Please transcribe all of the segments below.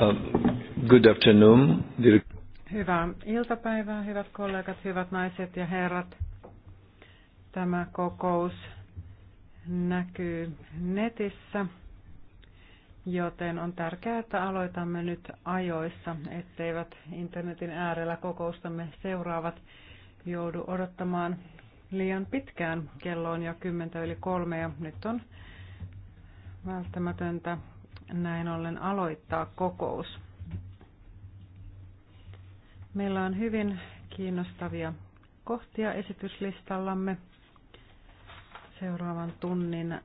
Uh, good afternoon. Hyvää iltapäivää, hyvät kollegat, hyvät naiset ja herrat. Tämä kokous näkyy netissä, joten on tärkeää, että aloitamme nyt ajoissa, etteivät internetin äärellä kokoustamme seuraavat joudu odottamaan liian pitkään. Kello on jo kymmentä yli kolme ja nyt on välttämätöntä näin ollen aloittaa kokous. Meillä on hyvin kiinnostavia kohtia esityslistallamme seuraavan tunnin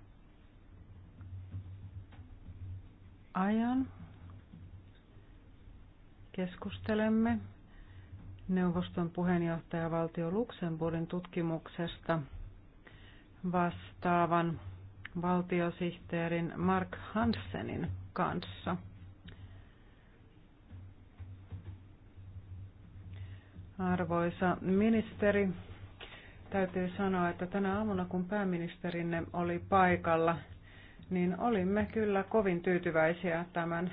ajan. Keskustelemme neuvoston valtio Luxemburgin tutkimuksesta vastaavan valtiosihteerin Mark Hansenin kanssa. Arvoisa ministeri, täytyy sanoa, että tänä aamuna kun pääministerinne oli paikalla, niin olimme kyllä kovin tyytyväisiä tämän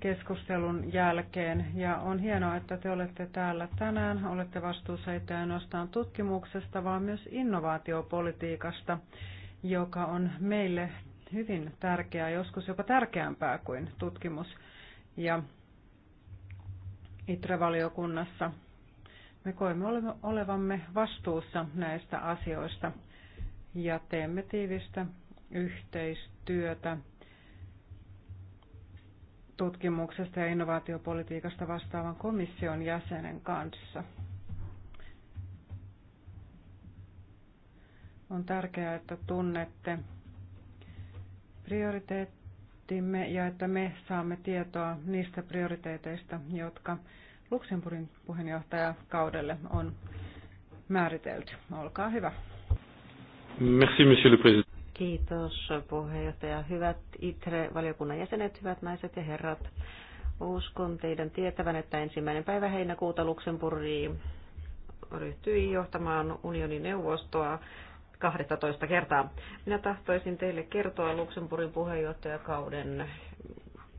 keskustelun jälkeen. Ja on hienoa, että te olette täällä tänään. Olette vastuussa ei ainoastaan tutkimuksesta, vaan myös innovaatiopolitiikasta joka on meille hyvin tärkeää, joskus jopa tärkeämpää kuin tutkimus. Ja ITRE-valiokunnassa me koemme olevamme vastuussa näistä asioista ja teemme tiivistä yhteistyötä tutkimuksesta ja innovaatiopolitiikasta vastaavan komission jäsenen kanssa. On tärkeää, että tunnette prioriteettimme ja että me saamme tietoa niistä prioriteeteista, jotka Luxemburgin puheenjohtajakaudelle on määritelty. Olkaa hyvä. Merci, monsieur le président. Kiitos puheenjohtaja. Hyvät ITRE-valiokunnan jäsenet, hyvät naiset ja herrat. Uskon teidän tietävän, että ensimmäinen päivä heinäkuuta Luxemburgiin ryhtyi johtamaan unionin neuvostoa 12 kertaa. Minä tahtoisin teille kertoa Luxemburgin puheenjohtajakauden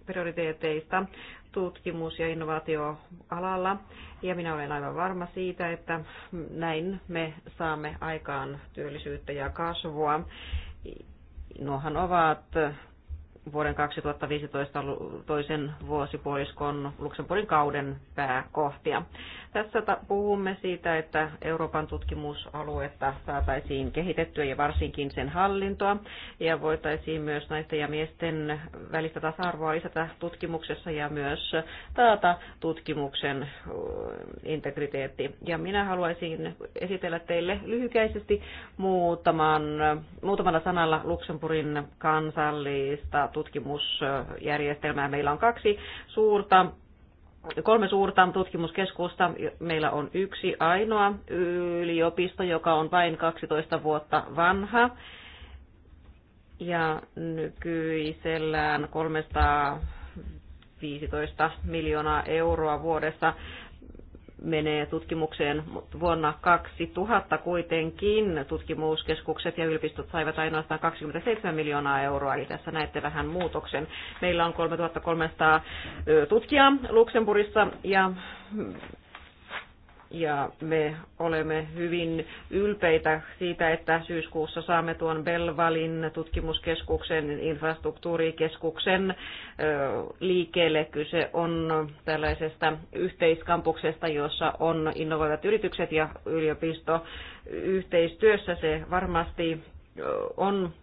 prioriteeteista tutkimus- ja innovaatioalalla. Ja minä olen aivan varma siitä, että näin me saamme aikaan työllisyyttä ja kasvua. Nuohan ovat vuoden 2015 toisen vuosipuoliskon Luxemburgin kauden pääkohtia. Tässä puhumme siitä, että Euroopan tutkimusaluetta saataisiin kehitettyä ja varsinkin sen hallintoa. Ja voitaisiin myös naisten ja miesten välistä tasa-arvoa lisätä tutkimuksessa ja myös taata tutkimuksen integriteetti. Ja minä haluaisin esitellä teille lyhykäisesti muutaman, muutamalla sanalla Luxemburgin kansallista tutkimusjärjestelmää. Meillä on kaksi suurta kolme suurta tutkimuskeskusta. Meillä on yksi ainoa yliopisto, joka on vain 12 vuotta vanha. Ja nykyisellään 315 miljoonaa euroa vuodessa menee tutkimukseen, mutta vuonna 2000 kuitenkin tutkimuskeskukset ja yliopistot saivat ainoastaan 27 miljoonaa euroa, eli tässä näette vähän muutoksen. Meillä on 3300 tutkijaa Luxemburgissa ja ja me olemme hyvin ylpeitä siitä, että syyskuussa saamme tuon Belvalin tutkimuskeskuksen, infrastruktuurikeskuksen liikkeelle. Kyse on tällaisesta yhteiskampuksesta, jossa on innovoivat yritykset ja yliopisto yhteistyössä se varmasti on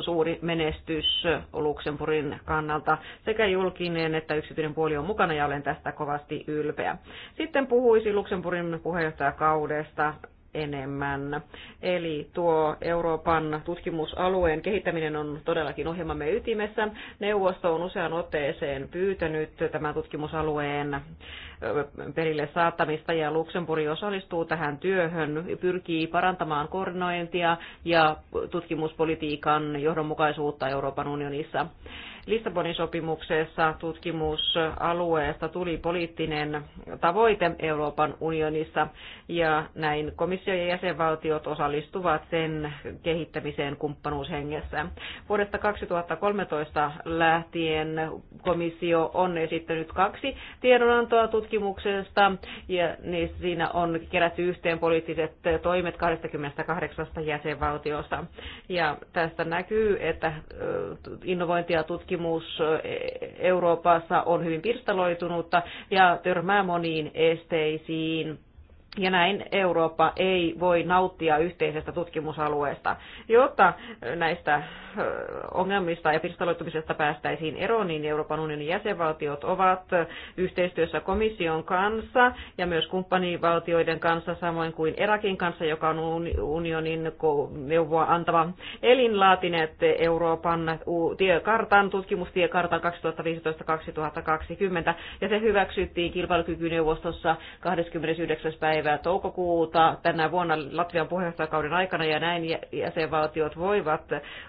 suuri menestys Luxemburgin kannalta. Sekä julkinen että yksityinen puoli on mukana ja olen tästä kovasti ylpeä. Sitten puhuisi Luxemburgin puheenjohtajakaudesta enemmän. Eli tuo Euroopan tutkimusalueen kehittäminen on todellakin ohjelmamme ytimessä. Neuvosto on usean otteeseen pyytänyt tämän tutkimusalueen perille saattamista ja Luxemburg osallistuu tähän työhön, pyrkii parantamaan koordinointia ja tutkimuspolitiikan johdonmukaisuutta Euroopan unionissa. Lissabonin sopimuksessa tutkimusalueesta tuli poliittinen tavoite Euroopan unionissa ja näin komissio ja jäsenvaltiot osallistuvat sen kehittämiseen kumppanuushengessä. Vuodesta 2013 lähtien komissio on esittänyt kaksi tiedonantoa tutkimuksesta tutkimuksesta ja niin siinä on kerätty yhteen poliittiset toimet 28 jäsenvaltiosta. Ja tästä näkyy, että innovointi ja tutkimus Euroopassa on hyvin pirstaloitunutta ja törmää moniin esteisiin ja näin Eurooppa ei voi nauttia yhteisestä tutkimusalueesta. Jotta näistä ongelmista ja pirstaloitumisesta päästäisiin eroon, niin Euroopan unionin jäsenvaltiot ovat yhteistyössä komission kanssa ja myös kumppanivaltioiden kanssa, samoin kuin Erakin kanssa, joka on unionin neuvoa antava elin laatineet Euroopan tiekartan, tutkimustiekartan 2015-2020, ja se hyväksyttiin kilpailukykyneuvostossa 29. päivä päivää toukokuuta tänä vuonna Latvian puheenjohtajakauden aikana ja näin jäsenvaltiot voivat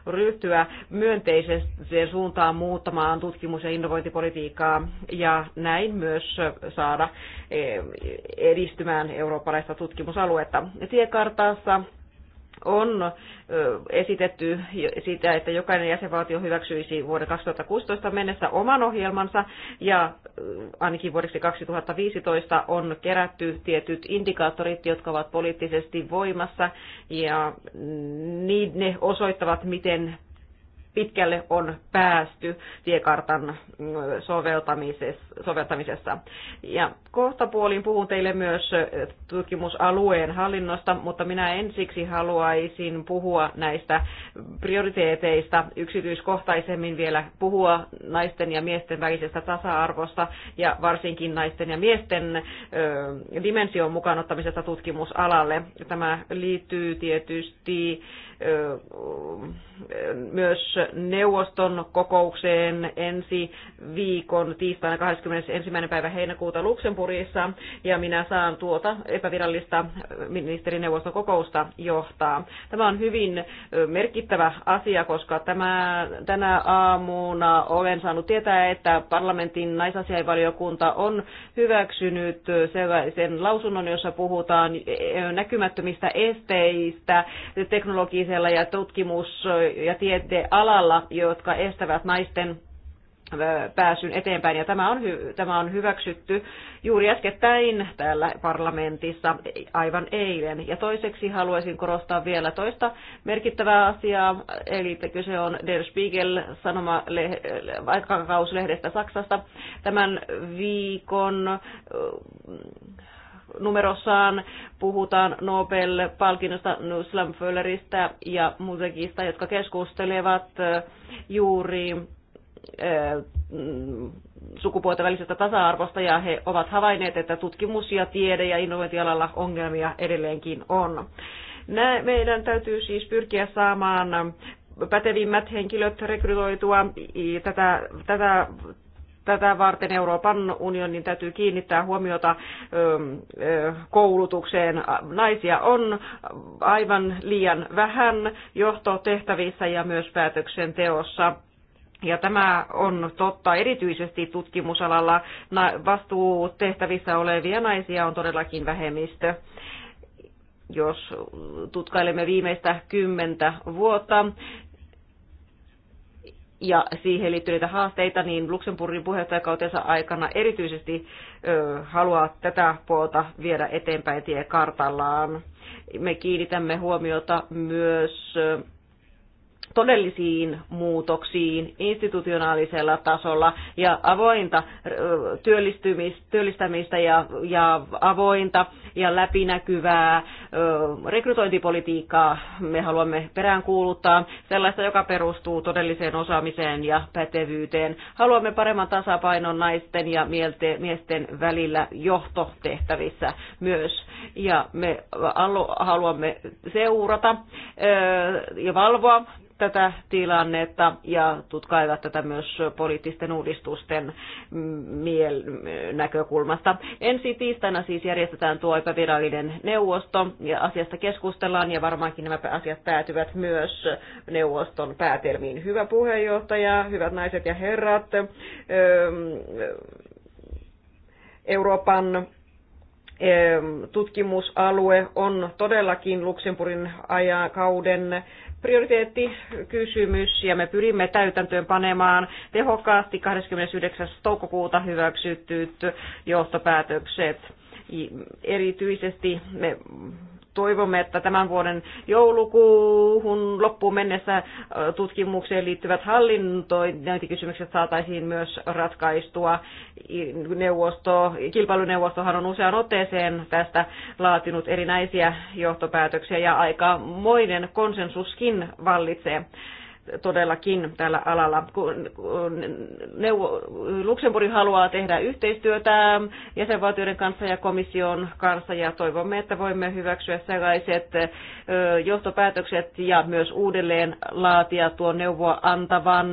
ryhtyä myönteiseen suuntaan muuttamaan tutkimus- ja innovointipolitiikkaa ja näin myös saada eh, edistymään eurooppalaista tutkimusaluetta. Tiekartassa on esitetty sitä, että jokainen jäsenvaltio hyväksyisi vuoden 2016 mennessä oman ohjelmansa ja ainakin vuodeksi 2015 on kerätty tietyt indikaattorit, jotka ovat poliittisesti voimassa ja ne osoittavat, miten pitkälle on päästy tiekartan soveltamisessa. Ja kohta puolin puhun teille myös tutkimusalueen hallinnosta, mutta minä ensiksi haluaisin puhua näistä prioriteeteista yksityiskohtaisemmin vielä puhua naisten ja miesten välisestä tasa-arvosta ja varsinkin naisten ja miesten dimension mukaan ottamisesta tutkimusalalle. Tämä liittyy tietysti myös neuvoston kokoukseen ensi viikon tiistaina 21. päivä heinäkuuta Luxemburgissa ja minä saan tuota epävirallista ministerineuvoston kokousta johtaa. Tämä on hyvin merkittävä asia, koska tämä, tänä aamuna olen saanut tietää, että parlamentin naisasiainvaliokunta on hyväksynyt sellaisen lausunnon, jossa puhutaan näkymättömistä esteistä teknologisista tieteellisellä ja tutkimus- ja tieteen alalla, jotka estävät naisten pääsyn eteenpäin. Ja tämä on, tämä on hyväksytty juuri äskettäin täällä parlamentissa aivan eilen. Ja toiseksi haluaisin korostaa vielä toista merkittävää asiaa, eli kyse on Der Spiegel sanoma vaikka äh, kausi-lehdestä Saksasta. Tämän viikon numerossaan puhutaan Nobel-palkinnosta Slamfölleristä ja musiikista, jotka keskustelevat juuri mm, sukupuolten välisestä tasa-arvosta ja he ovat havainneet, että tutkimus ja tiede ja innovointialalla ongelmia edelleenkin on. Nää, meidän täytyy siis pyrkiä saamaan pätevimmät henkilöt rekrytoitua tätä, tätä tätä varten Euroopan unionin täytyy kiinnittää huomiota koulutukseen. Naisia on aivan liian vähän johtotehtävissä ja myös päätöksenteossa. Ja tämä on totta erityisesti tutkimusalalla. Vastuutehtävissä olevia naisia on todellakin vähemmistö jos tutkailemme viimeistä kymmentä vuotta, ja siihen liittyneitä haasteita, niin Luxemburgin puheenjohtajakautensa aikana erityisesti ö, haluaa tätä puolta viedä eteenpäin tiekartallaan. Me kiinnitämme huomiota myös ö, todellisiin muutoksiin institutionaalisella tasolla ja avointa työllistämistä ja, ja avointa ja läpinäkyvää rekrytointipolitiikkaa me haluamme peräänkuuluttaa, sellaista, joka perustuu todelliseen osaamiseen ja pätevyyteen. Haluamme paremman tasapainon naisten ja miesten välillä johtotehtävissä myös. Ja me haluamme seurata ja valvoa tätä tilannetta ja tutkaivat tätä myös poliittisten uudistusten näkökulmasta. Ensi tiistaina siis järjestetään tuo epävirallinen neuvosto ja asiasta keskustellaan ja varmaankin nämä asiat päätyvät myös neuvoston päätelmiin. Hyvä puheenjohtaja, hyvät naiset ja herrat, Euroopan tutkimusalue on todellakin Luxemburgin ajakauden prioriteettikysymys ja me pyrimme täytäntöön panemaan tehokkaasti 29. toukokuuta hyväksytyt johtopäätökset. Erityisesti me toivomme, että tämän vuoden joulukuuhun loppuun mennessä tutkimukseen liittyvät hallintointikysymykset saataisiin myös ratkaistua. Neuvosto, kilpailuneuvostohan on usean otteeseen tästä laatinut erinäisiä johtopäätöksiä ja aikamoinen konsensuskin vallitsee todellakin tällä alalla. Kun, kun neuvo, Luxemburg haluaa tehdä yhteistyötä jäsenvaltioiden kanssa ja komission kanssa ja toivomme, että voimme hyväksyä sellaiset johtopäätökset ja myös uudelleen laatia tuon neuvoa antavan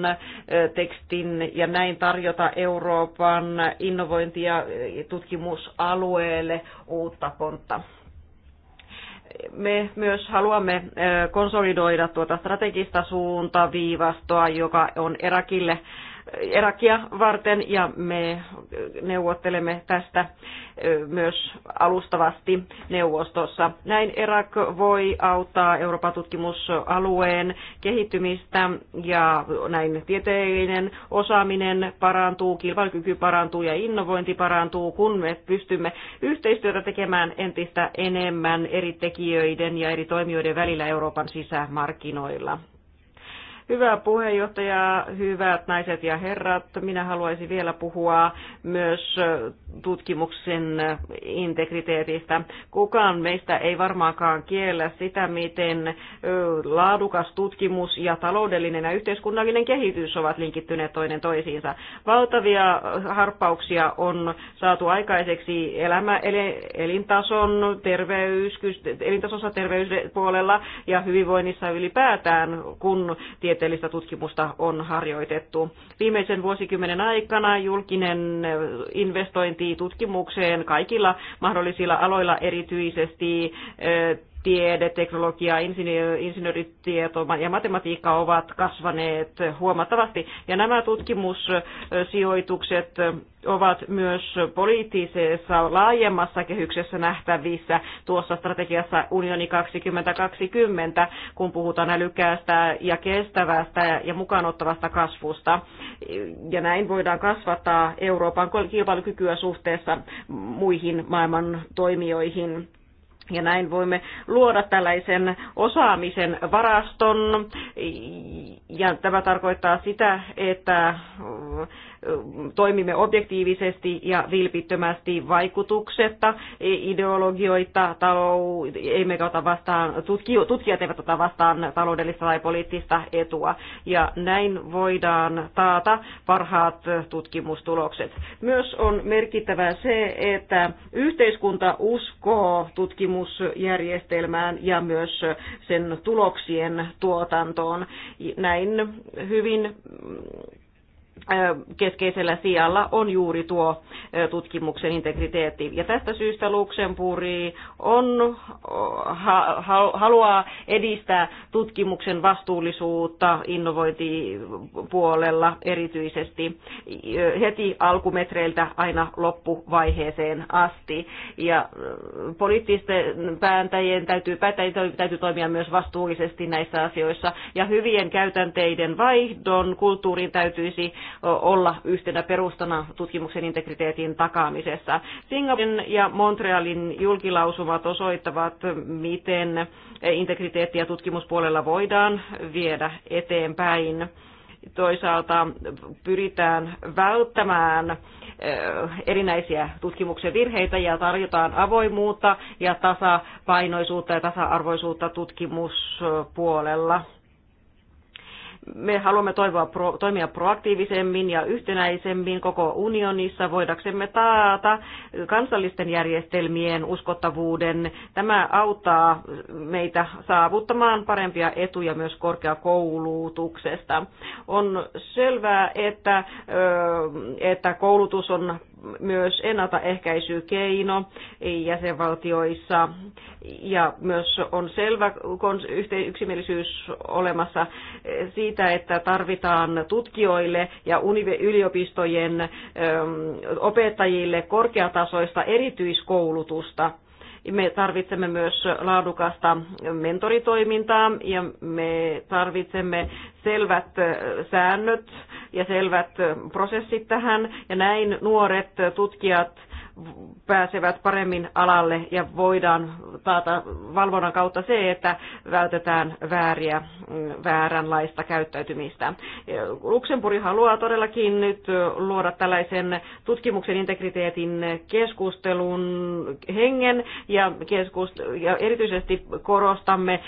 tekstin ja näin tarjota Euroopan innovointi- ja tutkimusalueelle uutta pontta me myös haluamme konsolidoida tuota strategista suuntaviivastoa, joka on erakille. Irakia varten ja me neuvottelemme tästä myös alustavasti neuvostossa. Näin Irak voi auttaa Euroopan tutkimusalueen kehittymistä ja näin tieteellinen osaaminen parantuu, kilpailukyky parantuu ja innovointi parantuu, kun me pystymme yhteistyötä tekemään entistä enemmän eri tekijöiden ja eri toimijoiden välillä Euroopan sisämarkkinoilla. Hyvä puheenjohtaja, hyvät naiset ja herrat, minä haluaisin vielä puhua myös tutkimuksen integriteetistä. Kukaan meistä ei varmaankaan kiellä sitä, miten laadukas tutkimus ja taloudellinen ja yhteiskunnallinen kehitys ovat linkittyneet toinen toisiinsa. Valtavia harppauksia on saatu aikaiseksi elämä, elintason, terveys, elintasossa terveyspuolella ja hyvinvoinnissa ylipäätään, kun tietysti tieteellistä tutkimusta on harjoitettu. Viimeisen vuosikymmenen aikana julkinen investointi tutkimukseen kaikilla mahdollisilla aloilla erityisesti tiede, teknologia, insinööritieto ja matematiikka ovat kasvaneet huomattavasti. Ja nämä tutkimussijoitukset ovat myös poliittisessa laajemmassa kehyksessä nähtävissä tuossa strategiassa Unioni 2020, kun puhutaan älykkäästä ja kestävästä ja mukaanottavasta kasvusta. Ja näin voidaan kasvattaa Euroopan kilpailukykyä suhteessa muihin maailman toimijoihin. Ja näin voimme luoda tällaisen osaamisen varaston. Ja tämä tarkoittaa sitä, että toimimme objektiivisesti ja vilpittömästi vaikutuksetta, ideologioita, talou, emmekä ota vastaan, tutkijat eivät ota vastaan taloudellista tai poliittista etua. Ja näin voidaan taata parhaat tutkimustulokset. Myös on merkittävää se, että yhteiskunta uskoo tutkimusjärjestelmään ja myös sen tuloksien tuotantoon. Näin hyvin keskeisellä sijalla on juuri tuo tutkimuksen integriteetti. Ja tästä syystä Luxemburgi on, haluaa edistää tutkimuksen vastuullisuutta innovointipuolella erityisesti heti alkumetreiltä aina loppuvaiheeseen asti. Ja poliittisten pääntäjien täytyy, täytyy toimia myös vastuullisesti näissä asioissa. Ja hyvien käytänteiden vaihdon kulttuurin täytyisi olla yhtenä perustana tutkimuksen integriteetin takaamisessa. Singaporen ja Montrealin julkilausumat osoittavat, miten integriteettiä tutkimuspuolella voidaan viedä eteenpäin toisaalta pyritään välttämään erinäisiä tutkimuksen virheitä ja tarjotaan avoimuutta ja tasapainoisuutta ja tasa-arvoisuutta tutkimuspuolella me haluamme toivoa, pro, toimia proaktiivisemmin ja yhtenäisemmin koko unionissa, voidaksemme taata kansallisten järjestelmien uskottavuuden. Tämä auttaa meitä saavuttamaan parempia etuja myös korkeakoulutuksesta. On selvää, että, että koulutus on myös ennaltaehkäisykeino jäsenvaltioissa ja myös on selvä yksimielisyys olemassa siitä, että tarvitaan tutkijoille ja yliopistojen ähm, opettajille korkeatasoista erityiskoulutusta me tarvitsemme myös laadukasta mentoritoimintaa ja me tarvitsemme selvät säännöt ja selvät prosessit tähän ja näin nuoret tutkijat pääsevät paremmin alalle ja voidaan taata valvonnan kautta se, että vältetään vääriä, vääränlaista käyttäytymistä. Luxemburg haluaa todellakin nyt luoda tällaisen tutkimuksen integriteetin keskustelun hengen ja, keskust- ja erityisesti korostamme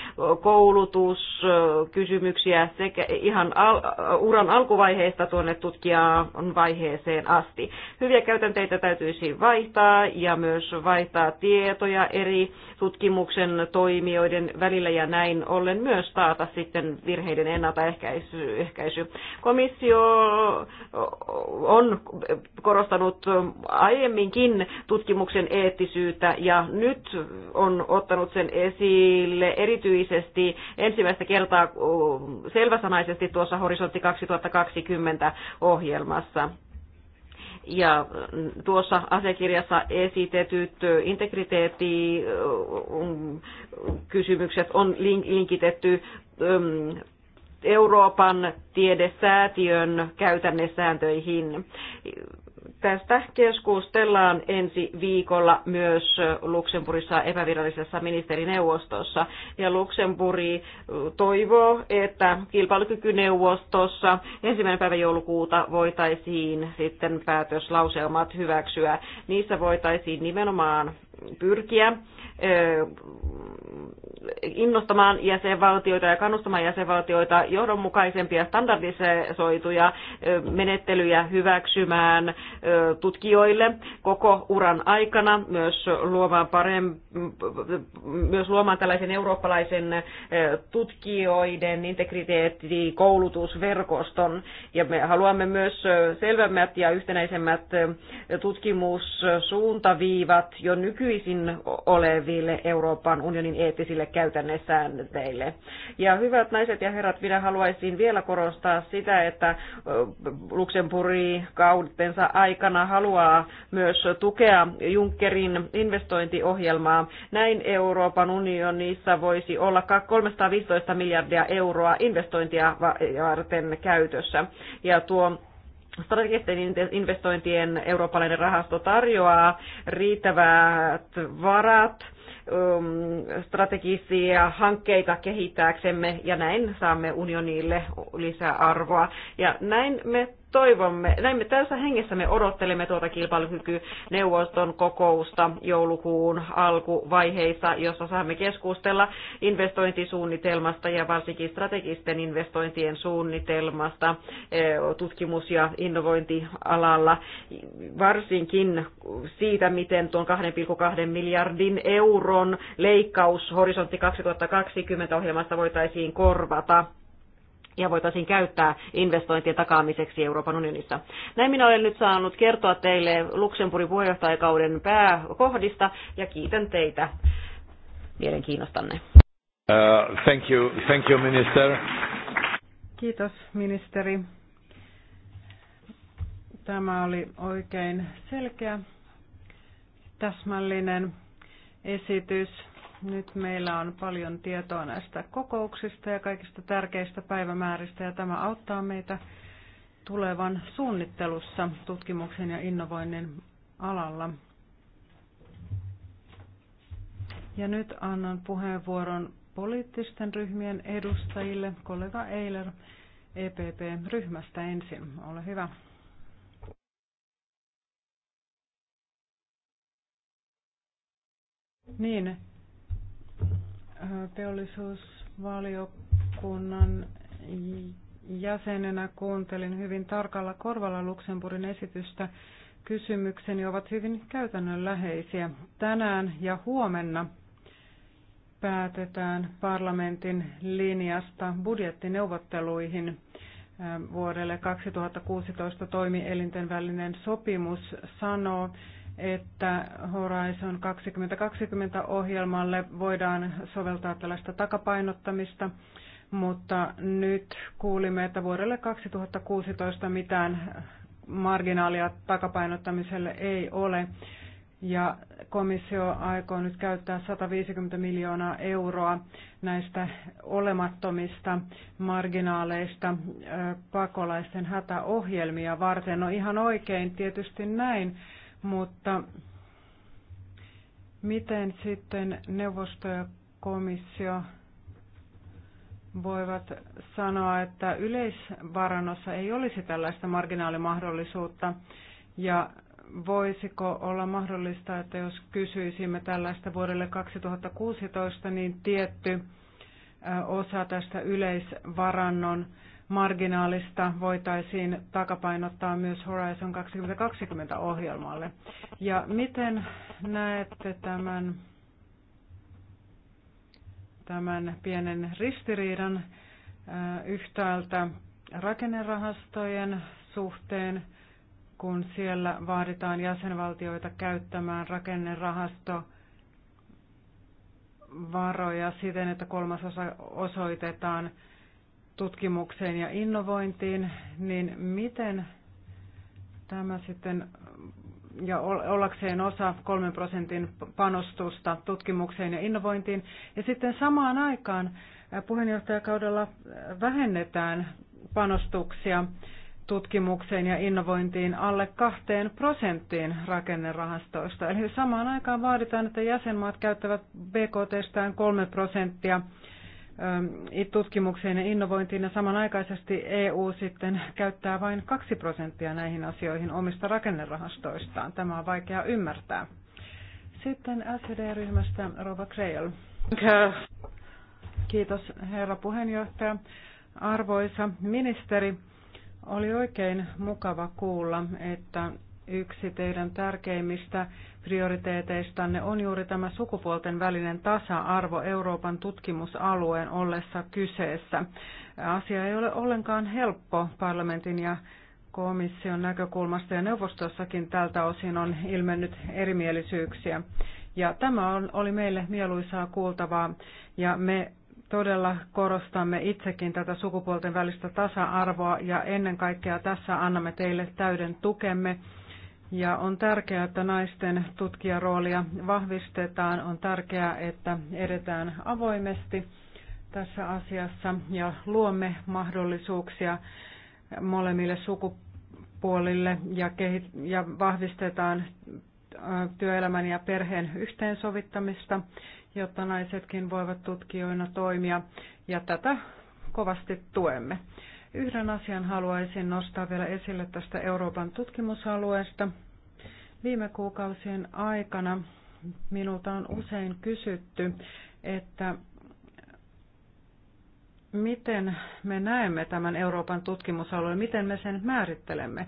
koulutuskysymyksiä sekä ihan al- uran alkuvaiheesta tuonne tutkijan vaiheeseen asti. Hyviä käytänteitä täytyisi vain vaihtaa ja myös vaihtaa tietoja eri tutkimuksen toimijoiden välillä ja näin ollen myös taata sitten virheiden ennaltaehkäisy. Komissio on korostanut aiemminkin tutkimuksen eettisyyttä ja nyt on ottanut sen esille erityisesti ensimmäistä kertaa selväsanaisesti tuossa Horisontti 2020 ohjelmassa. Ja tuossa asiakirjassa esitetyt integriteettikysymykset on linkitetty Euroopan tiedesäätiön käytännesääntöihin. Tästä keskustellaan ensi viikolla myös Luxemburgissa epävirallisessa ministerineuvostossa. Ja Luxemburgi toivoo, että kilpailukykyneuvostossa ensimmäinen päivä joulukuuta voitaisiin sitten päätöslauselmat hyväksyä. Niissä voitaisiin nimenomaan pyrkiä innostamaan jäsenvaltioita ja kannustamaan jäsenvaltioita johdonmukaisempia standardisoituja menettelyjä hyväksymään tutkijoille koko uran aikana, myös luomaan, parempi, myös luomaan tällaisen eurooppalaisen tutkijoiden integriteetti koulutusverkoston. Ja me haluamme myös selvemmät ja yhtenäisemmät tutkimussuuntaviivat jo nyky nykyisin oleville Euroopan unionin eettisille käytännesäännöille. Ja hyvät naiset ja herrat, minä haluaisin vielä korostaa sitä, että Luxemburgi kautensa aikana haluaa myös tukea Junckerin investointiohjelmaa. Näin Euroopan unionissa voisi olla 315 miljardia euroa investointia varten käytössä. Ja tuo Strategisten investointien eurooppalainen rahasto tarjoaa riittävät varat um, strategisia hankkeita kehittääksemme ja näin saamme unionille lisäarvoa. Ja näin me toivomme, näin me tässä hengessä me odottelemme tuota kilpailukykyneuvoston kokousta joulukuun alkuvaiheissa, jossa saamme keskustella investointisuunnitelmasta ja varsinkin strategisten investointien suunnitelmasta eh, tutkimus- ja innovointialalla, varsinkin siitä, miten tuon 2,2 miljardin euron leikkaus horisontti 2020 ohjelmasta voitaisiin korvata ja voitaisiin käyttää investointien takaamiseksi Euroopan unionissa. Näin minä olen nyt saanut kertoa teille Luxemburgin puheenjohtajakauden pääkohdista ja kiitän teitä mielenkiinnostanne. Uh, thank you, thank you minister. Kiitos ministeri. Tämä oli oikein selkeä, täsmällinen esitys. Nyt meillä on paljon tietoa näistä kokouksista ja kaikista tärkeistä päivämääristä ja tämä auttaa meitä tulevan suunnittelussa tutkimuksen ja innovoinnin alalla. Ja nyt annan puheenvuoron poliittisten ryhmien edustajille. Kollega Eiler EPP-ryhmästä ensin. Ole hyvä. Niin, teollisuusvaliokunnan jäsenenä kuuntelin hyvin tarkalla korvalla Luxemburgin esitystä. Kysymykseni ovat hyvin käytännönläheisiä. Tänään ja huomenna päätetään parlamentin linjasta budjettineuvotteluihin vuodelle 2016 toimielinten välinen sopimus sanoo, että Horizon 2020-ohjelmalle voidaan soveltaa tällaista takapainottamista, mutta nyt kuulimme, että vuodelle 2016 mitään marginaalia takapainottamiselle ei ole. Ja komissio aikoo nyt käyttää 150 miljoonaa euroa näistä olemattomista marginaaleista pakolaisten hätäohjelmia varten. No ihan oikein tietysti näin, mutta miten sitten neuvosto ja komissio voivat sanoa, että yleisvarannossa ei olisi tällaista marginaalimahdollisuutta ja voisiko olla mahdollista, että jos kysyisimme tällaista vuodelle 2016, niin tietty osa tästä yleisvarannon marginaalista voitaisiin takapainottaa myös Horizon 2020 ohjelmalle. Ja miten näette tämän, tämän pienen ristiriidan äh, yhtäältä rakennerahastojen suhteen, kun siellä vaaditaan jäsenvaltioita käyttämään rakennerahasto varoja siten, että kolmas osa osoitetaan tutkimukseen ja innovointiin, niin miten tämä sitten, ja ollakseen osa kolmen prosentin panostusta tutkimukseen ja innovointiin, ja sitten samaan aikaan puheenjohtajakaudella vähennetään panostuksia tutkimukseen ja innovointiin alle kahteen prosenttiin rakennerahastoista. Eli samaan aikaan vaaditaan, että jäsenmaat käyttävät BKTstään kolme prosenttia tutkimukseen ja innovointiin ja samanaikaisesti EU sitten käyttää vain 2 prosenttia näihin asioihin omista rakennerahastoistaan. Tämä on vaikea ymmärtää. Sitten SED-ryhmästä Rova Kreil. Kiitos herra puheenjohtaja. Arvoisa ministeri, oli oikein mukava kuulla, että yksi teidän tärkeimmistä prioriteeteistanne on juuri tämä sukupuolten välinen tasa-arvo Euroopan tutkimusalueen ollessa kyseessä. Asia ei ole ollenkaan helppo parlamentin ja komission näkökulmasta ja neuvostossakin tältä osin on ilmennyt erimielisyyksiä. Ja tämä on, oli meille mieluisaa kuultavaa ja me todella korostamme itsekin tätä sukupuolten välistä tasa-arvoa ja ennen kaikkea tässä annamme teille täyden tukemme ja on tärkeää, että naisten tutkijaroolia vahvistetaan. On tärkeää, että edetään avoimesti tässä asiassa ja luomme mahdollisuuksia molemmille sukupuolille ja, kehit- ja vahvistetaan työelämän ja perheen yhteensovittamista, jotta naisetkin voivat tutkijoina toimia. Ja tätä kovasti tuemme. Yhden asian haluaisin nostaa vielä esille tästä Euroopan tutkimusalueesta. Viime kuukausien aikana minulta on usein kysytty, että miten me näemme tämän Euroopan tutkimusalueen, miten me sen määrittelemme.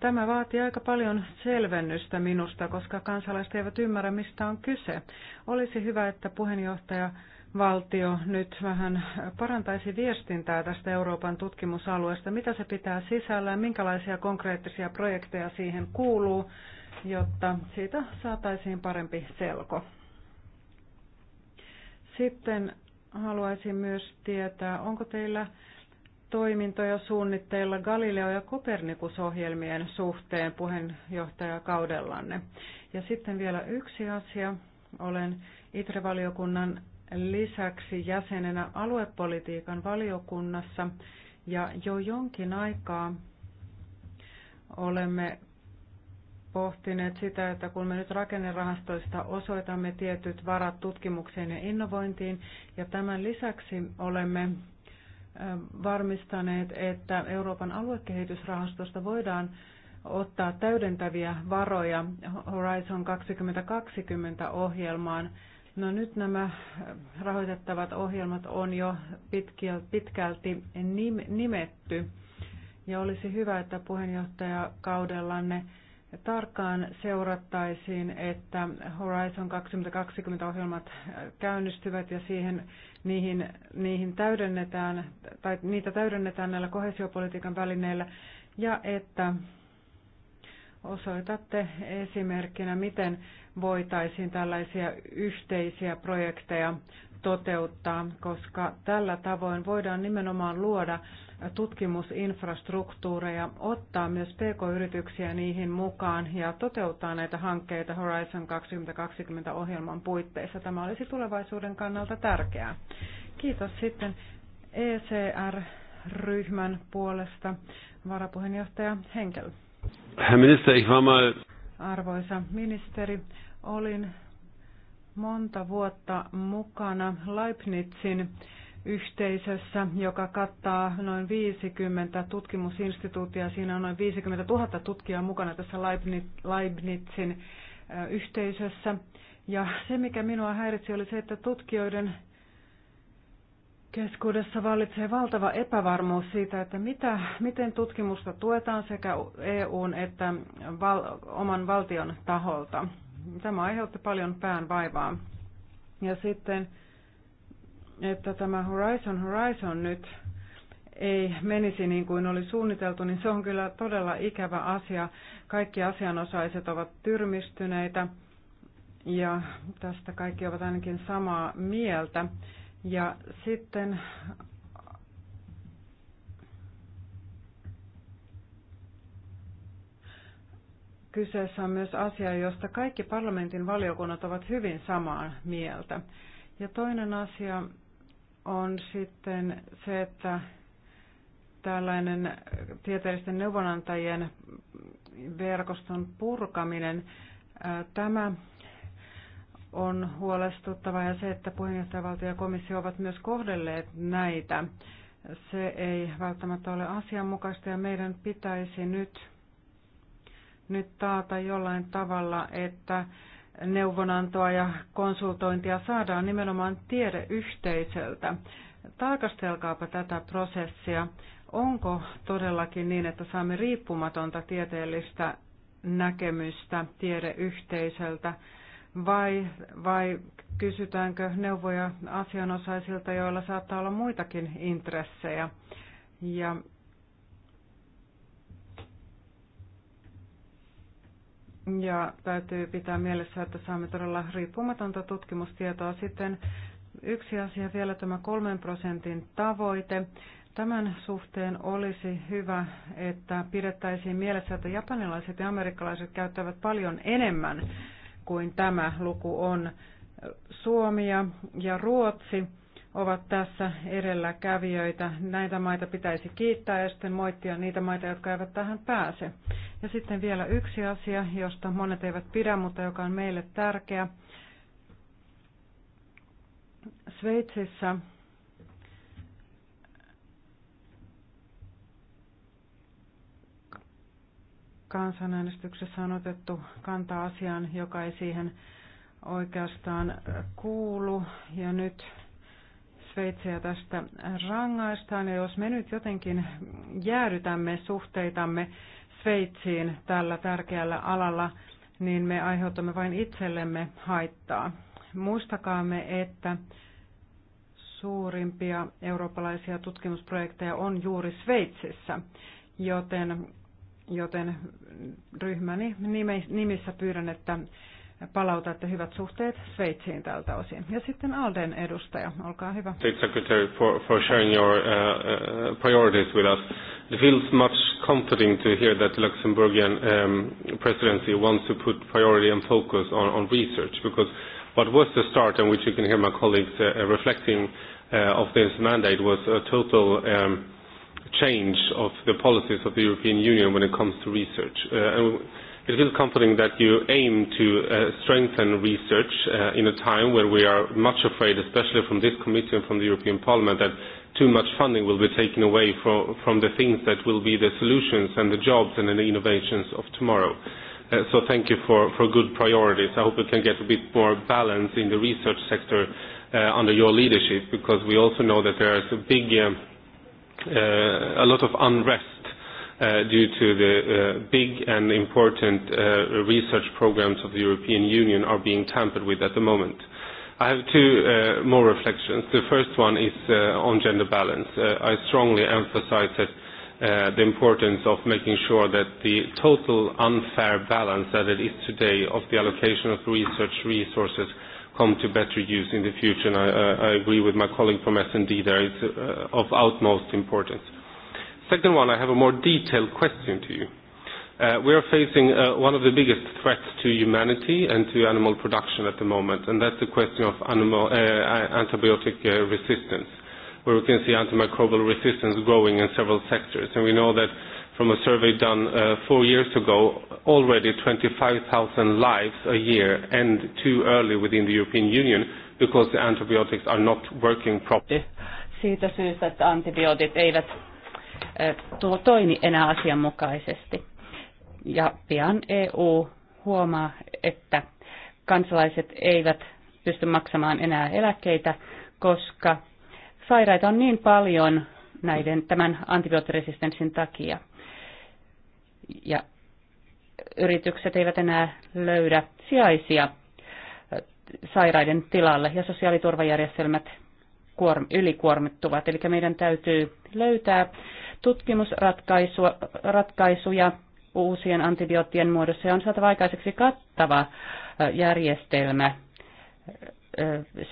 Tämä vaatii aika paljon selvennystä minusta, koska kansalaiset eivät ymmärrä, mistä on kyse. Olisi hyvä, että puheenjohtaja valtio nyt vähän parantaisi viestintää tästä Euroopan tutkimusalueesta? Mitä se pitää sisällään? Minkälaisia konkreettisia projekteja siihen kuuluu, jotta siitä saataisiin parempi selko? Sitten haluaisin myös tietää, onko teillä toimintoja suunnitteilla Galileo- ja Kopernikus-ohjelmien suhteen puheenjohtajakaudellanne. Ja sitten vielä yksi asia. Olen ITRE-valiokunnan lisäksi jäsenenä aluepolitiikan valiokunnassa ja jo jonkin aikaa olemme pohtineet sitä, että kun me nyt rakennerahastoista osoitamme tietyt varat tutkimukseen ja innovointiin, ja tämän lisäksi olemme varmistaneet, että Euroopan aluekehitysrahastosta voidaan ottaa täydentäviä varoja Horizon 2020 ohjelmaan No nyt nämä rahoitettavat ohjelmat on jo pitkälti nimetty ja olisi hyvä, että puheenjohtajakaudellanne tarkkaan seurattaisiin, että Horizon 2020-ohjelmat äh, käynnistyvät ja siihen, niihin, niihin täydennetään, tai niitä täydennetään näillä kohesiopolitiikan välineillä, ja että osoitatte esimerkkinä, miten voitaisiin tällaisia yhteisiä projekteja toteuttaa, koska tällä tavoin voidaan nimenomaan luoda tutkimusinfrastruktuureja, ottaa myös pk-yrityksiä niihin mukaan ja toteuttaa näitä hankkeita Horizon 2020-ohjelman puitteissa. Tämä olisi tulevaisuuden kannalta tärkeää. Kiitos sitten ECR-ryhmän puolesta varapuheenjohtaja Henkel. Herr Minister, ich war mal... Arvoisa ministeri, olin monta vuotta mukana Leibnizin yhteisössä, joka kattaa noin 50 tutkimusinstituutia. Siinä on noin 50 000 tutkijaa mukana tässä Leibnizin yhteisössä. Ja se, mikä minua häiritsi, oli se, että tutkijoiden keskuudessa vallitsee valtava epävarmuus siitä, että mitä, miten tutkimusta tuetaan sekä EUn että val, oman valtion taholta. Tämä aiheutti paljon pään vaivaa. Ja sitten, että tämä Horizon Horizon nyt ei menisi niin kuin oli suunniteltu, niin se on kyllä todella ikävä asia. Kaikki asianosaiset ovat tyrmistyneitä ja tästä kaikki ovat ainakin samaa mieltä. Ja sitten kyseessä on myös asia, josta kaikki parlamentin valiokunnat ovat hyvin samaa mieltä. Ja toinen asia on sitten se, että tällainen tieteellisten neuvonantajien verkoston purkaminen, tämä on huolestuttava ja se, että puheenjohtajavaltio ja komissio ovat myös kohdelleet näitä. Se ei välttämättä ole asianmukaista ja meidän pitäisi nyt, nyt taata jollain tavalla, että neuvonantoa ja konsultointia saadaan nimenomaan tiedeyhteisöltä. Tarkastelkaapa tätä prosessia. Onko todellakin niin, että saamme riippumatonta tieteellistä näkemystä tiedeyhteisöltä? vai, vai kysytäänkö neuvoja asianosaisilta, joilla saattaa olla muitakin intressejä. Ja Ja täytyy pitää mielessä, että saamme todella riippumatonta tutkimustietoa. Sitten yksi asia vielä tämä kolmen prosentin tavoite. Tämän suhteen olisi hyvä, että pidettäisiin mielessä, että japanilaiset ja amerikkalaiset käyttävät paljon enemmän kuin tämä luku on. Suomi ja Ruotsi ovat tässä edelläkävijöitä. Näitä maita pitäisi kiittää ja sitten moittia niitä maita, jotka eivät tähän pääse. Ja sitten vielä yksi asia, josta monet eivät pidä, mutta joka on meille tärkeä. Sveitsissä kansanäänestyksessä on otettu kantaa asiaan, joka ei siihen oikeastaan kuulu. Ja nyt Sveitsiä tästä rangaistaan. Ja jos me nyt jotenkin jäädytämme suhteitamme Sveitsiin tällä tärkeällä alalla, niin me aiheutamme vain itsellemme haittaa. Muistakaamme, että suurimpia eurooppalaisia tutkimusprojekteja on juuri Sveitsissä, joten joten ryhmäni nimissä pyydän, että palautatte hyvät suhteet Sveitsiin tältä osin. Ja sitten Alden edustaja, olkaa hyvä. Secretary for, for sharing your uh, uh, priorities with us. It feels much comforting to hear that the Luxembourgian um, presidency wants to put priority and focus on, on research because what was the start and which you can hear my colleagues uh, uh reflecting uh, of this mandate was a total um, change of the policies of the European Union when it comes to research. Uh, and it is comforting that you aim to uh, strengthen research uh, in a time where we are much afraid, especially from this committee and from the European Parliament, that too much funding will be taken away from, from the things that will be the solutions and the jobs and the innovations of tomorrow. Uh, so thank you for, for good priorities. I hope we can get a bit more balance in the research sector uh, under your leadership because we also know that there is a big uh, uh, a lot of unrest uh, due to the uh, big and important uh, research programs of the European Union are being tampered with at the moment. I have two uh, more reflections. The first one is uh, on gender balance. Uh, I strongly emphasize that uh, the importance of making sure that the total unfair balance that it is today of the allocation of research resources come to better use in the future. And I, I agree with my colleague from S&D there. It's uh, of utmost importance. Second one, I have a more detailed question to you. Uh, we are facing uh, one of the biggest threats to humanity and to animal production at the moment, and that's the question of animal, uh, antibiotic uh, resistance, where we can see antimicrobial resistance growing in several sectors. And we know that from a survey done uh, four years ago, already 25,000 lives a year end too early within the European Union because the antibiotics are not working properly. Siitä syystä, että antibiootit eivät tuo toimi enää asianmukaisesti. Ja pian EU huomaa, että kansalaiset eivät pysty maksamaan enää eläkkeitä, koska sairaita on niin paljon näiden tämän antibioottiresistenssin takia ja yritykset eivät enää löydä sijaisia sairaiden tilalle ja sosiaaliturvajärjestelmät ylikuormittuvat. Eli meidän täytyy löytää tutkimusratkaisuja uusien antibioottien muodossa ja on saatava aikaiseksi kattava järjestelmä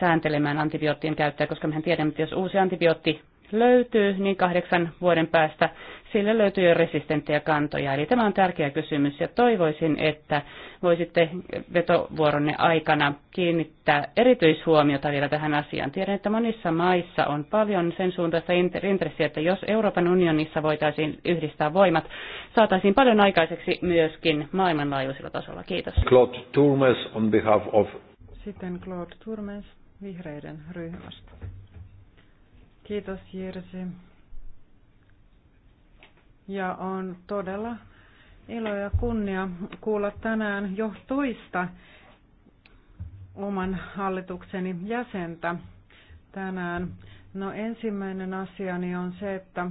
sääntelemään antibioottien käyttöä, koska mehän tiedämme, että jos uusi antibiootti löytyy, niin kahdeksan vuoden päästä sille löytyy jo resistenttejä kantoja. Eli tämä on tärkeä kysymys ja toivoisin, että voisitte vetovuoronne aikana kiinnittää erityishuomiota vielä tähän asiaan. Tiedän, että monissa maissa on paljon sen suuntaista intressiä, että jos Euroopan unionissa voitaisiin yhdistää voimat, saataisiin paljon aikaiseksi myöskin maailmanlaajuisella tasolla. Kiitos. Claude Turmes on behalf of... Sitten Claude Turmes vihreiden ryhmästä. Kiitos Jirsi. Ja on todella ilo ja kunnia kuulla tänään jo toista oman hallitukseni jäsentä tänään. No ensimmäinen asiani on se, että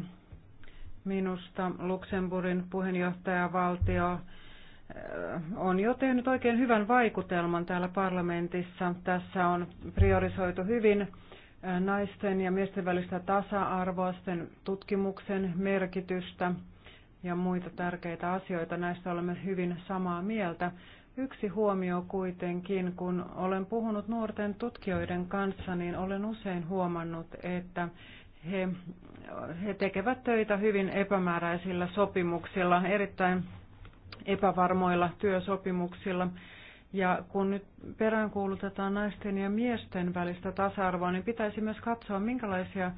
minusta Luxemburgin puheenjohtajavaltio äh, on jo tehnyt oikein hyvän vaikutelman täällä parlamentissa. Tässä on priorisoitu hyvin naisten ja miesten välistä tasa-arvoa, sen tutkimuksen merkitystä ja muita tärkeitä asioita. Näistä olemme hyvin samaa mieltä. Yksi huomio kuitenkin, kun olen puhunut nuorten tutkijoiden kanssa, niin olen usein huomannut, että he, he tekevät töitä hyvin epämääräisillä sopimuksilla, erittäin epävarmoilla työsopimuksilla. Ja kun nyt peräänkuulutetaan naisten ja miesten välistä tasa-arvoa, niin pitäisi myös katsoa, minkälaisia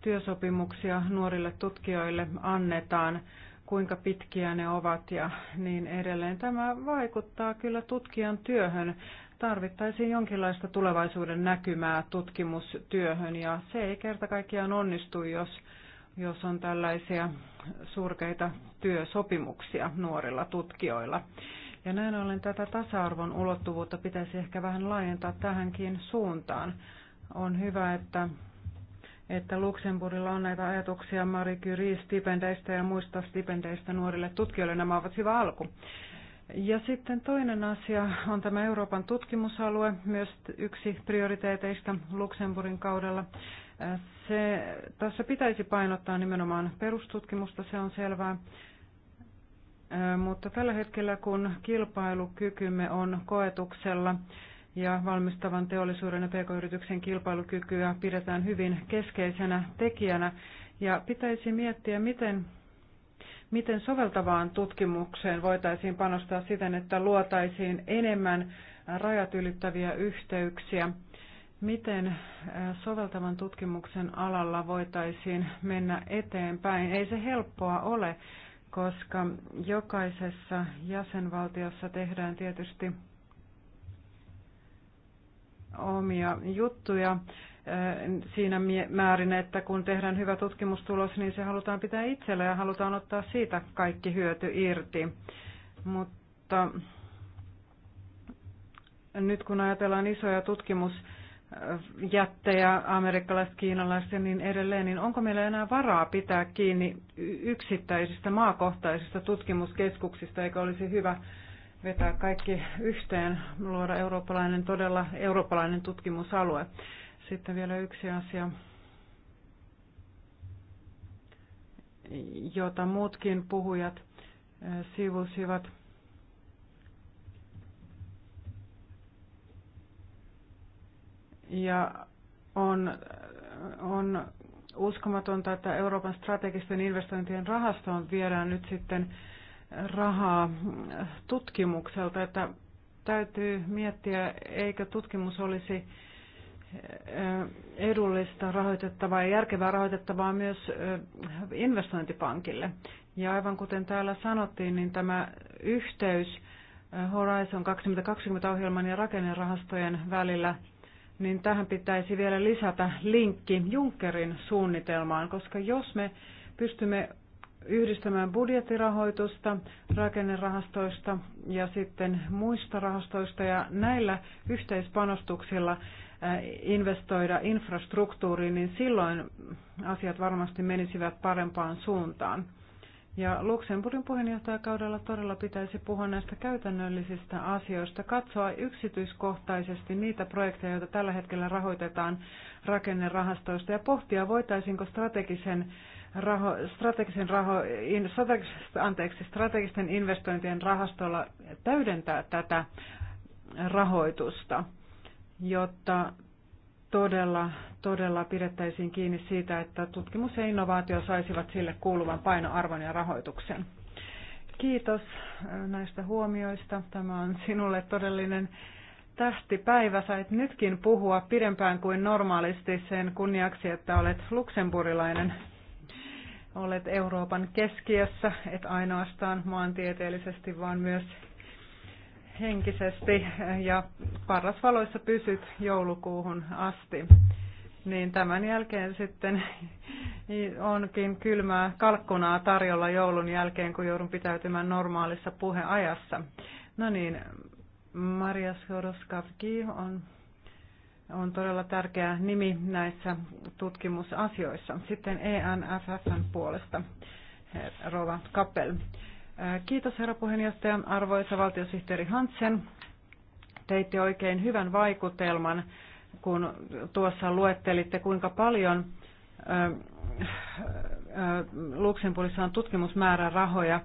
työsopimuksia nuorille tutkijoille annetaan, kuinka pitkiä ne ovat ja niin edelleen. Tämä vaikuttaa kyllä tutkijan työhön. Tarvittaisiin jonkinlaista tulevaisuuden näkymää tutkimustyöhön ja se ei kerta kaikkiaan onnistu, jos, jos on tällaisia surkeita työsopimuksia nuorilla tutkijoilla. Ja näin ollen tätä tasa-arvon ulottuvuutta pitäisi ehkä vähän laajentaa tähänkin suuntaan. On hyvä, että, että Luxemburgilla on näitä ajatuksia Marie Curie-stipendeistä ja muista stipendeistä nuorille tutkijoille. Nämä ovat hyvä alku. Ja sitten toinen asia on tämä Euroopan tutkimusalue, myös yksi prioriteeteista Luxemburgin kaudella. Se, tässä pitäisi painottaa nimenomaan perustutkimusta, se on selvää. Mutta tällä hetkellä, kun kilpailukykymme on koetuksella ja valmistavan teollisuuden ja pk-yrityksen kilpailukykyä pidetään hyvin keskeisenä tekijänä, ja pitäisi miettiä, miten miten soveltavaan tutkimukseen voitaisiin panostaa siten, että luotaisiin enemmän rajat ylittäviä yhteyksiä. Miten soveltavan tutkimuksen alalla voitaisiin mennä eteenpäin? Ei se helppoa ole koska jokaisessa jäsenvaltiossa tehdään tietysti omia juttuja siinä määrin, että kun tehdään hyvä tutkimustulos, niin se halutaan pitää itsellä ja halutaan ottaa siitä kaikki hyöty irti. Mutta nyt kun ajatellaan isoja tutkimus- jättejä, amerikkalaiset, kiinalaiset ja niin edelleen, niin onko meillä enää varaa pitää kiinni yksittäisistä maakohtaisista tutkimuskeskuksista, eikä olisi hyvä vetää kaikki yhteen, luoda eurooppalainen, todella eurooppalainen tutkimusalue. Sitten vielä yksi asia, jota muutkin puhujat eh, sivusivat Ja on, on uskomatonta, että Euroopan strategisten investointien rahastoon viedään nyt sitten rahaa tutkimukselta, että täytyy miettiä, eikö tutkimus olisi eh, edullista rahoitettavaa ja järkevää rahoitettavaa myös eh, investointipankille. Ja aivan kuten täällä sanottiin, niin tämä yhteys eh, Horizon 2020-ohjelman ja rakennerahastojen välillä niin tähän pitäisi vielä lisätä linkki Junckerin suunnitelmaan, koska jos me pystymme yhdistämään budjettirahoitusta rakennerahastoista ja sitten muista rahastoista ja näillä yhteispanostuksilla eh, investoida infrastruktuuriin, niin silloin asiat varmasti menisivät parempaan suuntaan. Ja Luxemburgin puheenjohtajakaudella todella pitäisi puhua näistä käytännöllisistä asioista, katsoa yksityiskohtaisesti niitä projekteja, joita tällä hetkellä rahoitetaan rakennerahastoista ja pohtia, voitaisiinko strategisen raho, strategisen raho, in, strategis, anteeksi, strategisten investointien rahastolla täydentää tätä rahoitusta, jotta todella, todella pidettäisiin kiinni siitä, että tutkimus ja innovaatio saisivat sille kuuluvan painoarvon ja rahoituksen. Kiitos äh, näistä huomioista. Tämä on sinulle todellinen tähtipäivä. Sait nytkin puhua pidempään kuin normaalisti sen kunniaksi, että olet luksemburilainen. Olet Euroopan keskiössä, et ainoastaan maantieteellisesti, vaan myös henkisesti ja valoissa pysyt joulukuuhun asti. Niin tämän jälkeen sitten onkin kylmää kalkkunaa tarjolla joulun jälkeen, kun joudun pitäytymään normaalissa puheajassa. No niin, Maria Skoroskavki on, on todella tärkeä nimi näissä tutkimusasioissa. Sitten ENFFn puolesta, Rova Kappel. Äh, kiitos herra puheenjohtaja. Arvoisa valtiosihteeri Hansen, teitte oikein hyvän vaikutelman, kun tuossa luettelitte, kuinka paljon äh, äh, Luxemburgissa on tutkimusmäärärahoja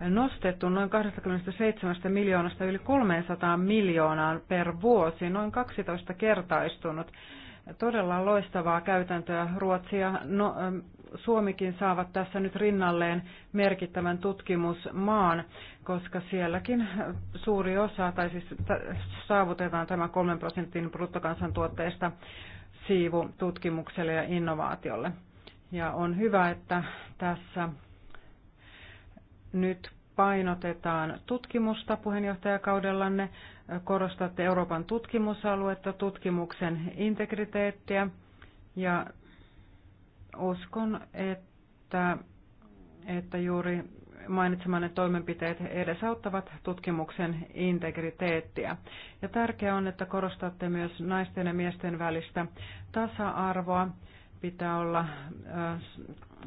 nostettu noin 27 miljoonasta yli 300 miljoonaan per vuosi, noin 12 kertaistunut. Todella loistavaa käytäntöä Ruotsia no, Suomikin saavat tässä nyt rinnalleen merkittävän tutkimusmaan, koska sielläkin suuri osa, tai siis saavutetaan tämä 3 prosentin bruttokansantuotteesta siivu tutkimukselle ja innovaatiolle. Ja on hyvä, että tässä nyt painotetaan tutkimusta puheenjohtajakaudellanne, korostatte Euroopan tutkimusaluetta, tutkimuksen integriteettiä ja uskon, että, että juuri mainitsemanne toimenpiteet edesauttavat tutkimuksen integriteettiä. Ja tärkeää on, että korostatte myös naisten ja miesten välistä tasa-arvoa. Pitää olla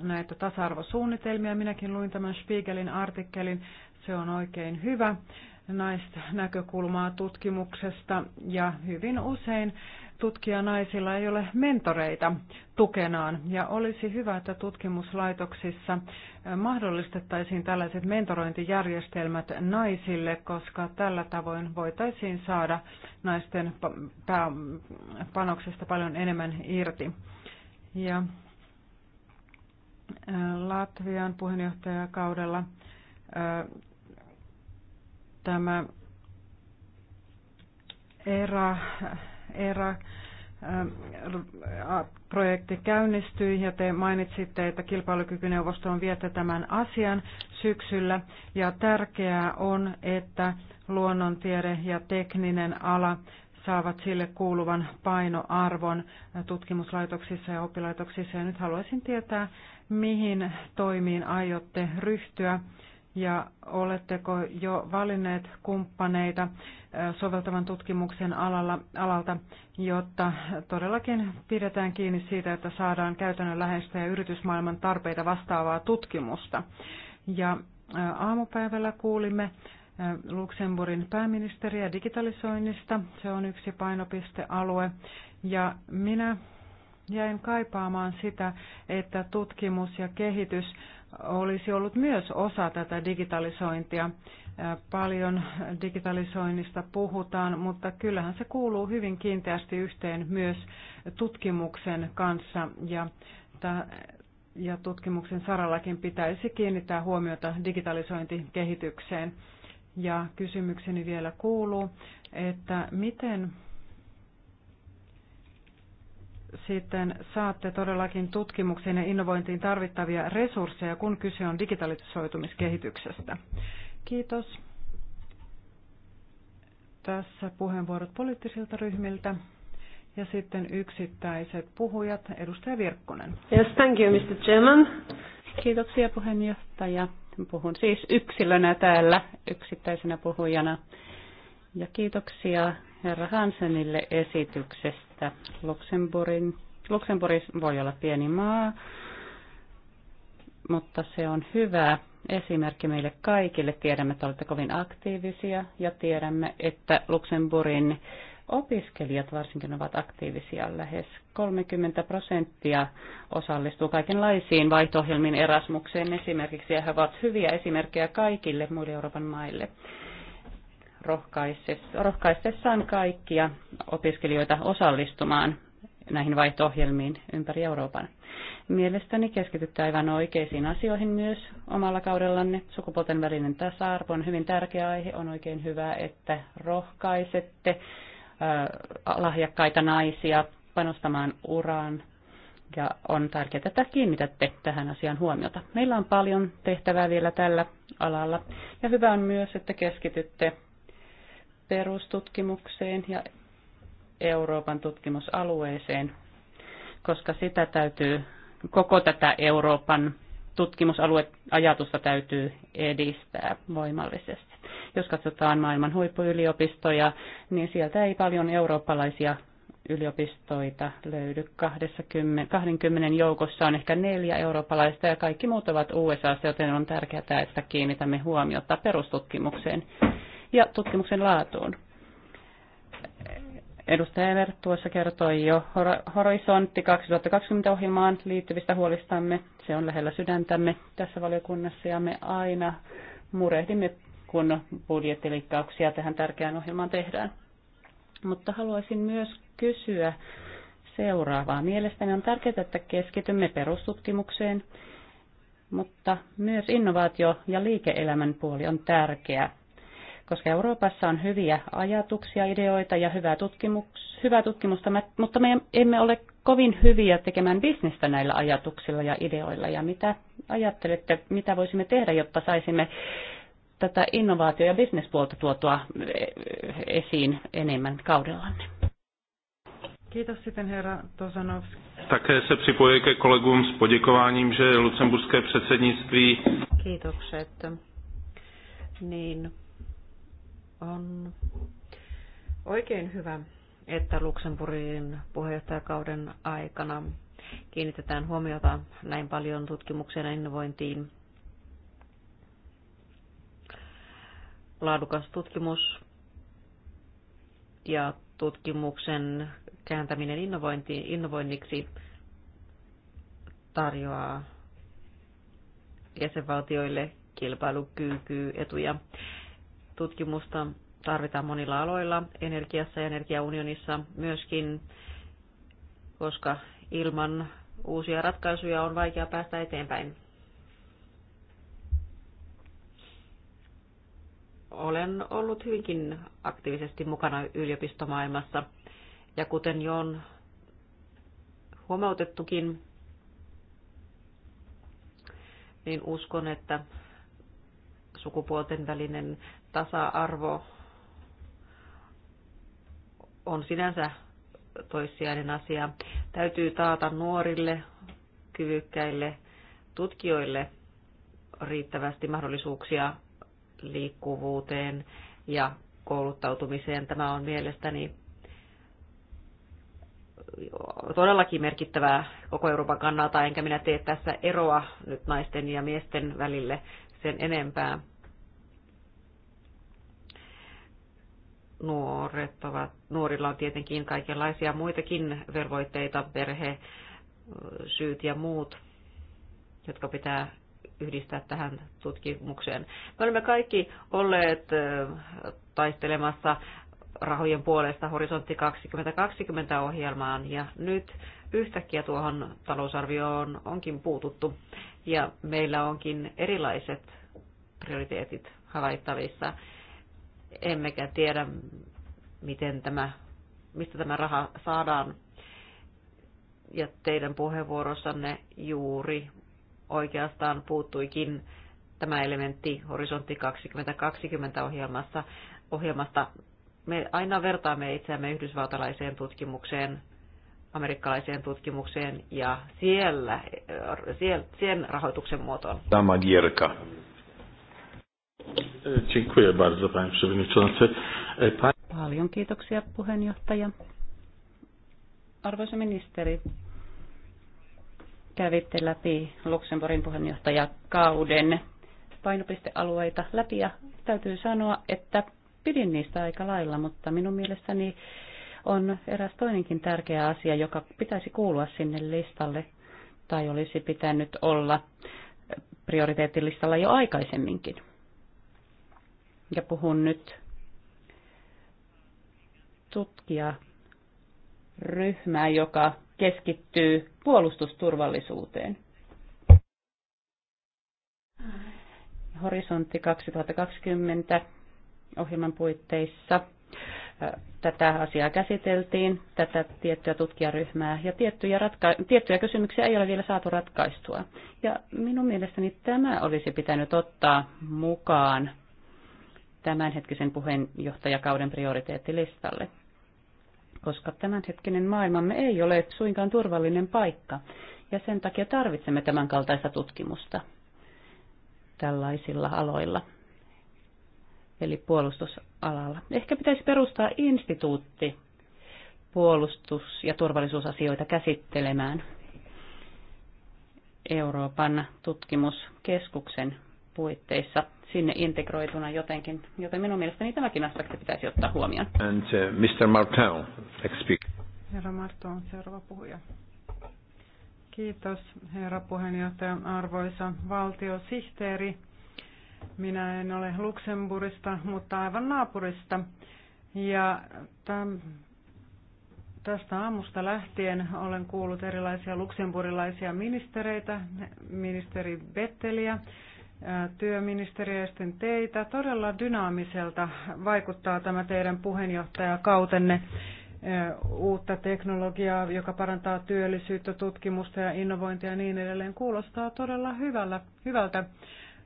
näitä tasa-arvosuunnitelmia. Minäkin luin tämän Spiegelin artikkelin. Se on oikein hyvä naisnäkökulmaa tutkimuksesta ja hyvin usein tutkijanaisilla ei ole mentoreita tukenaan. Ja olisi hyvä, että tutkimuslaitoksissa mahdollistettaisiin tällaiset mentorointijärjestelmät naisille, koska tällä tavoin voitaisiin saada naisten panoksesta paljon enemmän irti. Ja Latvian puheenjohtajakaudella tämä ERA ERA projekti käynnistyi ja te mainitsitte, että kilpailukykyneuvosto on viettä tämän asian syksyllä. Ja tärkeää on, että luonnontiede ja tekninen ala saavat sille kuuluvan painoarvon tutkimuslaitoksissa ja oppilaitoksissa. Ja nyt haluaisin tietää, mihin toimiin aiotte ryhtyä ja oletteko jo valinneet kumppaneita soveltavan tutkimuksen alalla, alalta, jotta todellakin pidetään kiinni siitä, että saadaan läheistä ja yritysmaailman tarpeita vastaavaa tutkimusta? Ja aamupäivällä kuulimme Luxemburgin pääministeriä digitalisoinnista. Se on yksi painopistealue. Ja minä jäin kaipaamaan sitä, että tutkimus ja kehitys olisi ollut myös osa tätä digitalisointia. Paljon digitalisoinnista puhutaan, mutta kyllähän se kuuluu hyvin kiinteästi yhteen myös tutkimuksen kanssa ja ja tutkimuksen sarallakin pitäisi kiinnittää huomiota digitalisointikehitykseen. Ja kysymykseni vielä kuuluu, että miten sitten saatte todellakin tutkimuksiin ja innovointiin tarvittavia resursseja, kun kyse on digitalisoitumiskehityksestä. Kiitos. Tässä puheenvuorot poliittisilta ryhmiltä. Ja sitten yksittäiset puhujat. Edustaja Virkkunen. Yes, thank you, Mr. Chairman. Kiitoksia puheenjohtaja. Puhun siis yksilönä täällä yksittäisenä puhujana. Ja kiitoksia herra Hansenille esityksestä. Luxemburgin, Luxemburg voi olla pieni maa, mutta se on hyvä esimerkki meille kaikille. Tiedämme, että olette kovin aktiivisia ja tiedämme, että Luxemburgin opiskelijat varsinkin ovat aktiivisia. Lähes 30 prosenttia osallistuu kaikenlaisiin vaihto-ohjelmiin Erasmukseen esimerkiksi, ja he ovat hyviä esimerkkejä kaikille muille Euroopan maille rohkaistessaan kaikkia opiskelijoita osallistumaan näihin vaihto-ohjelmiin ympäri Euroopan. Mielestäni keskitytään aivan oikeisiin asioihin myös omalla kaudellanne. Sukupuolten välinen tasa-arvo on hyvin tärkeä aihe. On oikein hyvä, että rohkaisette äh, lahjakkaita naisia panostamaan uraan. Ja on tärkeää, että kiinnitätte tähän asiaan huomiota. Meillä on paljon tehtävää vielä tällä alalla. Ja hyvä on myös, että keskitytte perustutkimukseen ja Euroopan tutkimusalueeseen, koska sitä täytyy, koko tätä Euroopan tutkimusalueajatusta täytyy edistää voimallisesti. Jos katsotaan maailman huippuyliopistoja, niin sieltä ei paljon eurooppalaisia yliopistoita löydy. 20, 20 joukossa on ehkä neljä eurooppalaista ja kaikki muut ovat USA, joten on tärkeää, että kiinnitämme huomiota perustutkimukseen ja tutkimuksen laatuun. Edustaja Ever tuossa kertoi jo Horisontti 2020-ohjelmaan liittyvistä huolistamme. Se on lähellä sydäntämme tässä valiokunnassa ja me aina murehdimme, kun budjettilikkauksia tähän tärkeään ohjelmaan tehdään. Mutta haluaisin myös kysyä seuraavaa. Mielestäni on tärkeää, että keskitymme perustutkimukseen, mutta myös innovaatio- ja liike-elämän puoli on tärkeä koska Euroopassa on hyviä ajatuksia, ideoita ja hyvää, tutkimus, hyvää tutkimusta, mutta me emme ole kovin hyviä tekemään bisnestä näillä ajatuksilla ja ideoilla. Ja mitä ajattelette, mitä voisimme tehdä, jotta saisimme tätä innovaatio- ja bisnespuolta tuotua eh, esiin enemmän kaudellanne? Kiitos sitten herra Tosanovski. Také eh, se připojí ke kolegům s poděkováním, že lucemburské předsednictví... Kiitokset. Niin, on oikein hyvä, että Luxemburgin puheenjohtajakauden aikana kiinnitetään huomiota näin paljon tutkimukseen ja innovointiin. Laadukas tutkimus ja tutkimuksen kääntäminen innovointiin, innovoinniksi tarjoaa jäsenvaltioille kilpailukykyetuja. etuja tutkimusta tarvitaan monilla aloilla, energiassa ja energiaunionissa myöskin, koska ilman uusia ratkaisuja on vaikea päästä eteenpäin. Olen ollut hyvinkin aktiivisesti mukana yliopistomaailmassa ja kuten jo on huomautettukin, niin uskon, että sukupuolten välinen tasa-arvo on sinänsä toissijainen asia. Täytyy taata nuorille, kyvykkäille tutkijoille riittävästi mahdollisuuksia liikkuvuuteen ja kouluttautumiseen. Tämä on mielestäni todellakin merkittävää koko Euroopan kannalta, enkä minä tee tässä eroa nyt naisten ja miesten välille sen enempää. nuoret ovat, nuorilla on tietenkin kaikenlaisia muitakin velvoitteita, perhe, syyt ja muut, jotka pitää yhdistää tähän tutkimukseen. Me olemme kaikki olleet taistelemassa rahojen puolesta Horisontti 2020 ohjelmaan ja nyt yhtäkkiä tuohon talousarvioon onkin puututtu ja meillä onkin erilaiset prioriteetit havaittavissa emmekä tiedä, miten tämä, mistä tämä raha saadaan. Ja teidän puheenvuorossanne juuri oikeastaan puuttuikin tämä elementti Horisontti 2020 ohjelmassa, ohjelmasta. Me aina vertaamme itseämme yhdysvaltalaiseen tutkimukseen, amerikkalaiseen tutkimukseen ja siellä, siellä sen rahoituksen muotoon. Tämä Gierka. E, dziękuję bardzo, panie przewodniczący. E, Paljon kiitoksia, puheenjohtaja. Arvoisa ministeri, kävitte läpi Luxemburgin puheenjohtajakauden painopistealueita läpi ja täytyy sanoa, että pidin niistä aika lailla, mutta minun mielestäni on eräs toinenkin tärkeä asia, joka pitäisi kuulua sinne listalle tai olisi pitänyt olla prioriteettilistalla jo aikaisemminkin ja puhun nyt tutkijaryhmää, joka keskittyy puolustusturvallisuuteen. Horisontti 2020 ohjelman puitteissa tätä asiaa käsiteltiin, tätä tiettyä tutkijaryhmää, ja tiettyjä, ratka- tiettyjä kysymyksiä ei ole vielä saatu ratkaistua. Ja minun mielestäni tämä olisi pitänyt ottaa mukaan tämänhetkisen puheenjohtajakauden prioriteettilistalle, koska tämänhetkinen maailmamme ei ole suinkaan turvallinen paikka, ja sen takia tarvitsemme tämän kaltaista tutkimusta tällaisilla aloilla, eli puolustusalalla. Ehkä pitäisi perustaa instituutti puolustus- ja turvallisuusasioita käsittelemään Euroopan tutkimuskeskuksen puitteissa sinne integroituna jotenkin, joten minun mielestäni tämäkin aspekti pitäisi ottaa huomioon. And uh, Mr. Martin, Herra Marton, seuraava puhuja. Kiitos, herra puheenjohtaja, arvoisa valtiosihteeri. Minä en ole Luxemburista, mutta aivan naapurista. Ja tämän, tästä aamusta lähtien olen kuullut erilaisia luksemburilaisia ministereitä, ministeri Betteliä, työministeriä sitten teitä. Todella dynaamiselta vaikuttaa tämä teidän puheenjohtajakautenne uutta teknologiaa, joka parantaa työllisyyttä, tutkimusta ja innovointia ja niin edelleen. Kuulostaa todella hyvällä, hyvältä.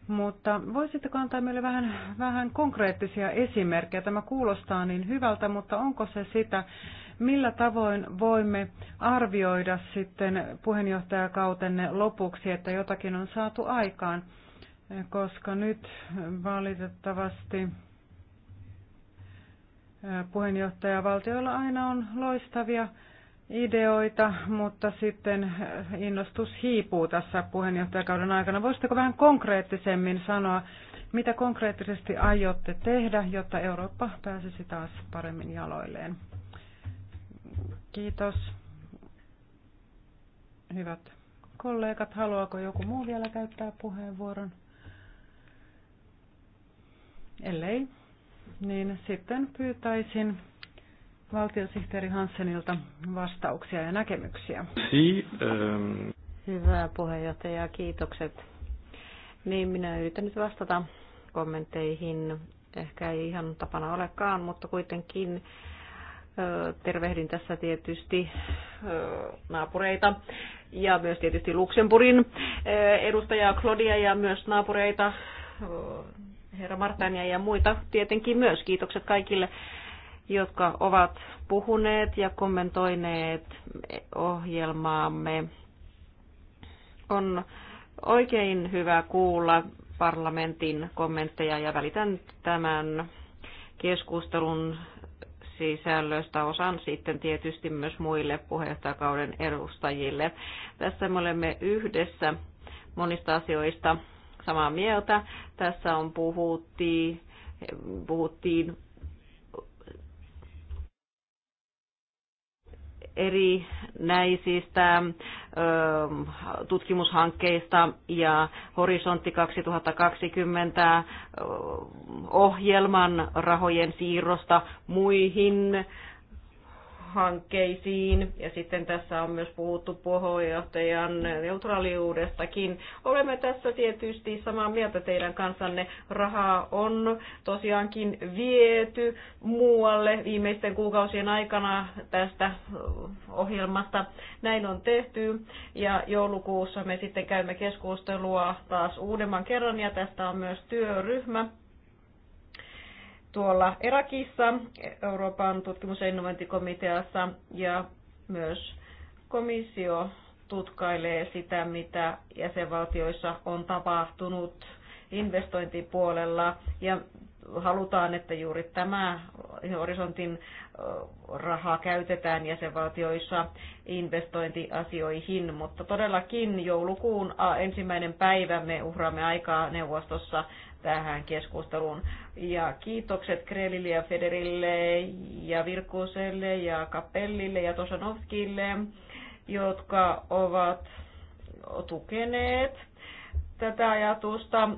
Mutta voisitteko antaa meille vähän, vähän konkreettisia esimerkkejä? Tämä kuulostaa niin hyvältä, mutta onko se sitä, millä tavoin voimme arvioida sitten puheenjohtajakautenne lopuksi, että jotakin on saatu aikaan? koska nyt valitettavasti puheenjohtajavaltioilla aina on loistavia ideoita, mutta sitten innostus hiipuu tässä puheenjohtajakauden aikana. Voisitteko vähän konkreettisemmin sanoa, mitä konkreettisesti aiotte tehdä, jotta Eurooppa pääsisi taas paremmin jaloilleen? Kiitos. Hyvät kollegat, haluaako joku muu vielä käyttää puheenvuoron? Ellei, niin sitten pyytäisin valtiosihteeri Hansenilta vastauksia ja näkemyksiä. Si, ähm. Hyvä puheenjohtaja, kiitokset. Niin, minä yritän nyt vastata kommentteihin. Ehkä ei ihan tapana olekaan, mutta kuitenkin tervehdin tässä tietysti naapureita ja myös tietysti Luxemburgin edustajaa Claudia ja myös naapureita herra Martania ja muita tietenkin myös. Kiitokset kaikille, jotka ovat puhuneet ja kommentoineet ohjelmaamme. On oikein hyvä kuulla parlamentin kommentteja ja välitän tämän keskustelun sisällöstä osan sitten tietysti myös muille puheenjohtajakauden edustajille. Tässä me olemme yhdessä monista asioista samaa mieltä. Tässä on puhuttiin, puhuttiin eri ö, tutkimushankkeista ja Horisontti 2020 ohjelman rahojen siirrosta muihin hankkeisiin. Ja sitten tässä on myös puhuttu puheenjohtajan neutraaliudestakin. Olemme tässä tietysti samaa mieltä teidän kanssanne. Rahaa on tosiaankin viety muualle viimeisten kuukausien aikana tästä ohjelmasta. Näin on tehty ja joulukuussa me sitten käymme keskustelua taas uudemman kerran ja tästä on myös työryhmä tuolla Irakissa Euroopan tutkimus- ja innovointikomiteassa ja myös komissio tutkailee sitä, mitä jäsenvaltioissa on tapahtunut investointipuolella ja halutaan, että juuri tämä horisontin raha käytetään jäsenvaltioissa investointiasioihin, mutta todellakin joulukuun ensimmäinen päivä me uhraamme aikaa neuvostossa tähän keskusteluun. Ja kiitokset Krelille ja Federille ja Virkkuselle ja Kapellille ja Tosanovskille, jotka ovat tukeneet tätä ajatusta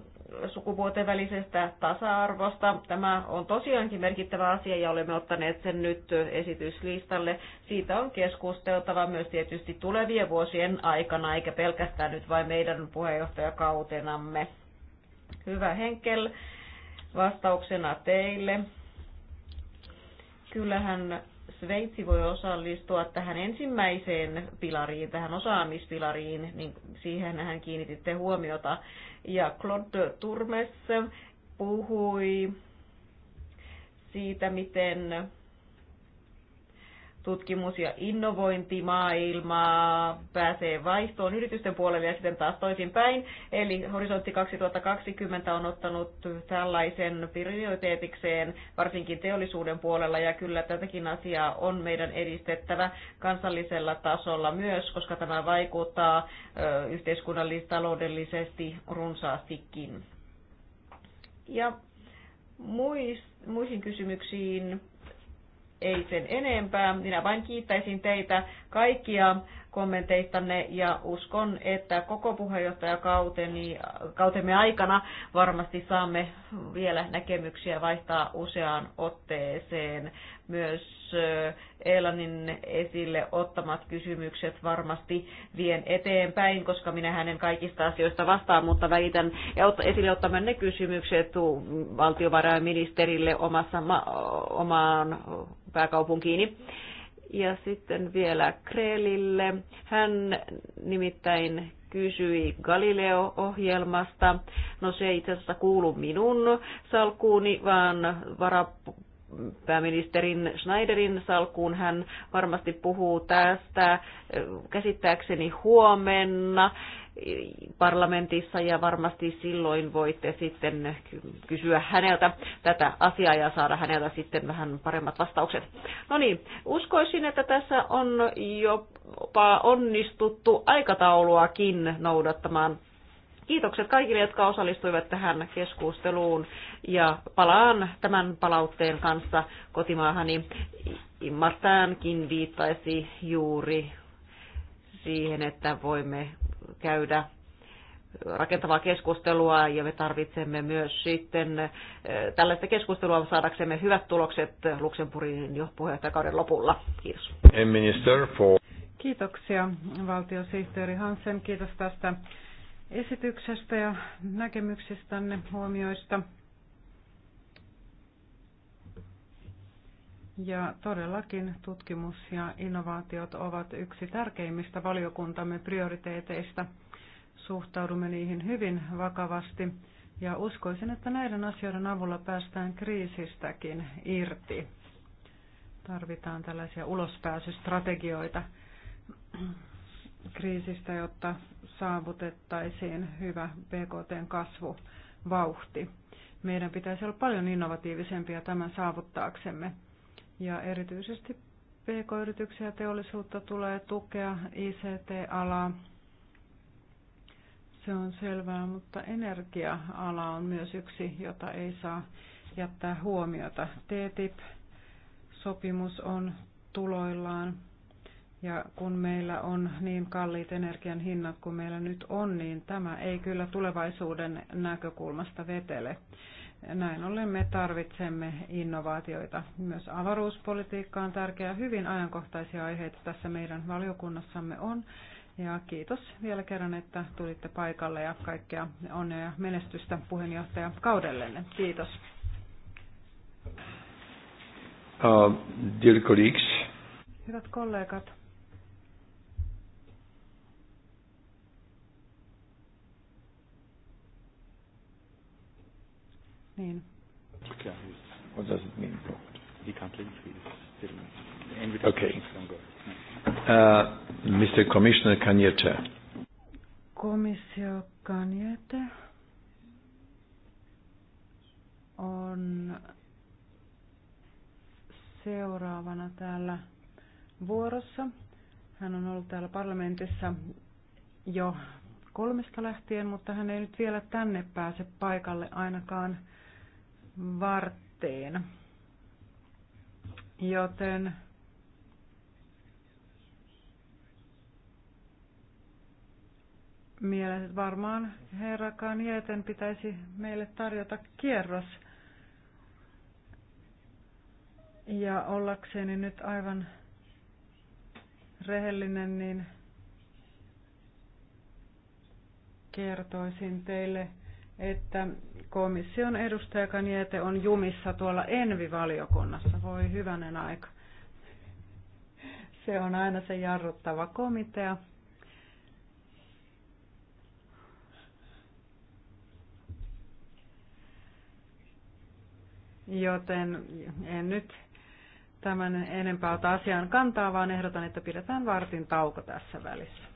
sukupuolten välisestä tasa-arvosta. Tämä on tosiaankin merkittävä asia ja olemme ottaneet sen nyt esityslistalle. Siitä on keskusteltava myös tietysti tulevien vuosien aikana, eikä pelkästään nyt vain meidän puheenjohtajakautenamme. Hyvä Henkel, vastauksena teille. Kyllähän Sveitsi voi osallistua tähän ensimmäiseen pilariin, tähän osaamispilariin, niin siihen hän kiinnititte huomiota. Ja Claude Turmes puhui siitä, miten tutkimus- ja innovointimaailmaa pääsee vaihtoon yritysten puolelle ja sitten taas toisinpäin. Eli Horisontti 2020 on ottanut tällaisen prioriteetikseen varsinkin teollisuuden puolella ja kyllä tätäkin asiaa on meidän edistettävä kansallisella tasolla myös, koska tämä vaikuttaa yhteiskunnallisesti taloudellisesti runsaastikin. Ja muihin kysymyksiin ei sen enempää. Minä vain kiittäisin teitä kaikkia kommenteistanne ja uskon, että koko puheenjohtajakauteni kautemme aikana varmasti saamme vielä näkemyksiä vaihtaa useaan otteeseen myös Eelanin esille ottamat kysymykset varmasti vien eteenpäin, koska minä hänen kaikista asioista vastaan, mutta väitän esille ottamaan ne kysymykset valtiovarainministerille omassa, omaan pääkaupunkiini. Ja sitten vielä Kreelille. Hän nimittäin kysyi Galileo-ohjelmasta. No se ei itse asiassa kuulu minun salkkuuni, vaan varap- pääministerin Schneiderin salkuun. Hän varmasti puhuu tästä eh, käsittääkseni huomenna eh, parlamentissa ja varmasti silloin voitte sitten kysyä häneltä tätä asiaa ja saada häneltä sitten vähän paremmat vastaukset. No niin, uskoisin, että tässä on jopa onnistuttu aikatauluakin noudattamaan Kiitokset kaikille, jotka osallistuivat tähän keskusteluun ja palaan tämän palautteen kanssa kotimaahani. Martaankin viittaisi juuri siihen, että voimme käydä rakentavaa keskustelua ja me tarvitsemme myös sitten eh, tällaista keskustelua saadaksemme hyvät tulokset Luxemburgin jo puheenjohtajakauden lopulla. Kiitos. Minister for... Kiitoksia valtiosihteeri Hansen, kiitos tästä esityksestä ja näkemyksistänne huomioista. Ja todellakin tutkimus ja innovaatiot ovat yksi tärkeimmistä valiokuntamme prioriteeteista. Suhtaudumme niihin hyvin vakavasti ja uskoisin, että näiden asioiden avulla päästään kriisistäkin irti. Tarvitaan tällaisia ulospääsystrategioita kriisistä, jotta saavutettaisiin hyvä BKTn kasvuvauhti. Meidän pitäisi olla paljon innovatiivisempia tämän saavuttaaksemme. Ja erityisesti PK-yrityksiä ja teollisuutta tulee tukea, ICT-alaa. Se on selvää, mutta energia-ala on myös yksi, jota ei saa jättää huomiota. TTIP-sopimus on tuloillaan ja kun meillä on niin kalliit energian hinnat kuin meillä nyt on, niin tämä ei kyllä tulevaisuuden näkökulmasta vetele. Näin ollen me tarvitsemme innovaatioita. Myös avaruuspolitiikka on tärkeä. Hyvin ajankohtaisia aiheita tässä meidän valiokunnassamme on. Ja kiitos vielä kerran, että tulitte paikalle ja kaikkea onnea ja menestystä puheenjohtaja kaudellenne. Kiitos. Uh, dear colleagues. Hyvät kollegat, Niin. What does it mean? He can't leave. He's still okay. Uh, Mr. Commissioner Kaniete. Komissio Kaniete on seuraavana täällä vuorossa. Hän on ollut täällä parlamentissa jo kolmesta lähtien, mutta hän ei nyt vielä tänne pääse paikalle ainakaan varteen. Joten mielessä varmaan herrakaan jäten pitäisi meille tarjota kierros. Ja ollakseni nyt aivan rehellinen, niin kertoisin teille, että komission edustaja Kaniete on jumissa tuolla Envi-valiokunnassa. Voi hyvänen aika. Se on aina se jarruttava komitea. Joten en nyt tämän enempää ota asiaan kantaa, vaan ehdotan, että pidetään vartin tauko tässä välissä.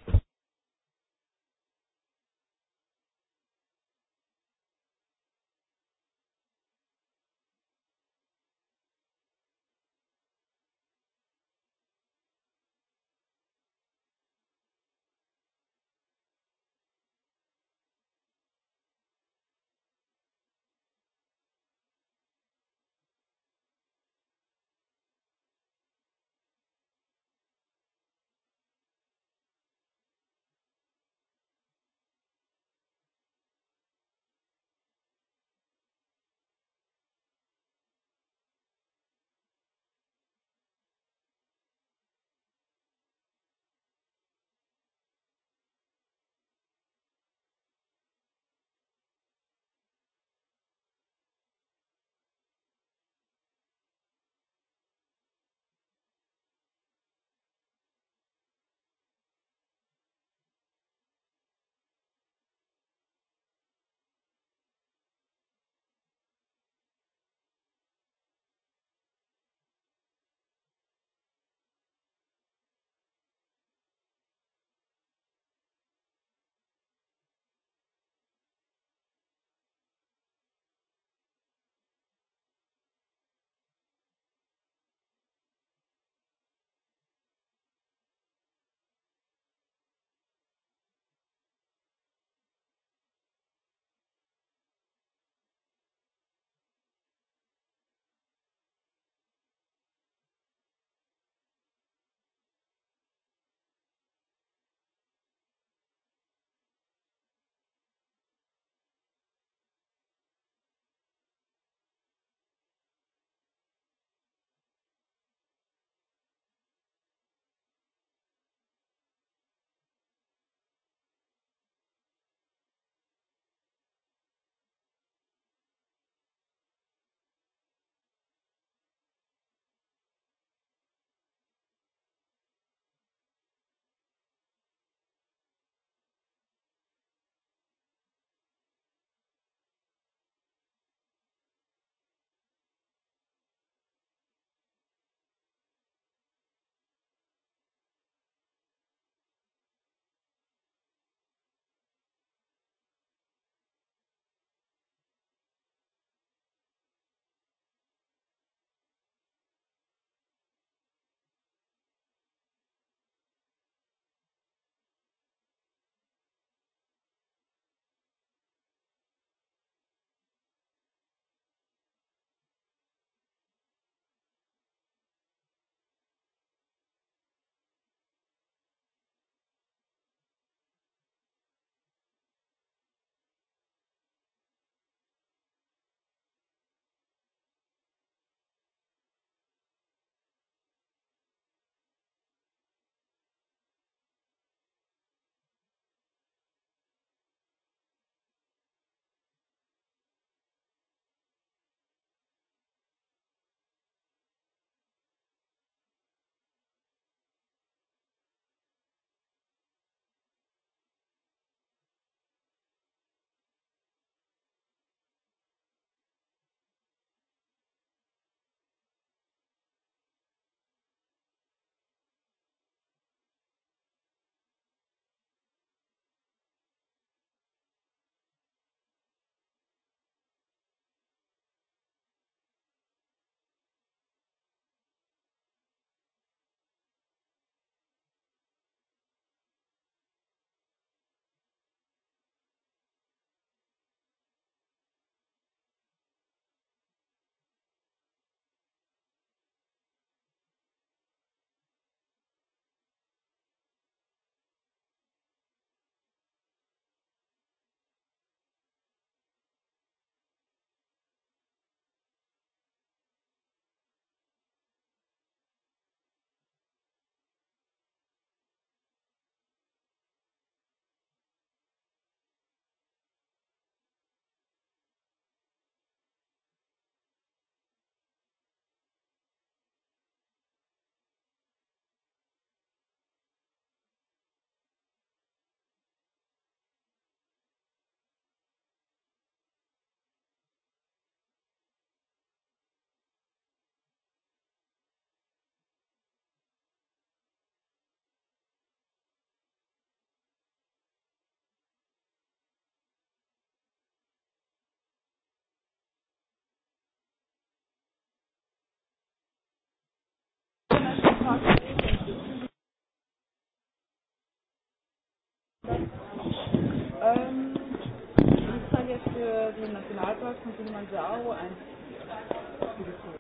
Nationalpark von Kilimanjaro ein.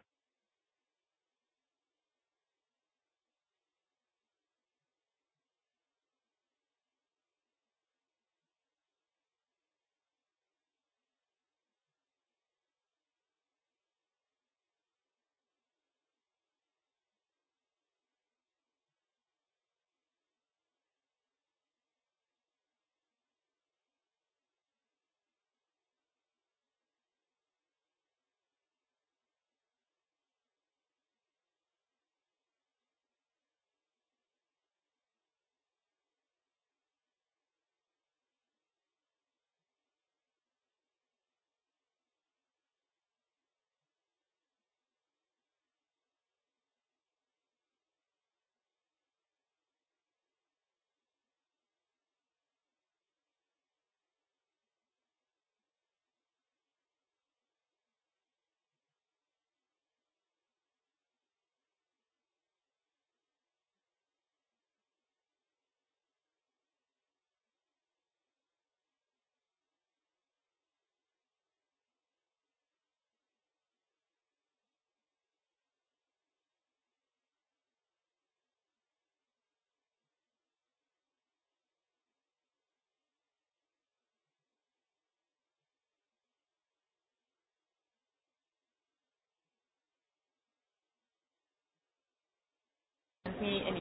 me any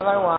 Hello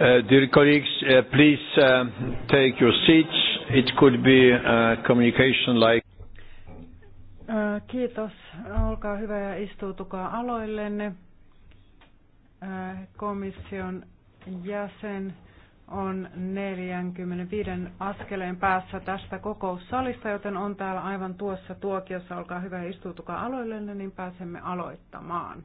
Uh, dear colleagues, uh, please uh, take your seats. It could be a uh, communication like. Uh, kiitos. Olkaa hyvä ja istuutukaa aloillenne. Uh, komission jäsen on 45 askeleen päässä tästä kokoussalista, joten on täällä aivan tuossa tuokiossa. Olkaa hyvä ja istuutukaa aloillenne, niin pääsemme aloittamaan.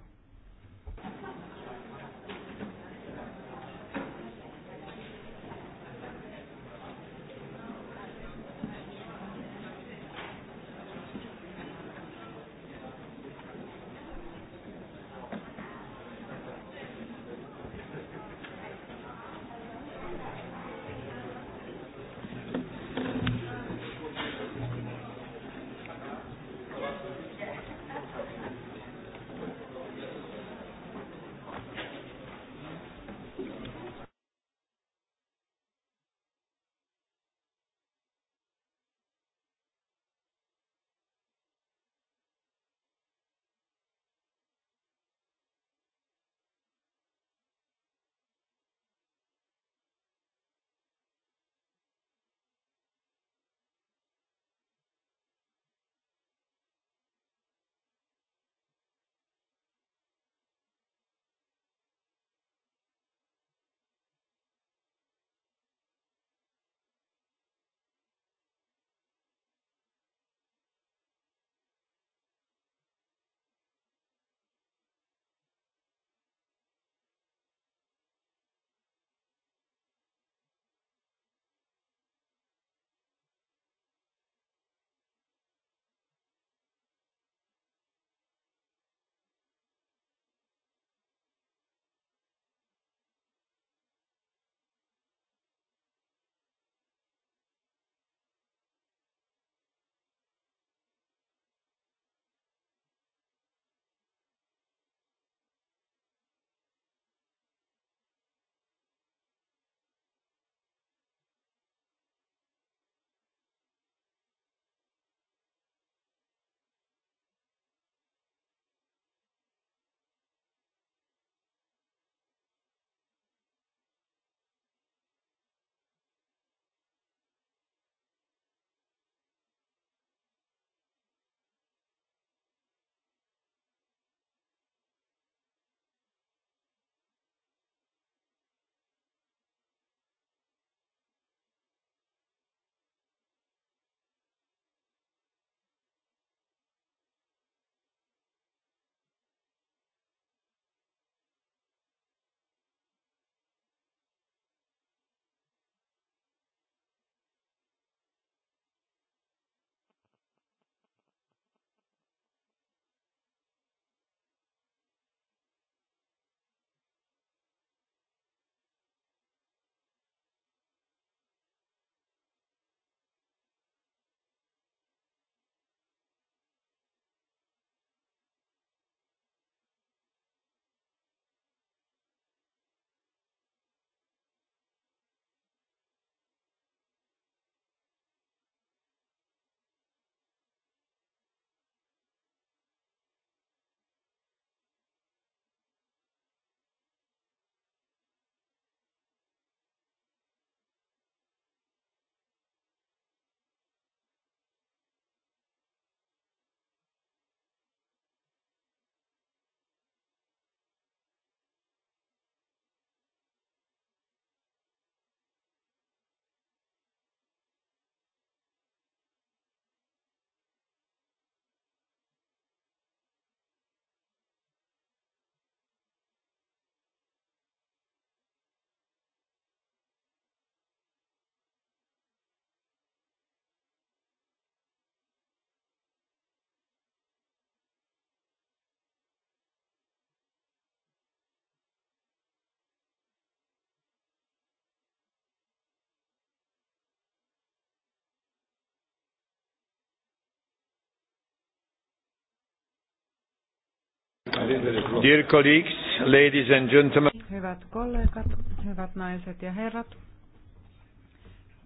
Dear colleagues, ladies and gentlemen. Hyvät kollegat, hyvät naiset ja herrat.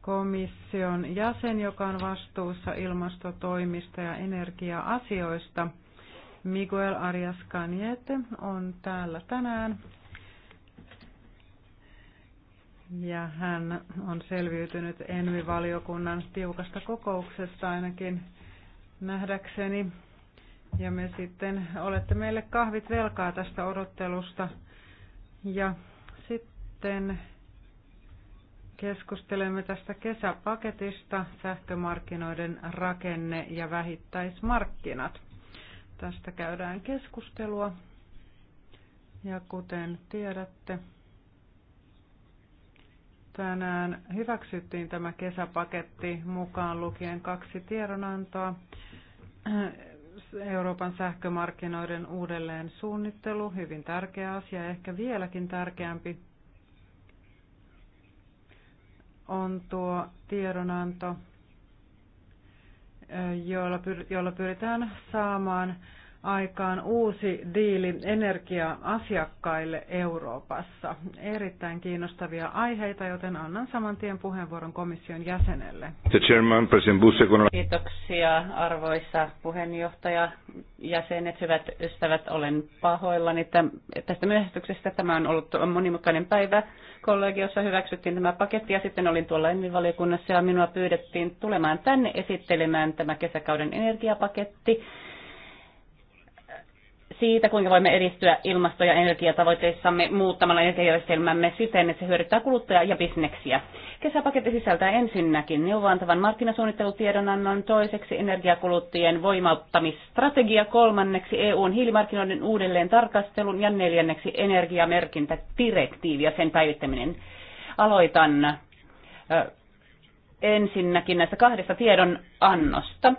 Komission jäsen, joka on vastuussa ilmastotoimista ja energia-asioista, Miguel Arias Caniete, on täällä tänään. Ja hän on selviytynyt Envi-valiokunnan tiukasta kokouksesta ainakin nähdäkseni. Ja me sitten olette meille kahvit velkaa tästä odottelusta. Ja sitten keskustelemme tästä kesäpaketista, sähkömarkkinoiden rakenne ja vähittäismarkkinat. Tästä käydään keskustelua. Ja kuten tiedätte, tänään hyväksyttiin tämä kesäpaketti mukaan lukien kaksi tiedonantoa Euroopan sähkömarkkinoiden uudelleen suunnittelu, hyvin tärkeä asia, ehkä vieläkin tärkeämpi on tuo tiedonanto, jolla, pyritään saamaan aikaan uusi diili energia-asiakkaille Euroopassa. Erittäin kiinnostavia aiheita, joten annan saman tien puheenvuoron komission jäsenelle. Kiitoksia arvoisa puheenjohtaja, jäsenet, hyvät ystävät, olen pahoillani tästä myöhästyksestä. Tämä on ollut monimutkainen päivä. Kollegiossa hyväksyttiin tämä paketti ja sitten olin tuolla valiokunnassa ja minua pyydettiin tulemaan tänne esittelemään tämä kesäkauden energiapaketti siitä, kuinka voimme edistyä ilmasto- ja energiatavoitteissamme muuttamalla energiajärjestelmämme siten, että se hyödyttää kuluttajaa ja bisneksiä. Kesäpaketti sisältää ensinnäkin neuvoantavan markkinasuunnittelutiedonannon, toiseksi energiakuluttajien voimauttamistrategia, kolmanneksi EUn hiilimarkkinoiden uudelleen tarkastelun ja neljänneksi energiamerkintädirektiivi ja sen päivittäminen. Aloitan ensinnäkin näistä kahdesta tiedonannosta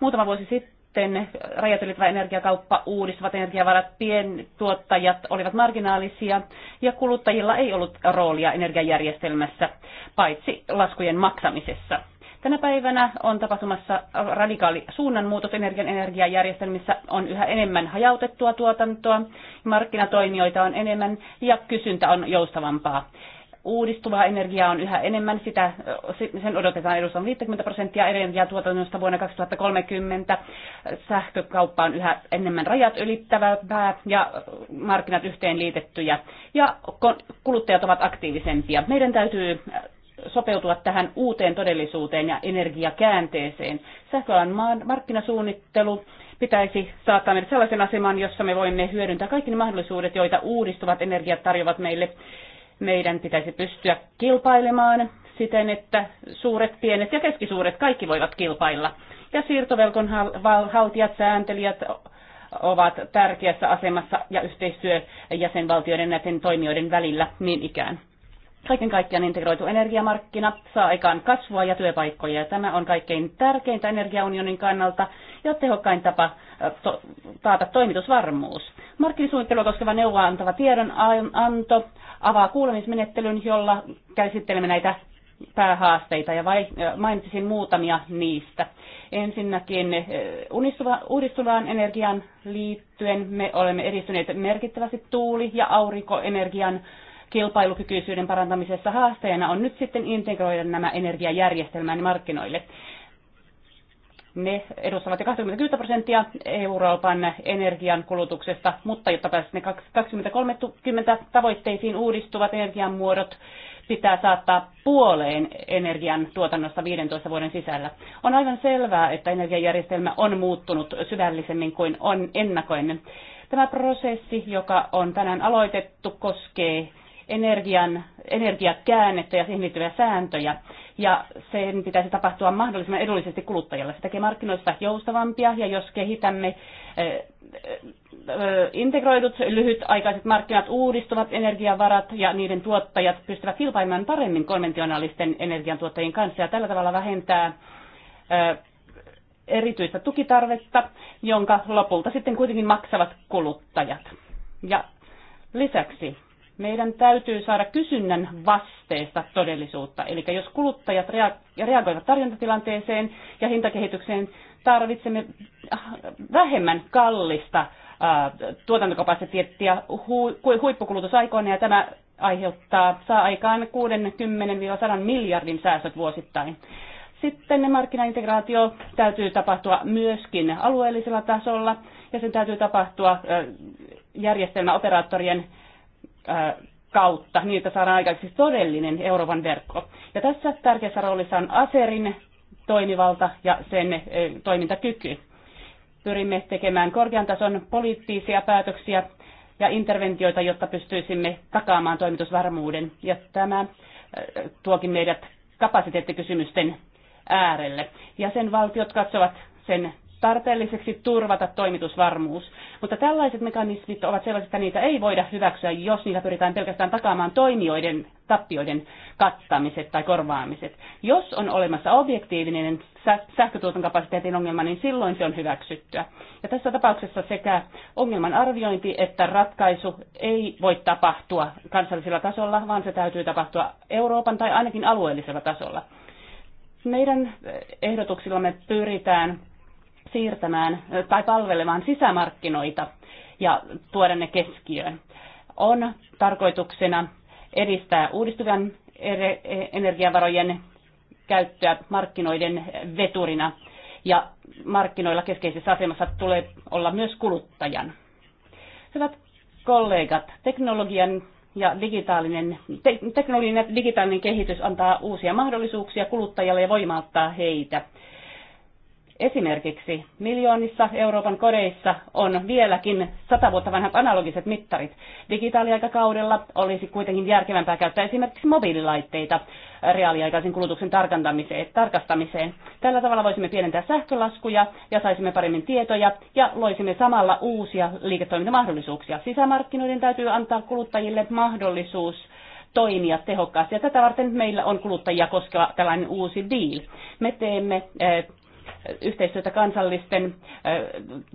Muutama vuosi sitten sitten rajat ylittävä energiakauppa, uudistuvat energiavarat, pientuottajat olivat marginaalisia ja kuluttajilla ei ollut roolia energiajärjestelmässä, paitsi laskujen maksamisessa. Tänä päivänä on tapahtumassa radikaali suunnanmuutos energian energiajärjestelmissä. On yhä enemmän hajautettua tuotantoa, markkinatoimijoita on enemmän ja kysyntä on joustavampaa. Uudistuvaa energiaa on yhä enemmän, sitä, sen odotetaan edustan 50 prosenttia energiatuotannosta vuonna 2030. Sähkökauppa on yhä enemmän rajat ylittävää ja markkinat yhteenliitettyjä ja kuluttajat ovat aktiivisempia. Meidän täytyy sopeutua tähän uuteen todellisuuteen ja energiakäänteeseen. Sähköalan markkinasuunnittelu pitäisi saattaa meidät sellaisen aseman, jossa me voimme hyödyntää kaikki ne mahdollisuudet, joita uudistuvat energiat tarjoavat meille meidän pitäisi pystyä kilpailemaan siten, että suuret, pienet ja keskisuuret kaikki voivat kilpailla. Ja siirtovelkon haltijat, sääntelijät ovat tärkeässä asemassa ja yhteistyö jäsenvaltioiden näiden toimijoiden välillä niin ikään. Kaiken kaikkiaan integroitu energiamarkkina saa aikaan kasvua ja työpaikkoja. Tämä on kaikkein tärkeintä energiaunionin kannalta ja tehokkain tapa to, taata toimitusvarmuus. Markkinasuunnittelua koskeva neuvoa antava tiedonanto avaa kuulemismenettelyn, jolla käsittelemme näitä päähaasteita ja vai, mainitsisin muutamia niistä. Ensinnäkin uudistuvaan energian liittyen me olemme edistyneet merkittävästi tuuli- ja aurinkoenergian kilpailukykyisyyden parantamisessa haasteena on nyt sitten integroida nämä energiajärjestelmän markkinoille. Ne edustavat jo 20 prosenttia Euroopan energian kulutuksesta, mutta jotta pääsisi ne 2030 tavoitteisiin uudistuvat energiamuodot, pitää saattaa puoleen energian tuotannosta 15 vuoden sisällä. On aivan selvää, että energiajärjestelmä on muuttunut syvällisemmin kuin on ennakoinen. Tämä prosessi, joka on tänään aloitettu, koskee energian, energiakäännettä ja siihen liittyviä sääntöjä. Ja sen pitäisi tapahtua mahdollisimman edullisesti kuluttajalle. Se tekee markkinoista joustavampia ja jos kehitämme eh, eh, integroidut lyhytaikaiset markkinat uudistuvat energiavarat ja niiden tuottajat pystyvät kilpailemaan paremmin konventionaalisten energiantuottajien kanssa ja tällä tavalla vähentää eh, erityistä tukitarvetta, jonka lopulta sitten kuitenkin maksavat kuluttajat. Ja lisäksi meidän täytyy saada kysynnän vasteesta todellisuutta. Eli jos kuluttajat reagoivat tarjontatilanteeseen ja hintakehitykseen, tarvitsemme äh, vähemmän kallista äh, tuotantokapasiteettia huippukulutusaikoina ja tämä aiheuttaa, saa aikaan 60-100 miljardin säästöt vuosittain. Sitten markkinaintegraatio täytyy tapahtua myöskin alueellisella tasolla ja sen täytyy tapahtua äh, järjestelmäoperaattorien kautta, niin että saadaan aikaiseksi siis todellinen Euroopan verkko. Ja tässä tärkeässä roolissa on ASERin toimivalta ja sen toimintakyky. Pyrimme tekemään korkean tason poliittisia päätöksiä ja interventioita, jotta pystyisimme takaamaan toimitusvarmuuden. Ja tämä tuokin meidät kapasiteettikysymysten äärelle. Ja sen valtiot katsovat sen tarpeelliseksi turvata toimitusvarmuus. Mutta tällaiset mekanismit ovat sellaiset, että niitä ei voida hyväksyä, jos niillä pyritään pelkästään takaamaan toimijoiden tappioiden kattamiset tai korvaamiset. Jos on olemassa objektiivinen sähkötuotantokapasiteetin ongelma, niin silloin se on hyväksyttyä. Ja tässä tapauksessa sekä ongelman arviointi että ratkaisu ei voi tapahtua kansallisella tasolla, vaan se täytyy tapahtua Euroopan tai ainakin alueellisella tasolla. Meidän ehdotuksillamme pyritään siirtämään tai palvelemaan sisämarkkinoita ja tuoda ne keskiöön. On tarkoituksena edistää uudistuvan e-, energiavarojen käyttöä markkinoiden veturina ja markkinoilla keskeisessä asemassa tulee olla myös kuluttajan. Hyvät kollegat, teknologian ja digitaalinen, te, teknologinen ja digitaalinen kehitys antaa uusia mahdollisuuksia kuluttajalle ja voimauttaa heitä. Esimerkiksi miljoonissa Euroopan kodeissa on vieläkin sata vuotta vanhat analogiset mittarit. Digitaaliaikakaudella olisi kuitenkin järkevämpää käyttää esimerkiksi mobiililaitteita reaaliaikaisen kulutuksen tarkastamiseen. Tällä tavalla voisimme pienentää sähkölaskuja ja saisimme paremmin tietoja ja loisimme samalla uusia liiketoimintamahdollisuuksia. Sisämarkkinoiden täytyy antaa kuluttajille mahdollisuus toimia tehokkaasti. Ja tätä varten meillä on kuluttajia koskeva tällainen uusi deal. Me teemme eh, yhteistyötä kansallisten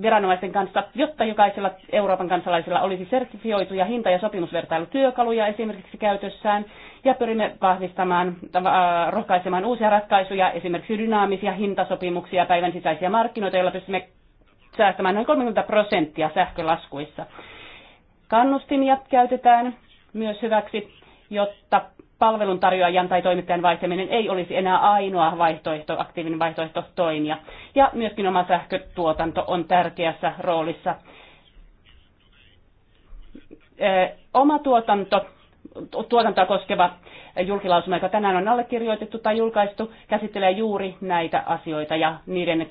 viranomaisten kanssa, jotta jokaisella Euroopan kansalaisella olisi sertifioituja hinta- ja sopimusvertailutyökaluja esimerkiksi käytössään, ja pyrimme vahvistamaan, äh, rohkaisemaan uusia ratkaisuja, esimerkiksi dynaamisia hintasopimuksia, päivän sisäisiä markkinoita, joilla pystymme säästämään noin 30 prosenttia sähkölaskuissa. Kannustimia käytetään myös hyväksi, jotta palveluntarjoajan tai toimittajan vaihtaminen ei olisi enää ainoa vaihtoehto, aktiivinen vaihtoehto toimia. Ja myöskin oma sähkötuotanto on tärkeässä roolissa. Oma tuotanto tuotantoa koskeva julkilausuma, joka tänään on allekirjoitettu tai julkaistu, käsittelee juuri näitä asioita ja niiden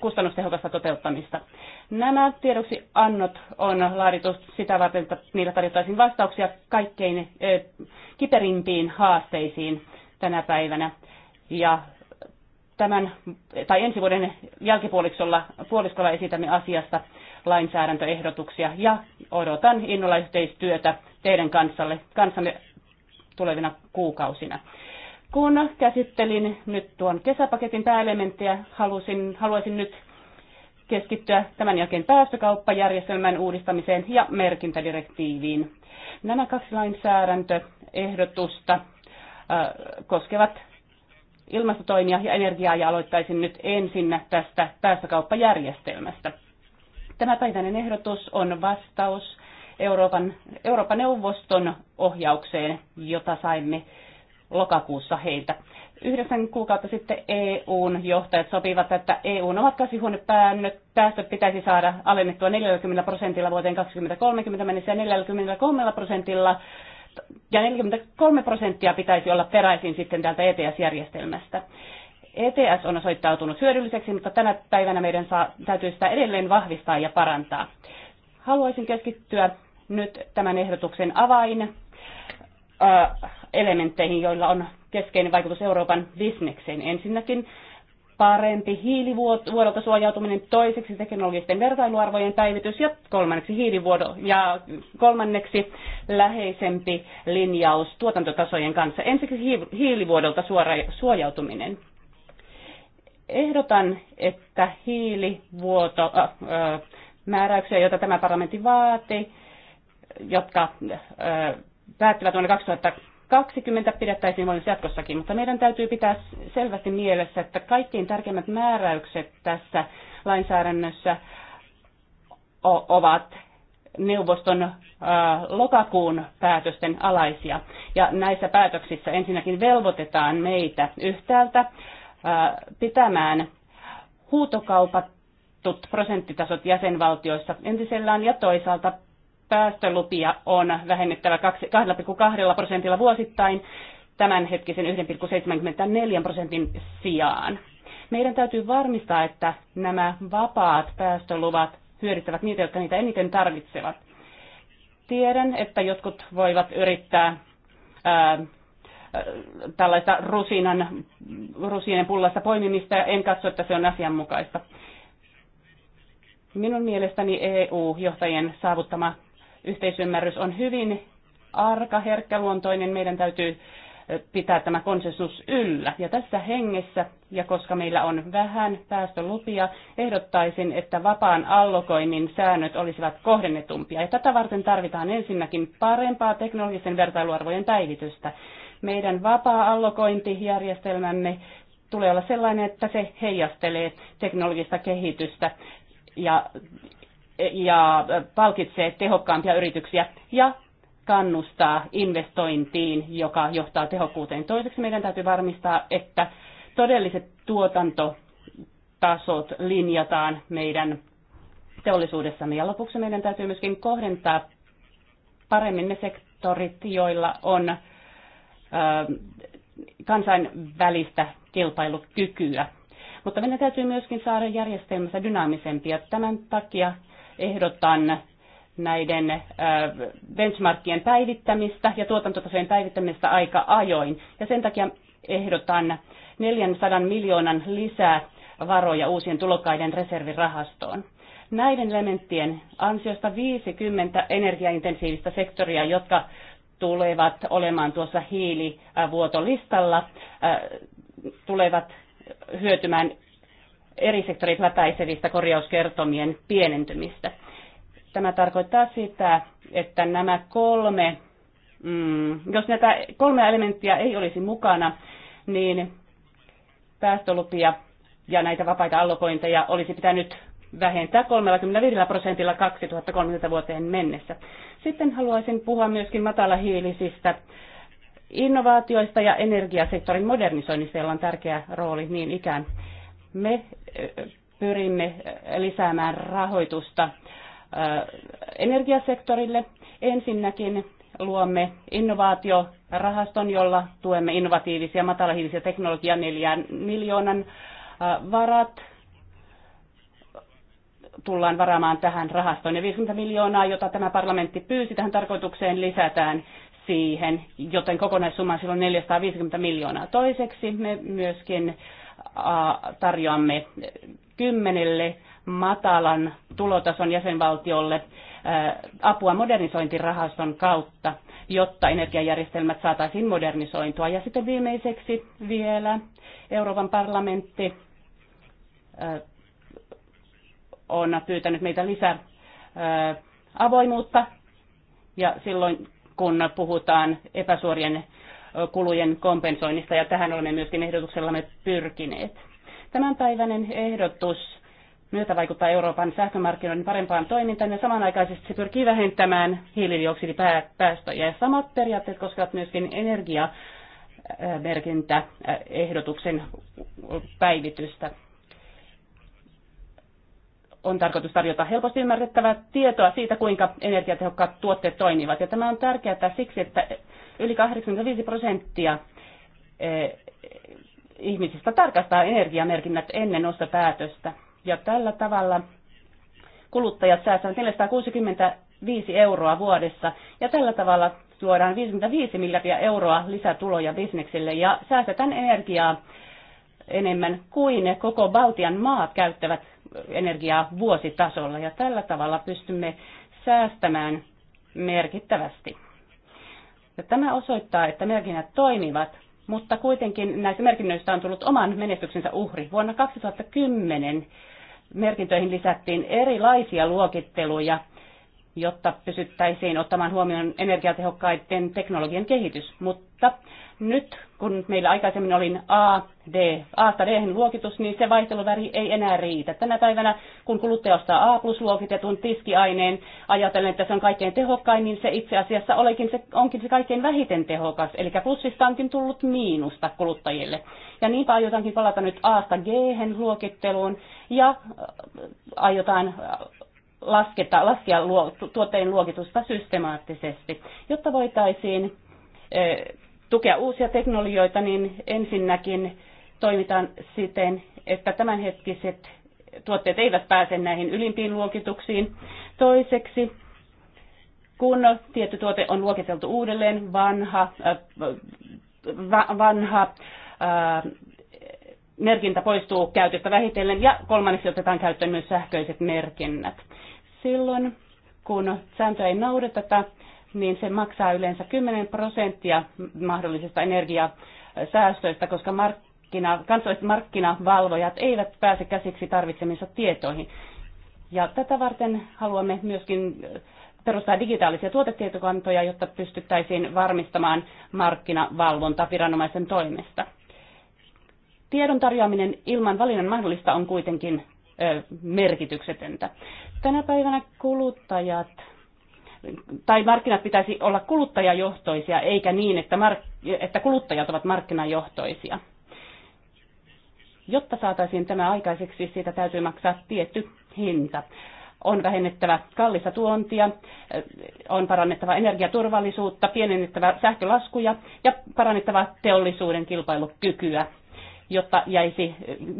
kustannustehokasta toteuttamista. Nämä tiedoksi annot on laadittu sitä varten, että niillä tarjottaisiin vastauksia kaikkein kiperimpiin haasteisiin tänä päivänä. Ja tämän tai ensi vuoden jälkipuoliskolla puoliskolla esitämme asiasta lainsäädäntöehdotuksia ja odotan innolla yhteistyötä teidän kanssalle, kanssanne tulevina kuukausina. Kun käsittelin nyt tuon kesäpaketin pääelementtejä, halusin, haluaisin nyt keskittyä tämän jälkeen päästökauppajärjestelmän uudistamiseen ja merkintädirektiiviin. Nämä kaksi lainsäädäntöehdotusta äh, koskevat ilmastotoimia ja energiaa ja aloittaisin nyt ensin tästä päästökauppajärjestelmästä. Tämä päiväinen ehdotus on vastaus Euroopan, Euroopan neuvoston ohjaukseen, jota saimme lokakuussa heiltä. Yhdeksän kuukautta sitten EUn johtajat sopivat, että EUn omat päästöt pitäisi saada alennettua 40 prosentilla vuoteen 2030 mennessä ja 43 prosentilla ja 43 prosenttia pitäisi olla peräisin sitten täältä ETS-järjestelmästä. ETS on osoittautunut hyödylliseksi, mutta tänä päivänä meidän saa, täytyy sitä edelleen vahvistaa ja parantaa. Haluaisin keskittyä nyt tämän ehdotuksen avain elementteihin, joilla on keskeinen vaikutus Euroopan bisnekseen. Ensinnäkin parempi hiilivuodolta suojautuminen, toiseksi teknologisten vertailuarvojen päivitys ja kolmanneksi hiilivuodo ja kolmanneksi läheisempi linjaus tuotantotasojen kanssa. Ensiksi hiilivuodolta suora, suojautuminen ehdotan, että hiilivuoto, äh, äh, määräyksiä, joita tämä parlamentti vaati, jotka äh, päättyvät vuonna 2020 pidettäisiin voimassa jatkossakin, mutta meidän täytyy pitää selvästi mielessä, että kaikkein tärkeimmät määräykset tässä lainsäädännössä ovat neuvoston äh, lokakuun päätösten alaisia. Ja näissä päätöksissä ensinnäkin velvoitetaan meitä yhtäältä pitämään huutokaupattut prosenttitasot jäsenvaltioissa entisellään ja toisaalta päästölupia on vähennettävä 2,2 prosentilla vuosittain tämänhetkisen 1,74 prosentin sijaan. Meidän täytyy varmistaa, että nämä vapaat päästöluvat hyödyttävät niitä, jotka niitä eniten tarvitsevat. Tiedän, että jotkut voivat yrittää tällaista rusinan, rusinen pullasta poimimista, en katso, että se on asianmukaista. Minun mielestäni EU-johtajien saavuttama yhteisymmärrys on hyvin arka, herkkäluontoinen. Meidän täytyy pitää tämä konsensus yllä. Ja tässä hengessä, ja koska meillä on vähän päästölupia, ehdottaisin, että vapaan allokoinnin säännöt olisivat kohdennetumpia. Ja tätä varten tarvitaan ensinnäkin parempaa teknologisen vertailuarvojen päivitystä. Meidän vapaa-allokointijärjestelmämme tulee olla sellainen, että se heijastelee teknologista kehitystä ja, ja palkitsee tehokkaampia yrityksiä ja kannustaa investointiin, joka johtaa tehokkuuteen. Toiseksi meidän täytyy varmistaa, että todelliset tuotantotasot linjataan meidän teollisuudessamme. Ja lopuksi meidän täytyy myöskin kohdentaa paremmin ne sektorit, joilla on kansainvälistä kilpailukykyä. Mutta meidän täytyy myöskin saada järjestelmässä dynaamisempia. tämän takia ehdotan näiden benchmarkien päivittämistä ja tuotantotasojen päivittämistä aika ajoin. Ja sen takia ehdotan 400 miljoonan lisää varoja uusien tulokkaiden reservirahastoon. Näiden elementtien ansiosta 50 energiaintensiivistä sektoria, jotka tulevat olemaan tuossa hiilivuotolistalla, äh, tulevat hyötymään eri sektorit läpäisevistä korjauskertomien pienentymistä. Tämä tarkoittaa sitä, että nämä kolme, mm, jos näitä kolme elementtiä ei olisi mukana, niin päästölupia ja näitä vapaita allokointeja olisi pitänyt vähentää 35 prosentilla 2030 vuoteen mennessä. Sitten haluaisin puhua myöskin matalahiilisistä innovaatioista ja energiasektorin modernisoinnista, jolla on tärkeä rooli niin ikään. Me pyrimme lisäämään rahoitusta energiasektorille. Ensinnäkin luomme innovaatiorahaston, jolla tuemme innovatiivisia matalahiilisiä teknologiaa neljän miljoonan varat tullaan varaamaan tähän rahastoon. Ja 50 miljoonaa, jota tämä parlamentti pyysi tähän tarkoitukseen, lisätään siihen, joten kokonaissumma on silloin 450 miljoonaa. Toiseksi me myöskin tarjoamme kymmenelle matalan tulotason jäsenvaltiolle apua modernisointirahaston kautta, jotta energiajärjestelmät saataisiin modernisointua. Ja sitten viimeiseksi vielä Euroopan parlamentti on pyytänyt meitä lisää avoimuutta ja silloin kun puhutaan epäsuorien kulujen kompensoinnista ja tähän olemme myöskin ehdotuksellamme pyrkineet. Tämänpäiväinen ehdotus myötä vaikuttaa Euroopan sähkömarkkinoiden parempaan toimintaan ja samanaikaisesti se pyrkii vähentämään hiilidioksidipäästöjä. Ja samat periaatteet koskevat myöskin energiamerkintäehdotuksen päivitystä on tarkoitus tarjota helposti ymmärrettävää tietoa siitä, kuinka energiatehokkaat tuotteet toimivat. Ja tämä on tärkeää siksi, että yli 85 prosenttia eh, ihmisistä tarkastaa energiamerkinnät ennen ostopäätöstä. Ja tällä tavalla kuluttajat säästävät 465 euroa vuodessa ja tällä tavalla luodaan 55 miljardia euroa lisätuloja bisneksille ja säästetään energiaa enemmän kuin koko Baltian maat käyttävät energiaa vuositasolla ja tällä tavalla pystymme säästämään merkittävästi. Ja tämä osoittaa, että merkinnät toimivat, mutta kuitenkin näistä merkinnöistä on tullut oman menestyksensä uhri. Vuonna 2010 merkintöihin lisättiin erilaisia luokitteluja jotta pysyttäisiin ottamaan huomioon energiatehokkaiden teknologian kehitys. Mutta nyt, kun meillä aikaisemmin oli A, D, a d luokitus, niin se vaihteluväri ei enää riitä. Tänä päivänä, kun kuluttaja ostaa A-plus-luokitetun tiskiaineen, ajatellen, että se on kaikkein tehokkain, niin se itse asiassa olikin se, onkin se kaikkein vähiten tehokas. Eli plussista onkin tullut miinusta kuluttajille. Ja niinpä aiotaankin palata nyt A-sta G-luokitteluun ja äh, aiotaan lasketa, laskea luo, tuotteen luokitusta systemaattisesti, jotta voitaisiin tukea uusia teknologioita, niin ensinnäkin toimitaan siten, että tämänhetkiset tuotteet eivät pääse näihin ylimpiin luokituksiin. Toiseksi, kun tietty tuote on luokiteltu uudelleen, vanha, äh, va, vanha äh, merkintä poistuu käytöstä vähitellen ja kolmanneksi otetaan käyttöön myös sähköiset merkinnät silloin, kun sääntöä ei noudateta, niin se maksaa yleensä 10 prosenttia mahdollisesta energiasäästöistä, koska markkina, kansalliset markkinavalvojat eivät pääse käsiksi tarvitsemissa tietoihin. Ja tätä varten haluamme myöskin perustaa digitaalisia tuotetietokantoja, jotta pystyttäisiin varmistamaan markkinavalvonta viranomaisen toimesta. Tiedon tarjoaminen ilman valinnan mahdollista on kuitenkin merkityksetöntä. Tänä päivänä kuluttajat tai markkinat pitäisi olla kuluttajajohtoisia, eikä niin, että, mark- että kuluttajat ovat markkinajohtoisia. Jotta saataisiin tämä aikaiseksi, siitä täytyy maksaa tietty hinta. On vähennettävä kallista tuontia, on parannettava energiaturvallisuutta, pienennettävä sähkölaskuja ja parannettava teollisuuden kilpailukykyä jotta jäisi,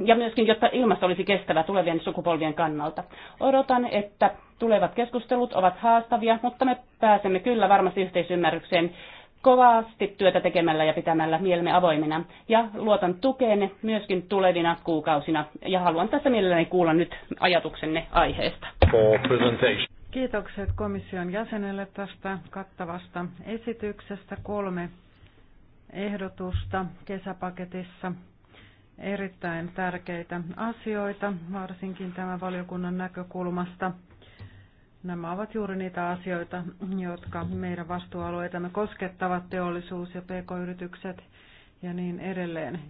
ja myöskin jotta ilmasto olisi kestävä tulevien sukupolvien kannalta. Odotan, että tulevat keskustelut ovat haastavia, mutta me pääsemme kyllä varmasti yhteisymmärrykseen kovasti työtä tekemällä ja pitämällä mielemme avoimina. Ja luotan tukeenne myöskin tulevina kuukausina. Ja haluan tässä mielelläni kuulla nyt ajatuksenne aiheesta. Kiitokset komission jäsenelle tästä kattavasta esityksestä. Kolme ehdotusta kesäpaketissa erittäin tärkeitä asioita, varsinkin tämän valiokunnan näkökulmasta. Nämä ovat juuri niitä asioita, jotka meidän vastuualueitamme koskettavat, teollisuus ja pk-yritykset ja niin edelleen.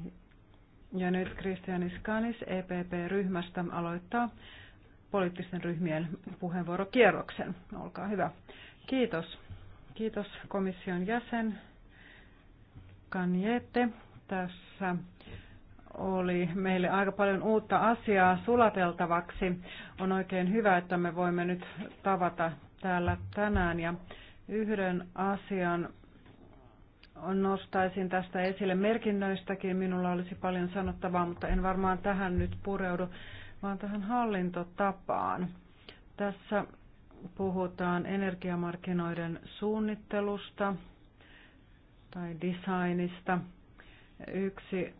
Ja nyt Christian Iskanis EPP-ryhmästä aloittaa poliittisten ryhmien puheenvuorokierroksen. Olkaa hyvä. Kiitos. Kiitos komission jäsen Kanjete tässä oli meille aika paljon uutta asiaa sulateltavaksi. On oikein hyvä, että me voimme nyt tavata täällä tänään ja yhden asian nostaisin tästä esille merkinnöistäkin. Minulla olisi paljon sanottavaa, mutta en varmaan tähän nyt pureudu, vaan tähän hallintotapaan. Tässä puhutaan energiamarkkinoiden suunnittelusta tai designista. Yksi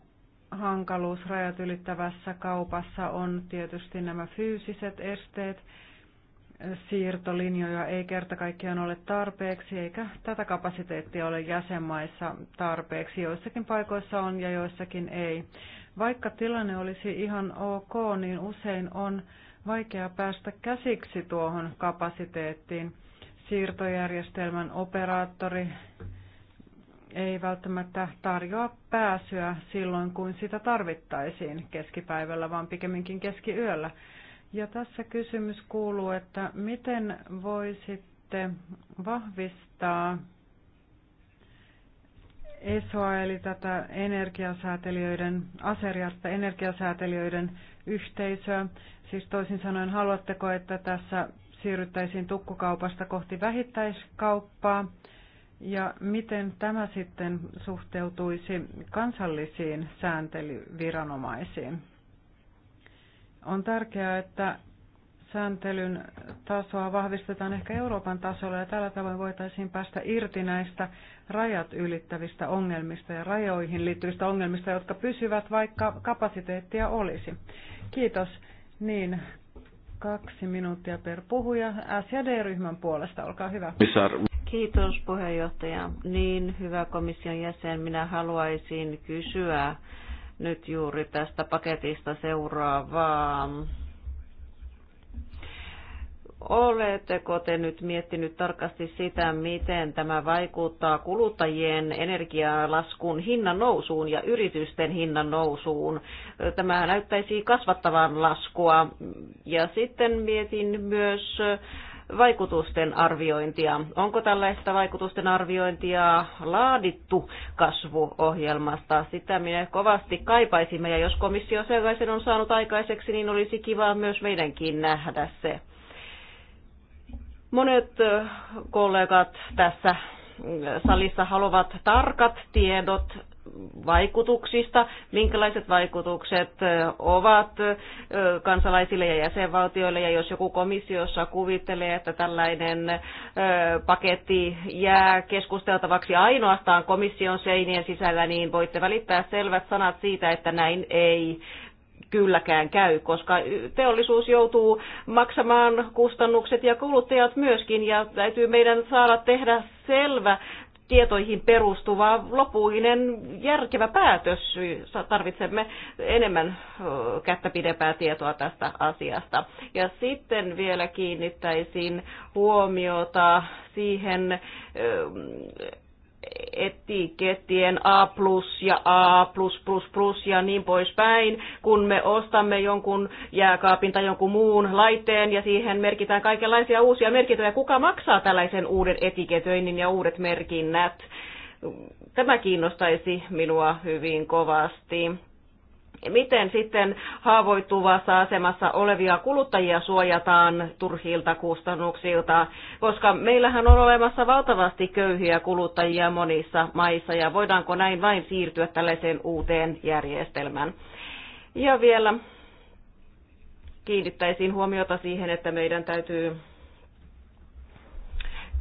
hankaluus rajat ylittävässä kaupassa on tietysti nämä fyysiset esteet. Siirtolinjoja ei kerta kaikkiaan ole tarpeeksi, eikä tätä kapasiteettia ole jäsenmaissa tarpeeksi. Joissakin paikoissa on ja joissakin ei. Vaikka tilanne olisi ihan ok, niin usein on vaikea päästä käsiksi tuohon kapasiteettiin. Siirtojärjestelmän operaattori ei välttämättä tarjoa pääsyä silloin, kun sitä tarvittaisiin keskipäivällä, vaan pikemminkin keskiyöllä. Ja tässä kysymys kuuluu, että miten voisitte vahvistaa ESOa eli tätä energiasäätelijöiden, aseriasta energiasäätelijöiden yhteisöä. Siis toisin sanoen, haluatteko, että tässä siirryttäisiin tukkukaupasta kohti vähittäiskauppaa? Ja miten tämä sitten suhteutuisi kansallisiin sääntelyviranomaisiin? On tärkeää, että sääntelyn tasoa vahvistetaan ehkä Euroopan tasolla ja tällä tavoin voitaisiin päästä irti näistä rajat ylittävistä ongelmista ja rajoihin liittyvistä ongelmista, jotka pysyvät vaikka kapasiteettia olisi. Kiitos. Niin, kaksi minuuttia per puhuja. SJD-ryhmän puolesta, olkaa hyvä. Kiitos puheenjohtaja. Niin, hyvä komission jäsen, minä haluaisin kysyä nyt juuri tästä paketista seuraavaa. Oletteko te nyt miettinyt tarkasti sitä, miten tämä vaikuttaa kuluttajien energialaskun hinnan nousuun ja yritysten hinnan nousuun? Tämä näyttäisi kasvattavan laskua. Ja sitten mietin myös vaikutusten arviointia. Onko tällaista vaikutusten arviointia laadittu kasvuohjelmasta? Sitä minä kovasti kaipaisimme ja jos komissio sellaisen on saanut aikaiseksi, niin olisi kiva myös meidänkin nähdä se. Monet kollegat tässä salissa haluavat tarkat tiedot vaikutuksista, minkälaiset vaikutukset ovat kansalaisille ja jäsenvaltioille, ja jos joku komissiossa kuvittelee, että tällainen paketti jää keskusteltavaksi ainoastaan komission seinien sisällä, niin voitte välittää selvät sanat siitä, että näin ei kylläkään käy, koska teollisuus joutuu maksamaan kustannukset ja kuluttajat myöskin, ja täytyy meidän saada tehdä selvä tietoihin perustuva lopullinen järkevä päätös. Tarvitsemme enemmän kättä pidempää tietoa tästä asiasta. Ja sitten vielä kiinnittäisin huomiota siihen etikettien A plus ja A plus plus plus ja niin poispäin, kun me ostamme jonkun jääkaapin tai jonkun muun laitteen ja siihen merkitään kaikenlaisia uusia merkintöjä. Kuka maksaa tällaisen uuden etiketöinnin ja uudet merkinnät? Tämä kiinnostaisi minua hyvin kovasti miten sitten haavoittuvassa asemassa olevia kuluttajia suojataan turhilta kustannuksilta, koska meillähän on olemassa valtavasti köyhiä kuluttajia monissa maissa ja voidaanko näin vain siirtyä tällaiseen uuteen järjestelmään. Ja vielä kiinnittäisin huomiota siihen, että meidän täytyy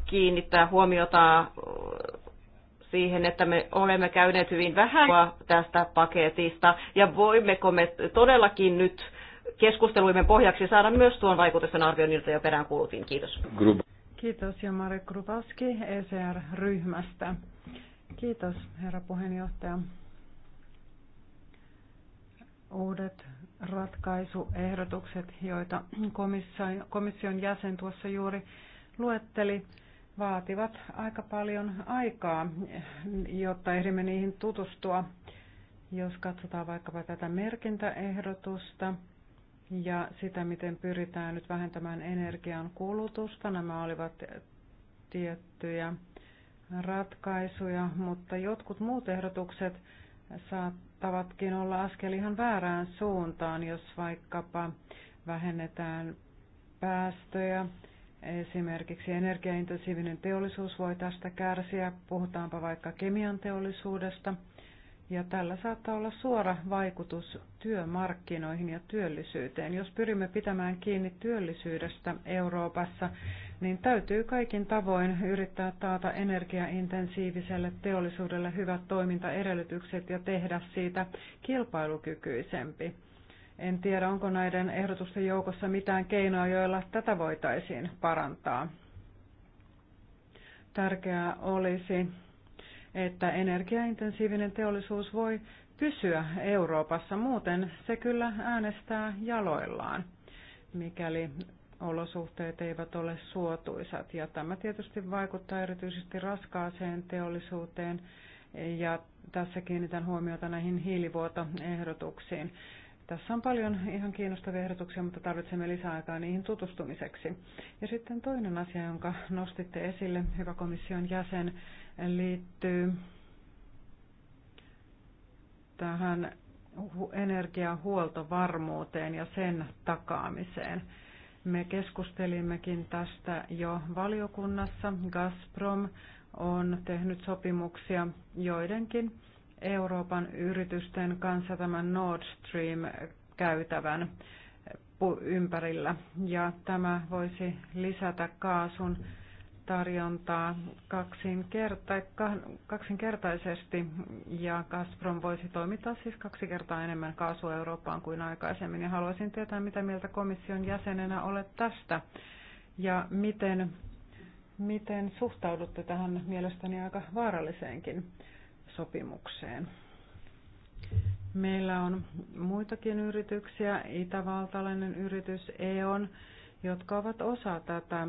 kiinnittää huomiota siihen, että me olemme käyneet hyvin vähän tästä paketista ja voimmeko me todellakin nyt keskusteluimme pohjaksi saada myös tuon vaikutusten arvioinnin, jota jo kuulutin. Kiitos. Kiitos ja Mari Grubaski ECR-ryhmästä. Kiitos herra puheenjohtaja. Uudet ratkaisuehdotukset, joita komission jäsen tuossa juuri luetteli, vaativat aika paljon aikaa, jotta ehdimme niihin tutustua. Jos katsotaan vaikkapa tätä merkintäehdotusta ja sitä, miten pyritään nyt vähentämään energian kulutusta, nämä olivat tiettyjä ratkaisuja, mutta jotkut muut ehdotukset saattavatkin olla askel ihan väärään suuntaan, jos vaikkapa vähennetään päästöjä Esimerkiksi energiaintensiivinen teollisuus voi tästä kärsiä, puhutaanpa vaikka kemian teollisuudesta. Ja tällä saattaa olla suora vaikutus työmarkkinoihin ja työllisyyteen. Jos pyrimme pitämään kiinni työllisyydestä Euroopassa, niin täytyy kaikin tavoin yrittää taata energiaintensiiviselle teollisuudelle hyvät toimintaedellytykset ja tehdä siitä kilpailukykyisempi. En tiedä, onko näiden ehdotusten joukossa mitään keinoa, joilla tätä voitaisiin parantaa. Tärkeää olisi, että energiaintensiivinen teollisuus voi pysyä Euroopassa, muuten se kyllä äänestää jaloillaan, mikäli olosuhteet eivät ole suotuisat. Ja tämä tietysti vaikuttaa erityisesti raskaaseen teollisuuteen ja tässä kiinnitän huomiota näihin hiilivuotoehdotuksiin. Tässä on paljon ihan kiinnostavia ehdotuksia, mutta tarvitsemme lisäaikaa niihin tutustumiseksi. Ja sitten toinen asia, jonka nostitte esille, hyvä komission jäsen, liittyy tähän energiahuoltovarmuuteen ja sen takaamiseen. Me keskustelimmekin tästä jo valiokunnassa. Gazprom on tehnyt sopimuksia joidenkin Euroopan yritysten kanssa tämän Nord Stream-käytävän ympärillä. Ja tämä voisi lisätä kaasun tarjontaa kaksinkerta, kaksinkertaisesti ja Gazprom voisi toimittaa siis kaksi kertaa enemmän kaasua Eurooppaan kuin aikaisemmin. Ja haluaisin tietää, mitä mieltä komission jäsenenä olet tästä ja miten, miten suhtaudutte tähän mielestäni aika vaaralliseenkin sopimukseen. Meillä on muitakin yrityksiä, itävaltalainen yritys E.ON, jotka ovat osa tätä äh,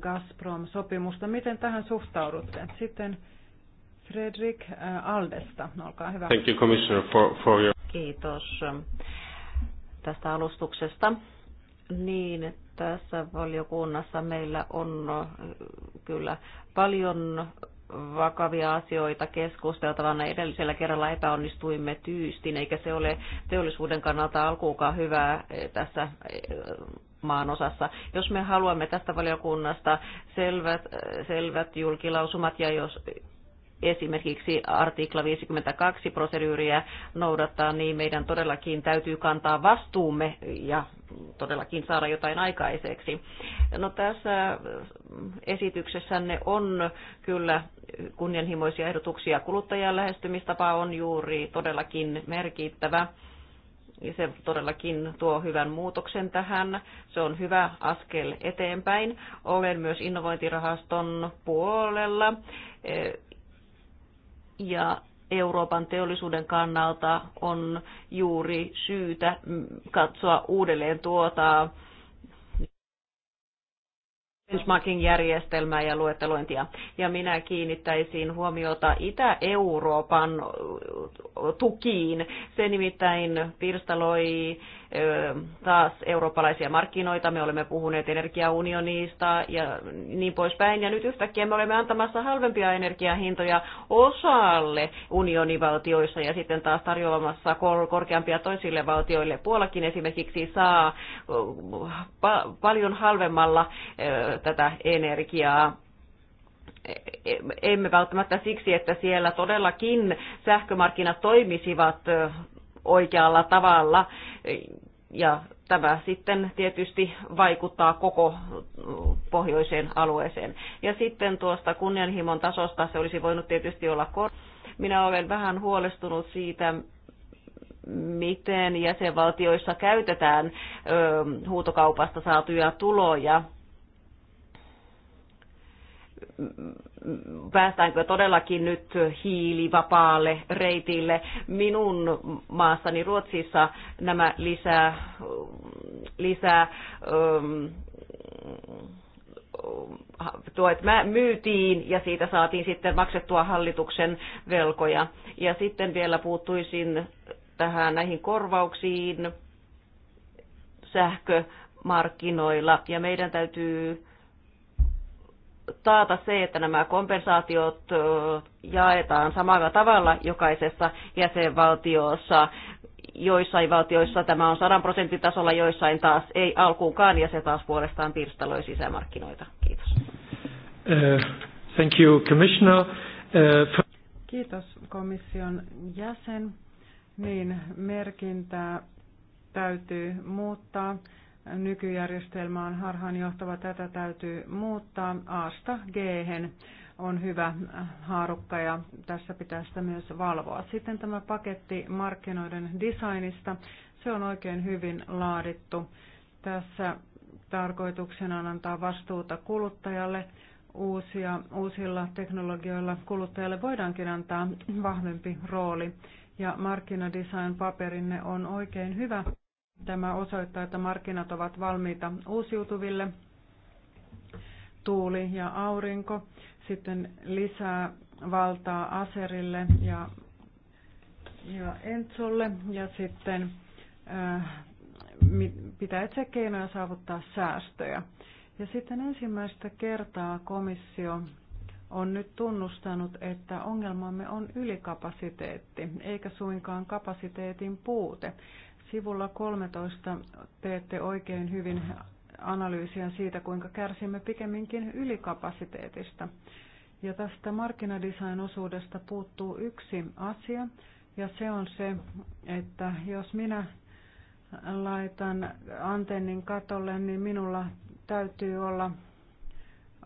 Gazprom-sopimusta. Miten tähän suhtaudutte? Sitten Fredrik äh, Aldesta, olkaa hyvä. Thank you, Commissioner, for, for your... Kiitos ähm, tästä alustuksesta. Niin, tässä valiokunnassa meillä on äh, kyllä paljon vakavia asioita keskusteltavana. Edellisellä kerralla epäonnistuimme tyystin, eikä se ole teollisuuden kannalta alkuukaan hyvää eh, tässä eh, maan osassa. Jos me haluamme tästä valiokunnasta selvät, eh, selvät julkilausumat ja jos esimerkiksi artikla 52 proseduuria noudattaa, niin meidän todellakin täytyy kantaa vastuumme ja todellakin saada jotain aikaiseksi. No tässä esityksessänne on kyllä kunnianhimoisia ehdotuksia. Kuluttajan lähestymistapa on juuri todellakin merkittävä se todellakin tuo hyvän muutoksen tähän. Se on hyvä askel eteenpäin. Olen myös innovointirahaston puolella ja Euroopan teollisuuden kannalta on juuri syytä katsoa uudelleen tuota benchmarking-järjestelmää ja luettelointia. Ja minä kiinnittäisin huomiota Itä-Euroopan tukiin. Se nimittäin pirstaloi taas eurooppalaisia markkinoita, me olemme puhuneet energiaunionista ja niin poispäin. Ja nyt yhtäkkiä me olemme antamassa halvempia energiahintoja osalle unionivaltioissa ja sitten taas tarjoamassa korkeampia toisille valtioille. Puolakin esimerkiksi saa paljon halvemmalla tätä energiaa e-, e-, emme välttämättä siksi, että siellä todellakin sähkömarkkinat toimisivat oikealla tavalla. Ja tämä sitten tietysti vaikuttaa koko pohjoiseen alueeseen. Ja sitten tuosta kunnianhimon tasosta se olisi voinut tietysti olla kor. Minä olen vähän huolestunut siitä, miten jäsenvaltioissa käytetään ö, huutokaupasta saatuja tuloja päästäänkö todellakin nyt hiilivapaalle reitille. Minun maassani Ruotsissa nämä lisää, lisää um, tuet myytiin ja siitä saatiin sitten maksettua hallituksen velkoja. Ja sitten vielä puuttuisin tähän näihin korvauksiin sähkömarkkinoilla ja meidän täytyy taata se, että nämä kompensaatiot jaetaan samalla tavalla jokaisessa jäsenvaltiossa. Joissain valtioissa tämä on 100 prosentin tasolla, joissain taas ei alkuunkaan, ja se taas puolestaan pirstaloi sisämarkkinoita. Kiitos. Uh, thank you, Commissioner. Uh, Kiitos komission jäsen. Niin, merkintää täytyy muuttaa nykyjärjestelmä on harhaanjohtava. Tätä täytyy muuttaa Asta g on hyvä äh, haarukka ja tässä pitää sitä myös valvoa. Sitten tämä paketti markkinoiden designista, se on oikein hyvin laadittu. Tässä tarkoituksena on antaa vastuuta kuluttajalle. Uusia, uusilla teknologioilla kuluttajalle voidaankin antaa vahvempi rooli ja markkinadesign paperinne on oikein hyvä. Tämä osoittaa, että markkinat ovat valmiita uusiutuville, tuuli ja aurinko, sitten lisää valtaa Aserille ja, ja Entsolle ja sitten äh, pitää etsiä keinoja saavuttaa säästöjä. Ja sitten ensimmäistä kertaa komissio on nyt tunnustanut, että ongelmamme on ylikapasiteetti, eikä suinkaan kapasiteetin puute. Sivulla 13 teette oikein hyvin analyysiä siitä, kuinka kärsimme pikemminkin ylikapasiteetista. Ja tästä markkinadesign-osuudesta puuttuu yksi asia, ja se on se, että jos minä laitan antennin katolle, niin minulla täytyy olla,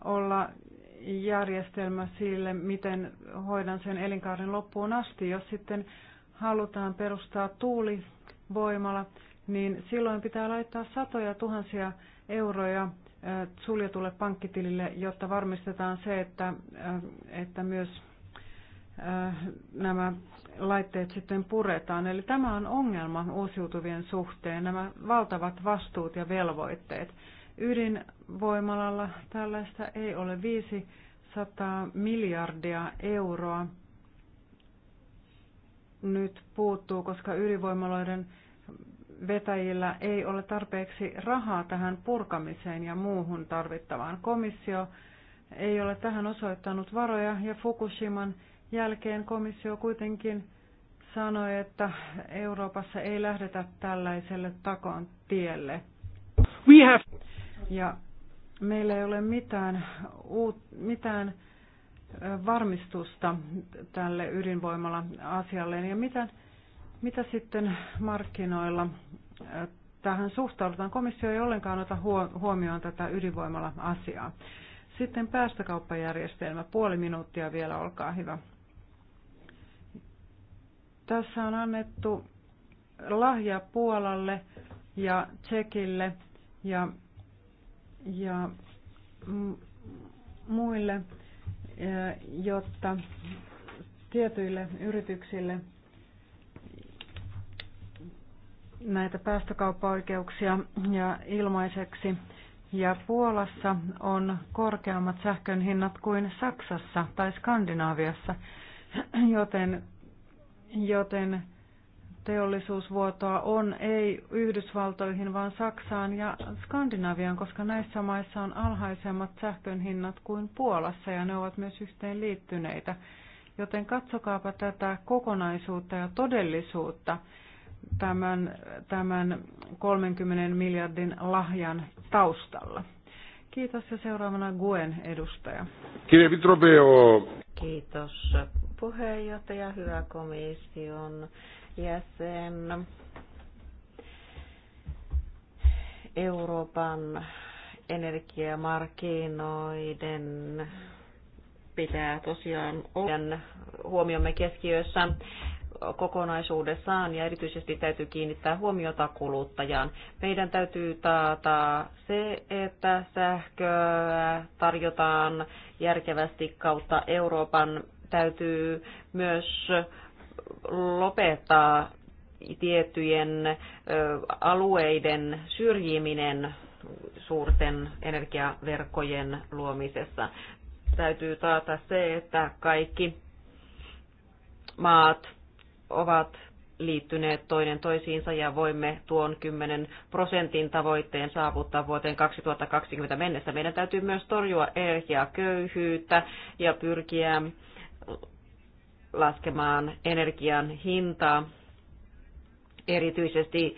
olla järjestelmä sille, miten hoidan sen elinkaaren loppuun asti. Jos sitten halutaan perustaa tuuli voimalla, niin silloin pitää laittaa satoja tuhansia euroja suljetulle pankkitilille, jotta varmistetaan se, että, että myös nämä laitteet sitten puretaan. Eli tämä on ongelma uusiutuvien suhteen, nämä valtavat vastuut ja velvoitteet. Ydinvoimalalla tällaista ei ole 500 miljardia euroa nyt puuttuu, koska ydinvoimaloiden vetäjillä ei ole tarpeeksi rahaa tähän purkamiseen ja muuhun tarvittavaan. Komissio ei ole tähän osoittanut varoja ja Fukushiman jälkeen komissio kuitenkin sanoi, että Euroopassa ei lähdetä tällaiselle takon tielle. We have... Ja meillä ei ole mitään, uut, mitään varmistusta tälle ydinvoimalla asialle. Ja mitä, mitä sitten markkinoilla tähän suhtaudutaan? Komissio ei ollenkaan ota huomioon tätä ydinvoimalla asiaa. Sitten päästökauppajärjestelmä. Puoli minuuttia vielä, olkaa hyvä. Tässä on annettu lahja Puolalle ja Tsekille ja, ja muille jotta tietyille yrityksille näitä päästökauppaoikeuksia ja ilmaiseksi. Ja Puolassa on korkeammat sähkön hinnat kuin Saksassa tai Skandinaaviassa, joten, joten teollisuusvuotoa on ei Yhdysvaltoihin, vaan Saksaan ja Skandinaviaan, koska näissä maissa on alhaisemmat sähkön hinnat kuin Puolassa ja ne ovat myös yhteen liittyneitä. Joten katsokaapa tätä kokonaisuutta ja todellisuutta tämän, tämän 30 miljardin lahjan taustalla. Kiitos ja seuraavana Guen edustaja. Kiitos puheenjohtaja, hyvä komission jäsen. Euroopan energiamarkkinoiden pitää tosiaan olla huomiomme keskiössä kokonaisuudessaan ja erityisesti täytyy kiinnittää huomiota kuluttajaan. Meidän täytyy taata se, että sähköä tarjotaan järkevästi kautta Euroopan. Täytyy myös lopettaa tiettyjen alueiden syrjiminen suurten energiaverkkojen luomisessa. Täytyy taata se, että kaikki maat ovat liittyneet toinen toisiinsa ja voimme tuon 10 prosentin tavoitteen saavuttaa vuoteen 2020 mennessä. Meidän täytyy myös torjua energiaköyhyyttä ja pyrkiä laskemaan energian hintaa erityisesti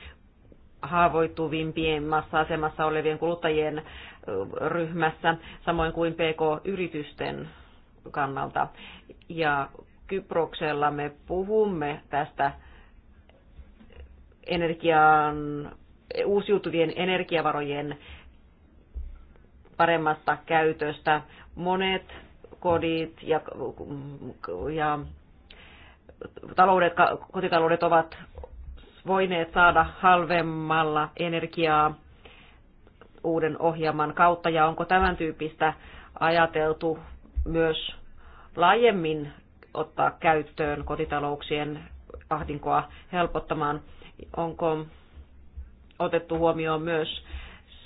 haavoittuvimpien massa asemassa olevien kuluttajien ryhmässä, samoin kuin PK-yritysten kannalta. Ja Kyproksella me puhumme tästä energian, uusiutuvien energiavarojen paremmasta käytöstä. Monet kodit ja, ja taloudet, kotitaloudet ovat voineet saada halvemmalla energiaa uuden ohjelman kautta ja onko tämän tyyppistä ajateltu myös laajemmin ottaa käyttöön kotitalouksien ahdinkoa helpottamaan? Onko otettu huomioon myös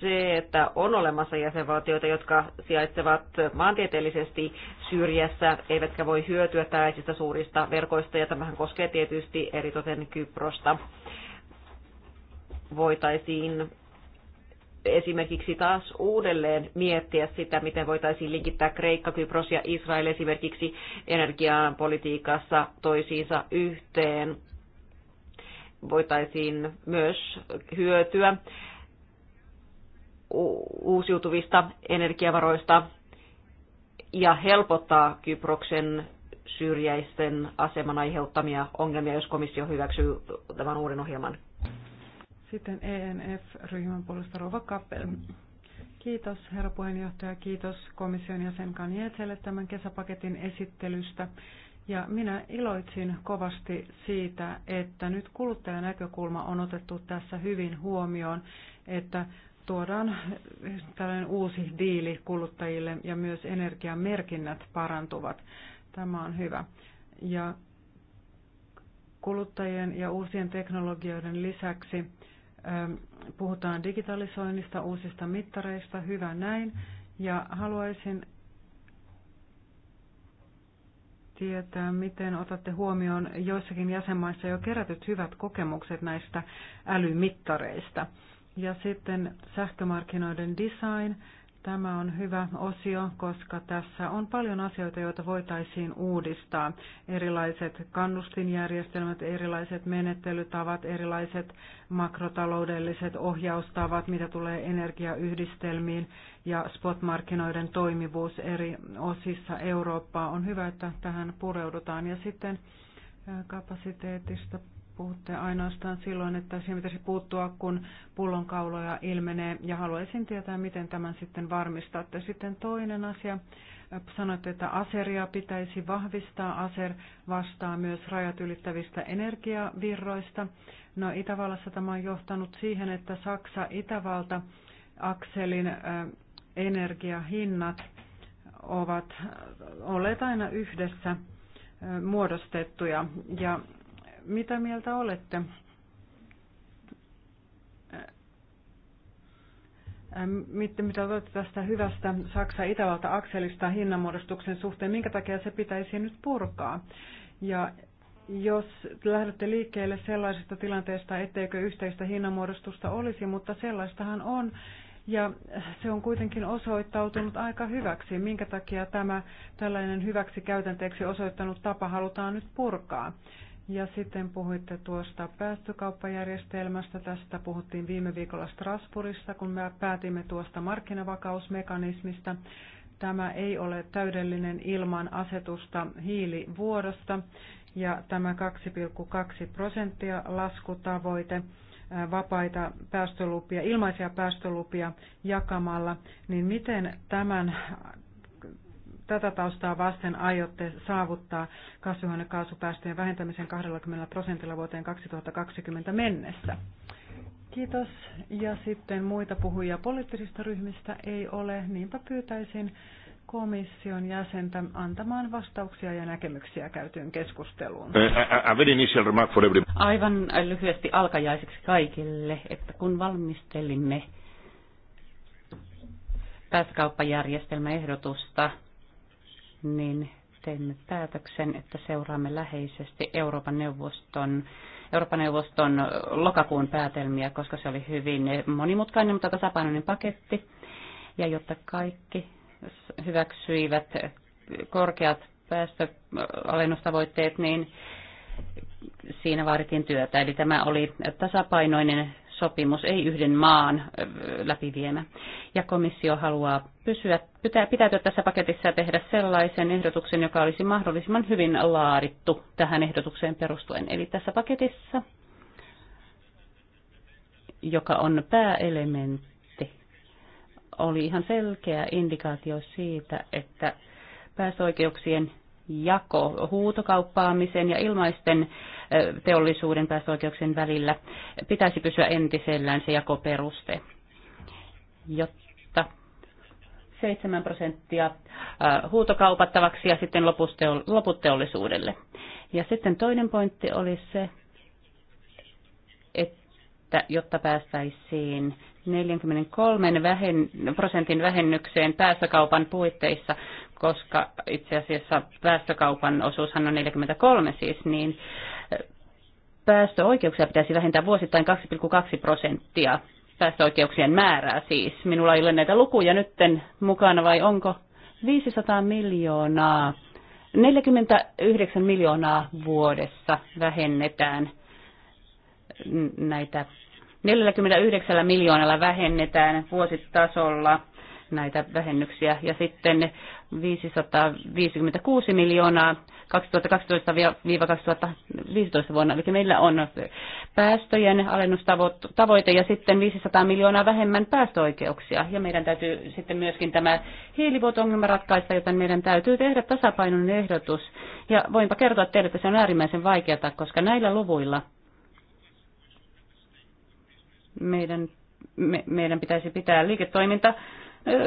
se, että on olemassa jäsenvaltioita, jotka sijaitsevat maantieteellisesti syrjässä, eivätkä voi hyötyä tällaisista suurista verkoista, ja tämähän koskee tietysti eritoten Kyprosta. Voitaisiin esimerkiksi taas uudelleen miettiä sitä, miten voitaisiin linkittää Kreikka, Kypros ja Israel esimerkiksi energiaan politiikassa toisiinsa yhteen. Voitaisiin myös hyötyä uusiutuvista energiavaroista ja helpottaa Kyproksen syrjäisten aseman aiheuttamia ongelmia, jos komissio hyväksyy tämän uuden ohjelman. Sitten ENF-ryhmän puolesta Rova Kappel. Kiitos herra puheenjohtaja, kiitos komission jäsen Kanietelle tämän kesäpaketin esittelystä. Ja minä iloitsin kovasti siitä, että nyt kuluttajanäkökulma on otettu tässä hyvin huomioon, että tuodaan tällainen uusi diili kuluttajille ja myös energiamerkinnät parantuvat. Tämä on hyvä. Ja kuluttajien ja uusien teknologioiden lisäksi ähm, puhutaan digitalisoinnista, uusista mittareista, hyvä näin. Ja haluaisin tietää, miten otatte huomioon joissakin jäsenmaissa jo kerätyt hyvät kokemukset näistä älymittareista. Ja sitten sähkömarkkinoiden design. Tämä on hyvä osio, koska tässä on paljon asioita, joita voitaisiin uudistaa. Erilaiset kannustinjärjestelmät, erilaiset menettelytavat, erilaiset makrotaloudelliset ohjaustavat, mitä tulee energiayhdistelmiin ja spotmarkkinoiden toimivuus eri osissa Eurooppaa. On hyvä, että tähän pureudutaan. Ja sitten kapasiteetista puhutte ainoastaan silloin, että siihen pitäisi puuttua, kun pullonkauloja ilmenee, ja haluaisin tietää, miten tämän sitten varmistatte. Sitten toinen asia, sanoitte, että aseria pitäisi vahvistaa. Aser vastaa myös rajat ylittävistä energiavirroista. No Itävallassa tämä on johtanut siihen, että Saksa-Itävalta akselin energiahinnat ovat olleet aina yhdessä muodostettuja. Ja mitä mieltä olette? Mitä, mitä olette tästä hyvästä Saksa-Itävalta-akselista hinnanmuodostuksen suhteen? Minkä takia se pitäisi nyt purkaa? Ja jos lähdette liikkeelle sellaisesta tilanteesta, etteikö yhteistä hinnanmuodostusta olisi, mutta sellaistahan on, ja se on kuitenkin osoittautunut aika hyväksi. Minkä takia tämä tällainen hyväksi käytänteeksi osoittanut tapa halutaan nyt purkaa? Ja sitten puhuitte tuosta päästökauppajärjestelmästä. Tästä puhuttiin viime viikolla Strasbourgissa, kun me päätimme tuosta markkinavakausmekanismista. Tämä ei ole täydellinen ilman asetusta hiilivuodosta ja tämä 2,2 prosenttia laskutavoite vapaita päästölupia, ilmaisia päästölupia jakamalla, niin miten tämän tätä taustaa vasten aiotte saavuttaa kasvihuonekaasupäästöjen vähentämisen 20 prosentilla vuoteen 2020 mennessä? Kiitos. Ja sitten muita puhujia poliittisista ryhmistä ei ole, niinpä pyytäisin komission jäsentä antamaan vastauksia ja näkemyksiä käytyyn keskusteluun. Eh, eh, eh, Aivan lyhyesti alkajaiseksi kaikille, että kun valmistelimme päästökauppajärjestelmäehdotusta niin teimme päätöksen, että seuraamme läheisesti Euroopan neuvoston, Euroopan neuvoston lokakuun päätelmiä, koska se oli hyvin monimutkainen, mutta tasapainoinen paketti. Ja jotta kaikki hyväksyivät korkeat päästöalennustavoitteet, niin siinä vaadittiin työtä. Eli tämä oli tasapainoinen sopimus, ei yhden maan läpiviemä. Ja komissio haluaa pysyä, pitää, pitäytyä tässä paketissa ja tehdä sellaisen ehdotuksen, joka olisi mahdollisimman hyvin laadittu tähän ehdotukseen perustuen. Eli tässä paketissa, joka on pääelementti, oli ihan selkeä indikaatio siitä, että päästöoikeuksien jako huutokauppaamisen ja ilmaisten teollisuuden päästöoikeuksien välillä pitäisi pysyä entisellään se jakoperuste, jotta 7 prosenttia huutokaupattavaksi ja sitten loput teollisuudelle. Ja sitten toinen pointti oli se, että jotta päästäisiin 43 prosentin vähennykseen päästökaupan puitteissa, koska itse asiassa päästökaupan osuushan on 43 siis, niin päästöoikeuksia pitäisi vähentää vuosittain 2,2 prosenttia. Päästöoikeuksien määrää siis. Minulla ei ole näitä lukuja nytten mukana vai onko 500 miljoonaa, 49 miljoonaa vuodessa vähennetään näitä 49 miljoonalla vähennetään vuositasolla näitä vähennyksiä ja sitten 556 miljoonaa 2012-2015 vuonna. Eli meillä on päästöjen alennustavoite ja sitten 500 miljoonaa vähemmän päästöoikeuksia. Ja meidän täytyy sitten myöskin tämä hiilivuoto-ongelma ratkaista, joten meidän täytyy tehdä tasapainon ehdotus. Ja voinpa kertoa teille, että se on äärimmäisen vaikeaa, koska näillä luvuilla meidän, me, meidän pitäisi pitää liiketoiminta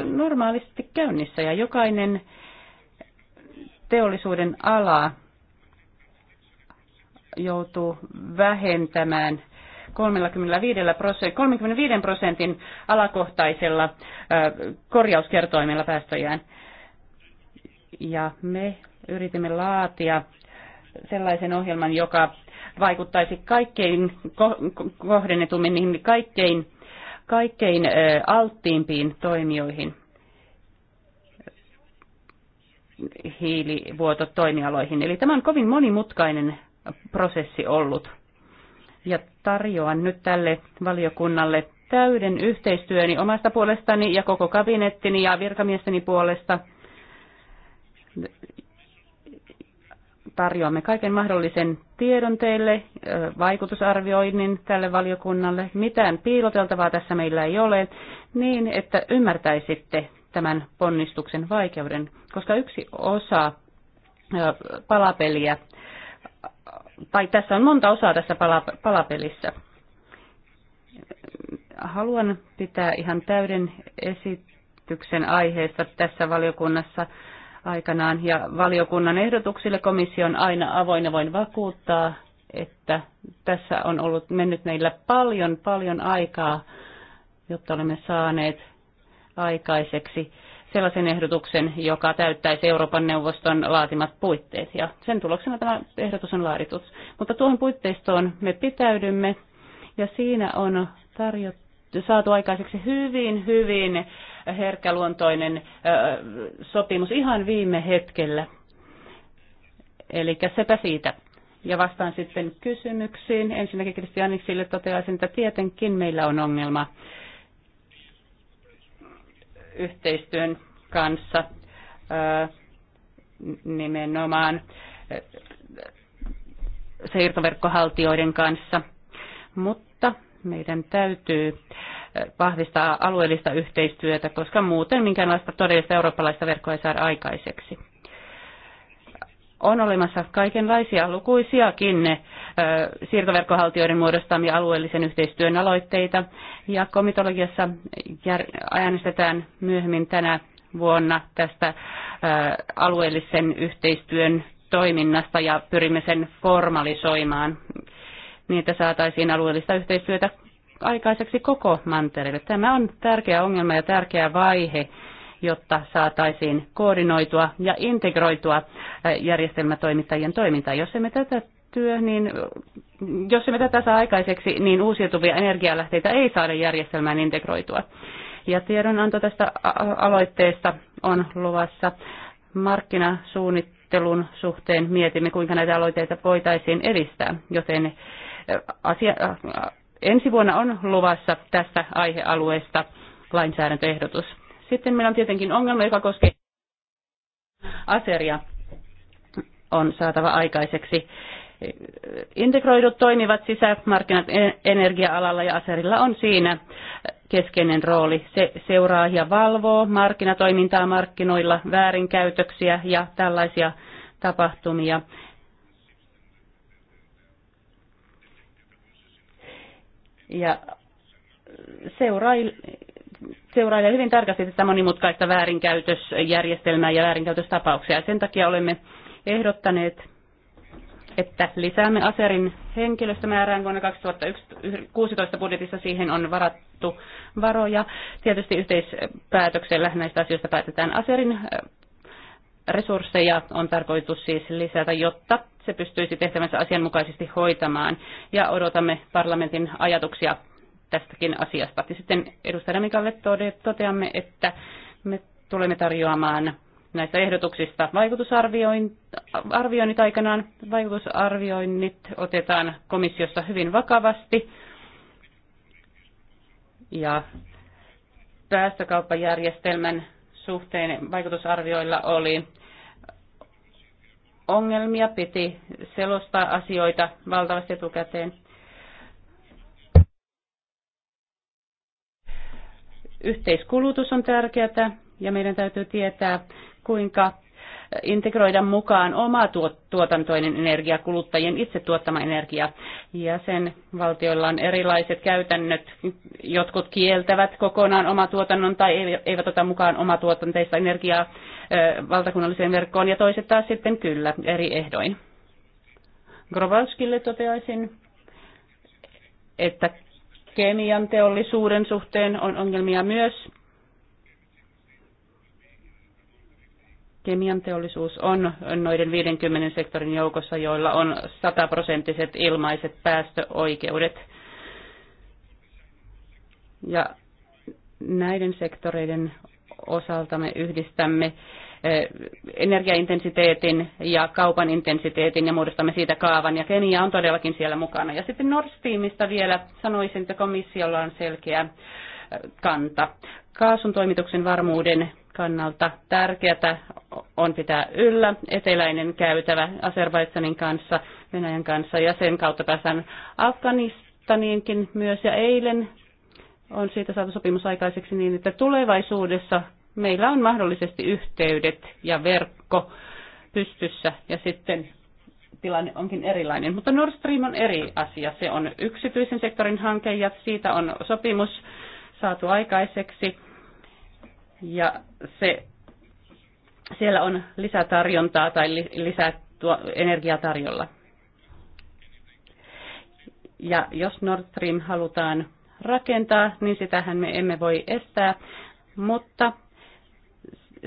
normaalisti käynnissä ja jokainen teollisuuden ala joutuu vähentämään 35 prosentin, prosentin alakohtaisella korjauskertoimella päästöjään. Ja me yritimme laatia sellaisen ohjelman, joka vaikuttaisi kaikkein kohdennetummin niihin kaikkein kaikkein alttiimpiin toimijoihin hiilivuototoimialoihin. Eli tämä on kovin monimutkainen prosessi ollut. Ja tarjoan nyt tälle valiokunnalle täyden yhteistyöni omasta puolestani ja koko kabinettini ja virkamiesteni puolesta tarjoamme kaiken mahdollisen tiedon teille, vaikutusarvioinnin tälle valiokunnalle. Mitään piiloteltavaa tässä meillä ei ole, niin että ymmärtäisitte tämän ponnistuksen vaikeuden, koska yksi osa palapeliä, tai tässä on monta osaa tässä palapelissä. Haluan pitää ihan täyden esityksen aiheesta tässä valiokunnassa aikanaan ja valiokunnan ehdotuksille komissio on aina avoin ja voin vakuuttaa, että tässä on ollut mennyt meillä paljon, paljon aikaa, jotta olemme saaneet aikaiseksi sellaisen ehdotuksen, joka täyttäisi Euroopan neuvoston laatimat puitteet. Ja sen tuloksena tämä ehdotus on laaditus. Mutta tuohon puitteistoon me pitäydymme ja siinä on tarjottu saatu aikaiseksi hyvin, hyvin herkkäluontoinen sopimus ihan viime hetkellä. Eli sepä siitä. Ja vastaan sitten kysymyksiin. Ensinnäkin Kristianiksille toteaisin, että tietenkin meillä on ongelma yhteistyön kanssa nimenomaan siirtoverkkohaltijoiden kanssa. Mutta meidän täytyy eh, vahvistaa alueellista yhteistyötä, koska muuten minkäänlaista todellista eurooppalaista verkkoa ei saada aikaiseksi. On olemassa kaikenlaisia lukuisiakin ö, eh, siirtoverkkohaltijoiden muodostamia alueellisen yhteistyön aloitteita, ja komitologiassa jär, äänestetään myöhemmin tänä vuonna tästä ö, eh, alueellisen yhteistyön toiminnasta ja pyrimme sen formalisoimaan niin että saataisiin alueellista yhteistyötä aikaiseksi koko mantereelle. Tämä on tärkeä ongelma ja tärkeä vaihe, jotta saataisiin koordinoitua ja integroitua järjestelmätoimittajien toimintaa. Jos emme tätä työ, niin jos emme tätä saa aikaiseksi, niin uusiutuvia energialähteitä ei saada järjestelmään integroitua. Ja tiedonanto tästä aloitteesta on luvassa markkinasuunnittelun suhteen. Mietimme, kuinka näitä aloitteita voitaisiin edistää, joten Asia, äh, ensi vuonna on luvassa tästä aihealueesta lainsäädäntöehdotus. Sitten meillä on tietenkin ongelma, joka koskee aseria on saatava aikaiseksi. Integroidut toimivat sisämarkkinat e- energia-alalla ja aserilla on siinä keskeinen rooli. Se seuraa ja valvoo markkinatoimintaa markkinoilla, väärinkäytöksiä ja tällaisia tapahtumia. ja seuraa, seurailee hyvin tarkasti tätä monimutkaista väärinkäytösjärjestelmää ja väärinkäytöstapauksia. Sen takia olemme ehdottaneet, että lisäämme Aserin henkilöstömäärään vuonna 2016 budjetissa. Siihen on varattu varoja. Tietysti yhteispäätöksellä näistä asioista päätetään Aserin resursseja on tarkoitus siis lisätä, jotta se pystyisi tehtävänsä asianmukaisesti hoitamaan. Ja odotamme parlamentin ajatuksia tästäkin asiasta. Ja sitten edustaja Mikalle toteamme, että me tulemme tarjoamaan näistä ehdotuksista vaikutusarvioinnit aikanaan. Vaikutusarvioinnit otetaan komissiossa hyvin vakavasti. Ja päästökauppajärjestelmän suhteen vaikutusarvioilla oli ongelmia, piti selostaa asioita valtavasti etukäteen. Yhteiskulutus on tärkeää ja meidän täytyy tietää, kuinka integroida mukaan oma tuotantoinen energia, kuluttajien itse tuottama energia. Ja sen valtioilla on erilaiset käytännöt. Jotkut kieltävät kokonaan oma tuotannon tai eivät ota mukaan oma tuotanteista energiaa valtakunnalliseen verkkoon ja toiset taas sitten kyllä eri ehdoin. Grovalskille toteaisin, että kemian teollisuuden suhteen on ongelmia myös Kemian teollisuus on noiden 50 sektorin joukossa, joilla on sataprosenttiset ilmaiset päästöoikeudet. Ja näiden sektoreiden osalta me yhdistämme eh, energiaintensiteetin ja kaupan intensiteetin ja muodostamme siitä kaavan. Ja Kenia on todellakin siellä mukana. Ja sitten Nord Streamista vielä sanoisin, että komissiolla on selkeä eh, kanta. Kaasun toimituksen varmuuden kannalta tärkeää on pitää yllä eteläinen käytävä Azerbaidsanin kanssa, Venäjän kanssa ja sen kautta päästään Afganistaniinkin myös. Ja eilen on siitä saatu sopimus aikaiseksi niin, että tulevaisuudessa meillä on mahdollisesti yhteydet ja verkko pystyssä ja sitten tilanne onkin erilainen. Mutta Nord Stream on eri asia. Se on yksityisen sektorin hanke ja siitä on sopimus saatu aikaiseksi ja se, siellä on lisätarjontaa tai lisää tuo, energiaa tarjolla. Ja jos Nord Stream halutaan rakentaa, niin sitähän me emme voi estää, mutta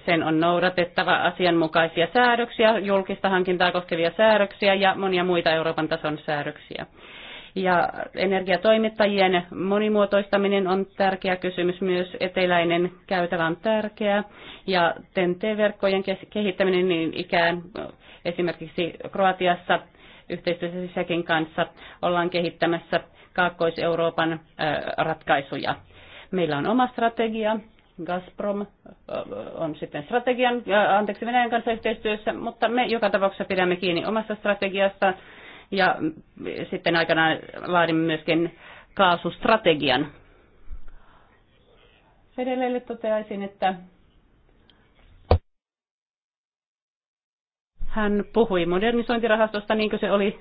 sen on noudatettava asianmukaisia säädöksiä, julkista hankintaa koskevia säädöksiä ja monia muita Euroopan tason säädöksiä. Ja energiatoimittajien monimuotoistaminen on tärkeä kysymys, myös eteläinen käytävä on tärkeä. Ja TNT-verkkojen kehittäminen niin ikään esimerkiksi Kroatiassa yhteistyössä sekin kanssa ollaan kehittämässä Kaakkois-Euroopan ratkaisuja. Meillä on oma strategia, Gazprom on sitten strategian, anteeksi Venäjän kanssa yhteistyössä, mutta me joka tapauksessa pidämme kiinni omasta strategiasta ja sitten aikanaan laadimme myöskin kaasustrategian. Edelleen toteaisin, että hän puhui modernisointirahastosta niin kuin se oli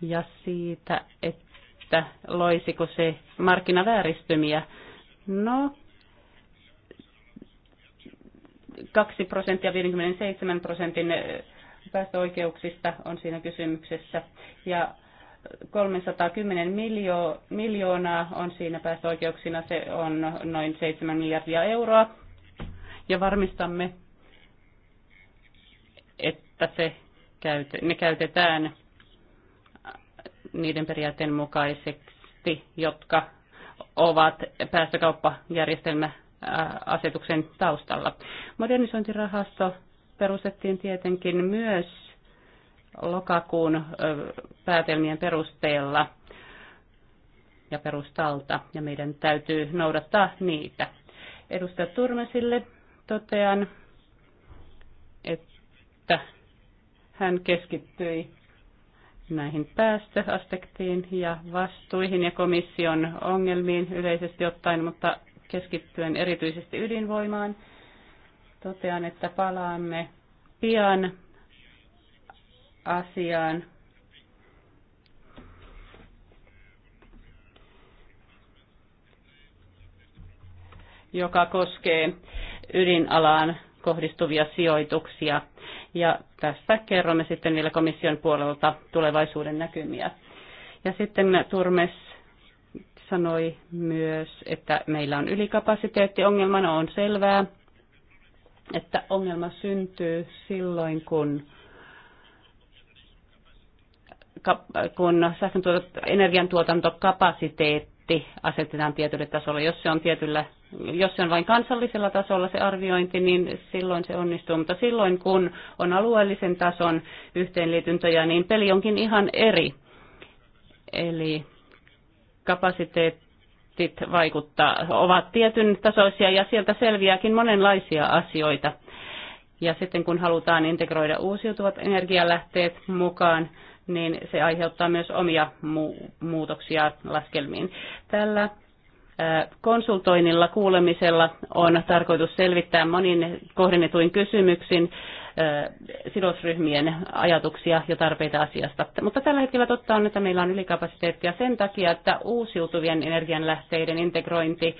ja siitä, että loisiko se markkinavääristymiä. No, 2 prosenttia 57 prosentin päästöoikeuksista on siinä kysymyksessä. Ja 310 miljo- miljoonaa on siinä päästöoikeuksina, se on noin 7 miljardia euroa. Ja varmistamme, että se käyte- ne käytetään niiden periaatteen mukaisesti, jotka ovat päästökauppajärjestelmäasetuksen taustalla. Modernisointirahasto perustettiin tietenkin myös lokakuun päätelmien perusteella ja perustalta, ja meidän täytyy noudattaa niitä. Edustaja Turmesille totean, että hän keskittyi näihin päästöaspektiin ja vastuihin ja komission ongelmiin yleisesti ottaen, mutta keskittyen erityisesti ydinvoimaan – Totean, että palaamme pian asiaan. joka koskee ydinalaan kohdistuvia sijoituksia. Ja tästä kerromme sitten vielä komission puolelta tulevaisuuden näkymiä. Ja sitten Turmes sanoi myös, että meillä on ylikapasiteettiongelma, no on selvää, että ongelma syntyy silloin, kun kun sähkön energiantuotantokapasiteetti asetetaan tietylle tasolle. Jos se on tietyllä, jos se on vain kansallisella tasolla se arviointi, niin silloin se onnistuu. Mutta silloin kun on alueellisen tason yhteenliityntöjä, niin peli onkin ihan eri. Eli kapasiteet, sit vaikuttaa, ovat tietyn tasoisia ja sieltä selviääkin monenlaisia asioita. Ja sitten kun halutaan integroida uusiutuvat energialähteet mukaan, niin se aiheuttaa myös omia mu- muutoksia laskelmiin. Tällä konsultoinnilla kuulemisella on tarkoitus selvittää monin kohdennetuin kysymyksin sidosryhmien ajatuksia ja tarpeita asiasta. Mutta tällä hetkellä totta on, että meillä on ylikapasiteettia sen takia, että uusiutuvien energianlähteiden integrointi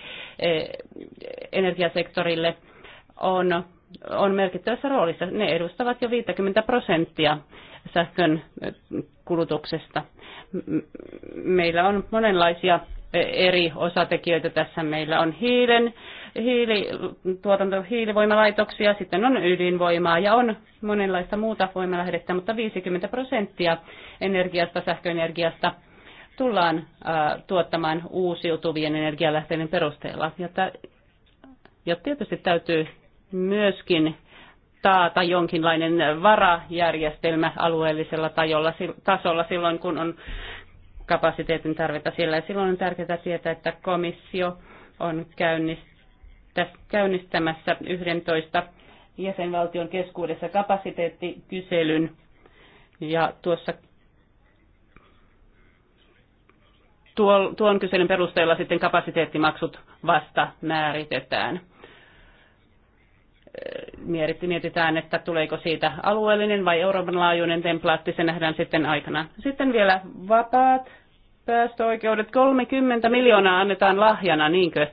energiasektorille on, on merkittävässä roolissa. Ne edustavat jo 50 prosenttia sähkön kulutuksesta. Meillä on monenlaisia eri osatekijöitä tässä. Meillä on hiilen hiilituotanto, hiilivoimalaitoksia, sitten on ydinvoimaa ja on monenlaista muuta voimalähdettä, mutta 50 prosenttia energiasta, sähköenergiasta tullaan ää, tuottamaan uusiutuvien energialähteiden perusteella. Ja, t- ja tietysti täytyy myöskin taata jonkinlainen varajärjestelmä alueellisella tajolla, tasolla silloin, kun on kapasiteetin tarvetta sillä. Ja silloin on tärkeää tietää, että komissio on käynnistänyt käynnistämässä 11 jäsenvaltion keskuudessa kapasiteettikyselyn. Ja tuossa tuon kyselyn perusteella sitten kapasiteettimaksut vasta määritetään. Mietitään, että tuleeko siitä alueellinen vai Euroopan laajuinen templaatti, se nähdään sitten aikana. Sitten vielä vapaat päästöoikeudet, 30 miljoonaa annetaan lahjana, niinkö?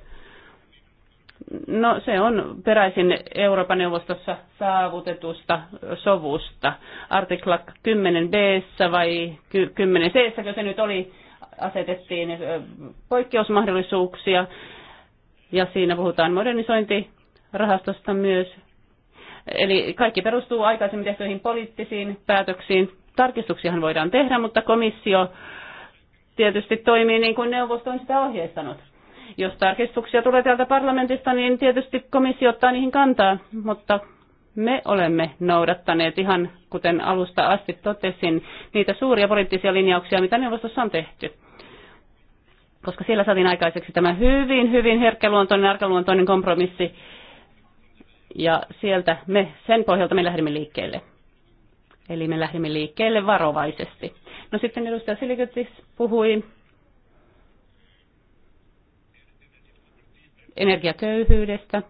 No se on peräisin Euroopan neuvostossa saavutetusta sovusta. Artikla 10b vai 10 c se nyt oli, asetettiin poikkeusmahdollisuuksia ja siinä puhutaan modernisointirahastosta myös. Eli kaikki perustuu aikaisemmin tehtyihin poliittisiin päätöksiin. Tarkistuksiahan voidaan tehdä, mutta komissio tietysti toimii niin kuin neuvosto on sitä ohjeistanut jos tarkistuksia tulee täältä parlamentista, niin tietysti komissio ottaa niihin kantaa, mutta me olemme noudattaneet ihan, kuten alusta asti totesin, niitä suuria poliittisia linjauksia, mitä neuvostossa on tehty. Koska sillä saatiin aikaiseksi tämä hyvin, hyvin herkkäluontoinen, arkaluontoinen kompromissi. Ja sieltä me, sen pohjalta me lähdimme liikkeelle. Eli me lähdimme liikkeelle varovaisesti. No sitten edustaja Silikytis puhui energiaköyhyydestä.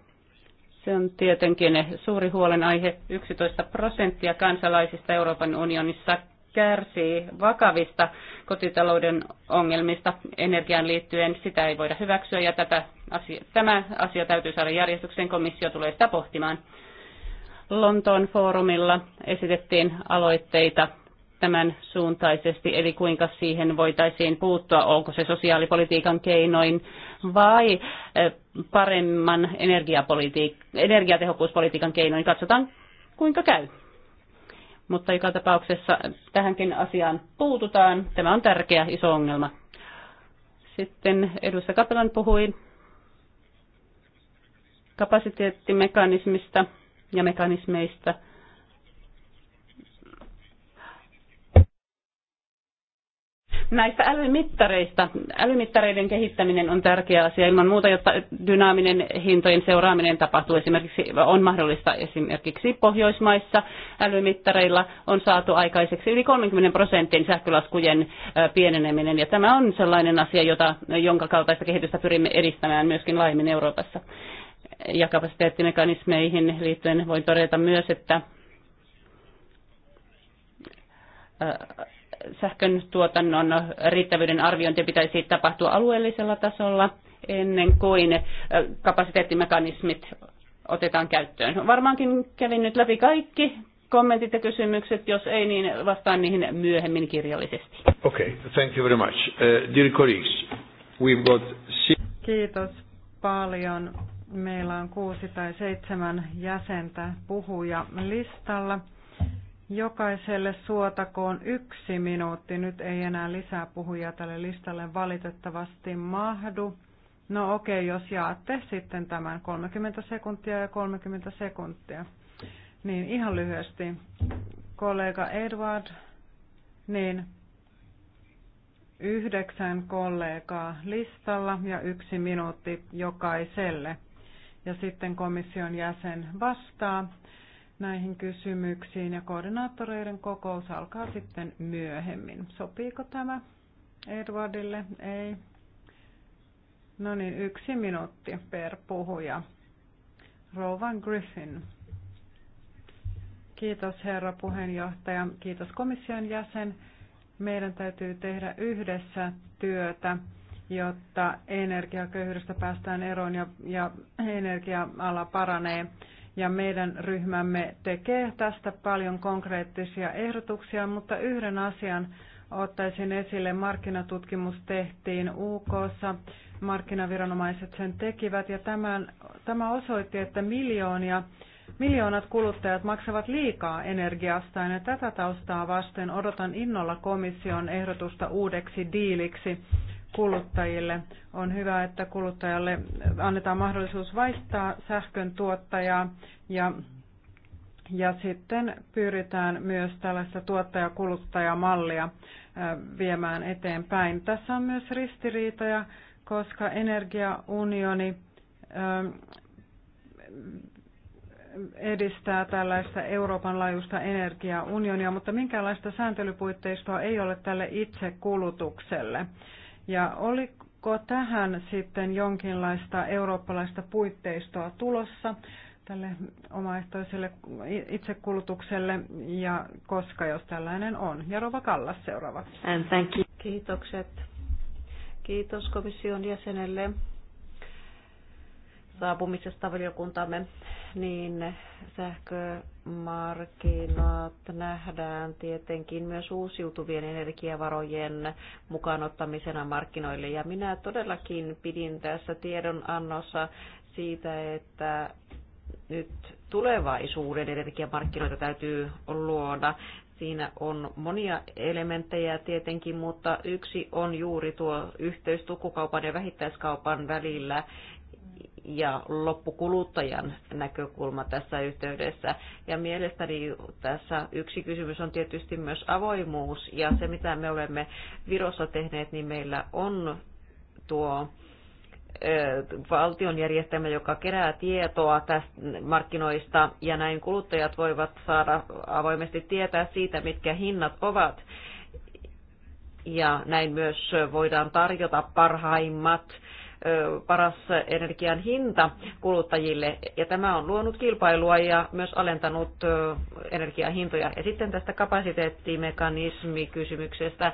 Se on tietenkin suuri huolenaihe. 11 prosenttia kansalaisista Euroopan unionissa kärsii vakavista kotitalouden ongelmista energiaan liittyen. Sitä ei voida hyväksyä ja tätä asia, tämä asia täytyy saada järjestykseen. Komissio tulee sitä pohtimaan. Lontoon foorumilla esitettiin aloitteita tämän suuntaisesti, eli kuinka siihen voitaisiin puuttua, onko se sosiaalipolitiikan keinoin vai eh, paremman energiatehokkuuspolitiikan keinoin. Katsotaan, kuinka käy. Mutta joka tapauksessa tähänkin asiaan puututaan. Tämä on tärkeä iso ongelma. Sitten edustaja Kapelan puhui kapasiteettimekanismista ja mekanismeista – näistä älymittareista. Älymittareiden kehittäminen on tärkeä asia ilman muuta, jotta dynaaminen hintojen seuraaminen tapahtuu. Esimerkiksi on mahdollista esimerkiksi Pohjoismaissa älymittareilla on saatu aikaiseksi yli 30 prosentin sähkölaskujen pieneneminen. Ja tämä on sellainen asia, jota, jonka kaltaista kehitystä pyrimme edistämään myöskin laajemmin Euroopassa. Ja kapasiteettimekanismeihin liittyen voin todeta myös, että sähkön tuotannon riittävyyden arviointi pitäisi tapahtua alueellisella tasolla ennen kuin äh, kapasiteettimekanismit otetaan käyttöön. Varmaankin kävin nyt läpi kaikki kommentit ja kysymykset. Jos ei, niin vastaan niihin myöhemmin kirjallisesti. Okay, thank you very much. Uh, dear colleagues, we've got... Kiitos paljon. Meillä on kuusi tai seitsemän jäsentä puhuja listalla. Jokaiselle suotakoon yksi minuutti. Nyt ei enää lisää puhujia tälle listalle valitettavasti mahdu. No okei, jos jaatte sitten tämän 30 sekuntia ja 30 sekuntia. Niin ihan lyhyesti. Kollega Edward, niin yhdeksän kollegaa listalla ja yksi minuutti jokaiselle. Ja sitten komission jäsen vastaa näihin kysymyksiin ja koordinaattoreiden kokous alkaa sitten myöhemmin. Sopiiko tämä Edwardille? Ei. No niin, yksi minuutti per puhuja. Rowan Griffin. Kiitos herra puheenjohtaja, kiitos komission jäsen. Meidän täytyy tehdä yhdessä työtä, jotta energiaköyhyydestä päästään eroon ja, ja energia-ala paranee ja meidän ryhmämme tekee tästä paljon konkreettisia ehdotuksia, mutta yhden asian ottaisin esille. Markkinatutkimus tehtiin uk markkinaviranomaiset sen tekivät ja tämän, tämä osoitti, että miljoonia Miljoonat kuluttajat maksavat liikaa energiastaan ja tätä taustaa vasten odotan innolla komission ehdotusta uudeksi diiliksi kuluttajille. On hyvä, että kuluttajalle annetaan mahdollisuus vaihtaa sähkön tuottajaa ja, ja sitten pyritään myös tällaista tuottajakuluttajamallia äh, viemään eteenpäin. Tässä on myös ristiriitoja, koska energiaunioni ähm, edistää tällaista Euroopan laajuista energiaunionia, mutta minkäänlaista sääntelypuitteistoa ei ole tälle itse kulutukselle. Ja oliko tähän sitten jonkinlaista eurooppalaista puitteistoa tulossa tälle omaehtoiselle itsekulutukselle ja koska, jos tällainen on? Ja Rova Kallas seuraavaksi. And thank you. Kiitokset. Kiitos komission jäsenelle saapumisesta valiokuntamme, niin sähkömarkkinat nähdään tietenkin myös uusiutuvien energiavarojen mukaanottamisena markkinoille. Ja minä todellakin pidin tässä tiedonannossa siitä, että nyt tulevaisuuden energiamarkkinoita täytyy luoda. Siinä on monia elementtejä tietenkin, mutta yksi on juuri tuo yhteys tukukaupan ja vähittäiskaupan välillä ja loppukuluttajan näkökulma tässä yhteydessä. Ja mielestäni tässä yksi kysymys on tietysti myös avoimuus ja se mitä me olemme Virossa tehneet, niin meillä on tuo valtion järjestelmä, joka kerää tietoa tästä markkinoista ja näin kuluttajat voivat saada avoimesti tietää siitä, mitkä hinnat ovat. Ja näin myös voidaan tarjota parhaimmat paras energian hinta kuluttajille. Ja tämä on luonut kilpailua ja myös alentanut energian hintoja. Ja sitten tästä kapasiteettimekanismikysymyksestä.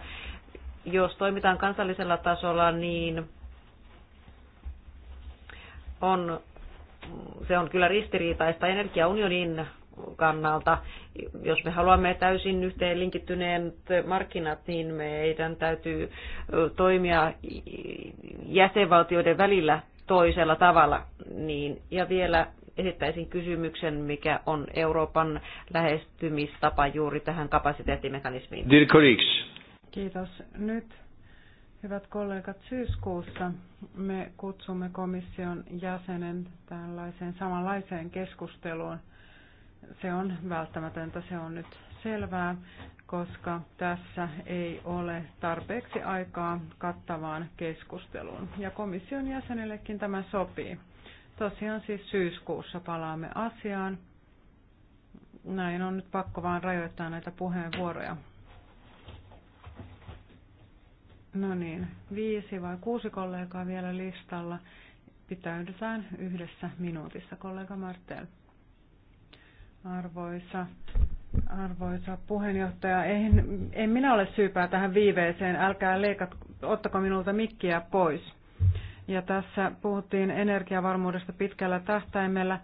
Jos toimitaan kansallisella tasolla, niin on, se on kyllä ristiriitaista energiaunionin kannalta. Jos me haluamme täysin yhteen linkittyneet markkinat, niin meidän täytyy toimia jäsenvaltioiden välillä toisella tavalla. Niin, ja vielä esittäisin kysymyksen, mikä on Euroopan lähestymistapa juuri tähän kapasiteettimekanismiin. Dear colleagues. Kiitos. Nyt Hyvät kollegat, syyskuussa me kutsumme komission jäsenen tällaiseen samanlaiseen keskusteluun se on välttämätöntä, se on nyt selvää, koska tässä ei ole tarpeeksi aikaa kattavaan keskusteluun. Ja komission jäsenillekin tämä sopii. Tosiaan siis syyskuussa palaamme asiaan. Näin on nyt pakko vaan rajoittaa näitä puheenvuoroja. No niin, viisi vai kuusi kollegaa vielä listalla. Pitäydytään yhdessä minuutissa, kollega Martel. Arvoisa, arvoisa puheenjohtaja, en, en minä ole syypää tähän viiveeseen. Älkää leikat, ottako minulta mikkiä pois. Ja tässä puhuttiin energiavarmuudesta pitkällä tähtäimellä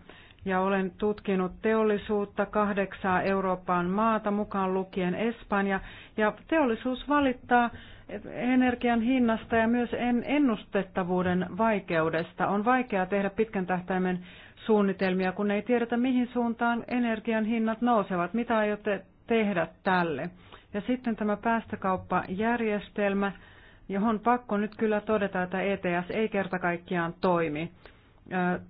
ja olen tutkinut teollisuutta kahdeksaa Euroopan maata mukaan lukien Espanja. Ja teollisuus valittaa energian hinnasta ja myös ennustettavuuden vaikeudesta. On vaikea tehdä pitkän tähtäimen suunnitelmia, kun ei tiedetä mihin suuntaan energian hinnat nousevat. Mitä aiotte tehdä tälle? Ja sitten tämä päästökauppajärjestelmä, johon pakko nyt kyllä todeta, että ETS ei kerta kaikkiaan toimi.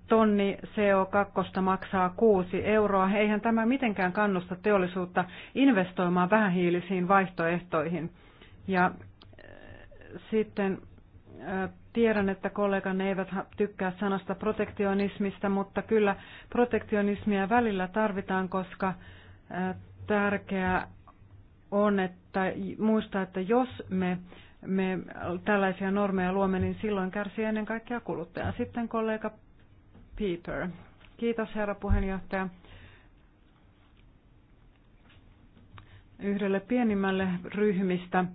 Tonni CO2 maksaa 6 euroa. Eihän tämä mitenkään kannusta teollisuutta investoimaan vähähiilisiin vaihtoehtoihin. Ja sitten Tiedän, että kollegan eivät tykkää sanasta protektionismista, mutta kyllä protektionismia välillä tarvitaan, koska tärkeää on että muistaa, että jos me, me tällaisia normeja luomme, niin silloin kärsii ennen kaikkea kuluttaja. Sitten kollega Peter, Kiitos herra puheenjohtaja. Yhdelle pienimmälle ryhmistä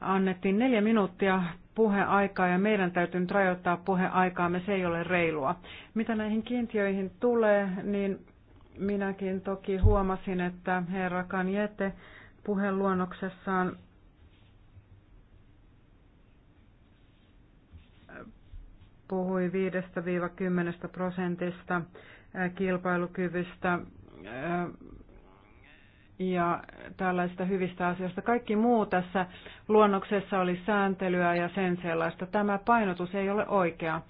annettiin neljä minuuttia puheaikaa ja meidän täytyy nyt rajoittaa me se ei ole reilua. Mitä näihin kiintiöihin tulee, niin minäkin toki huomasin, että herra Kanjete puheluonnoksessaan äh, puhui 5-10 prosentista äh, kilpailukyvystä äh, ja tällaista hyvistä asioista. Kaikki muu tässä luonnoksessa oli sääntelyä ja sen sellaista. Tämä painotus ei ole oikea.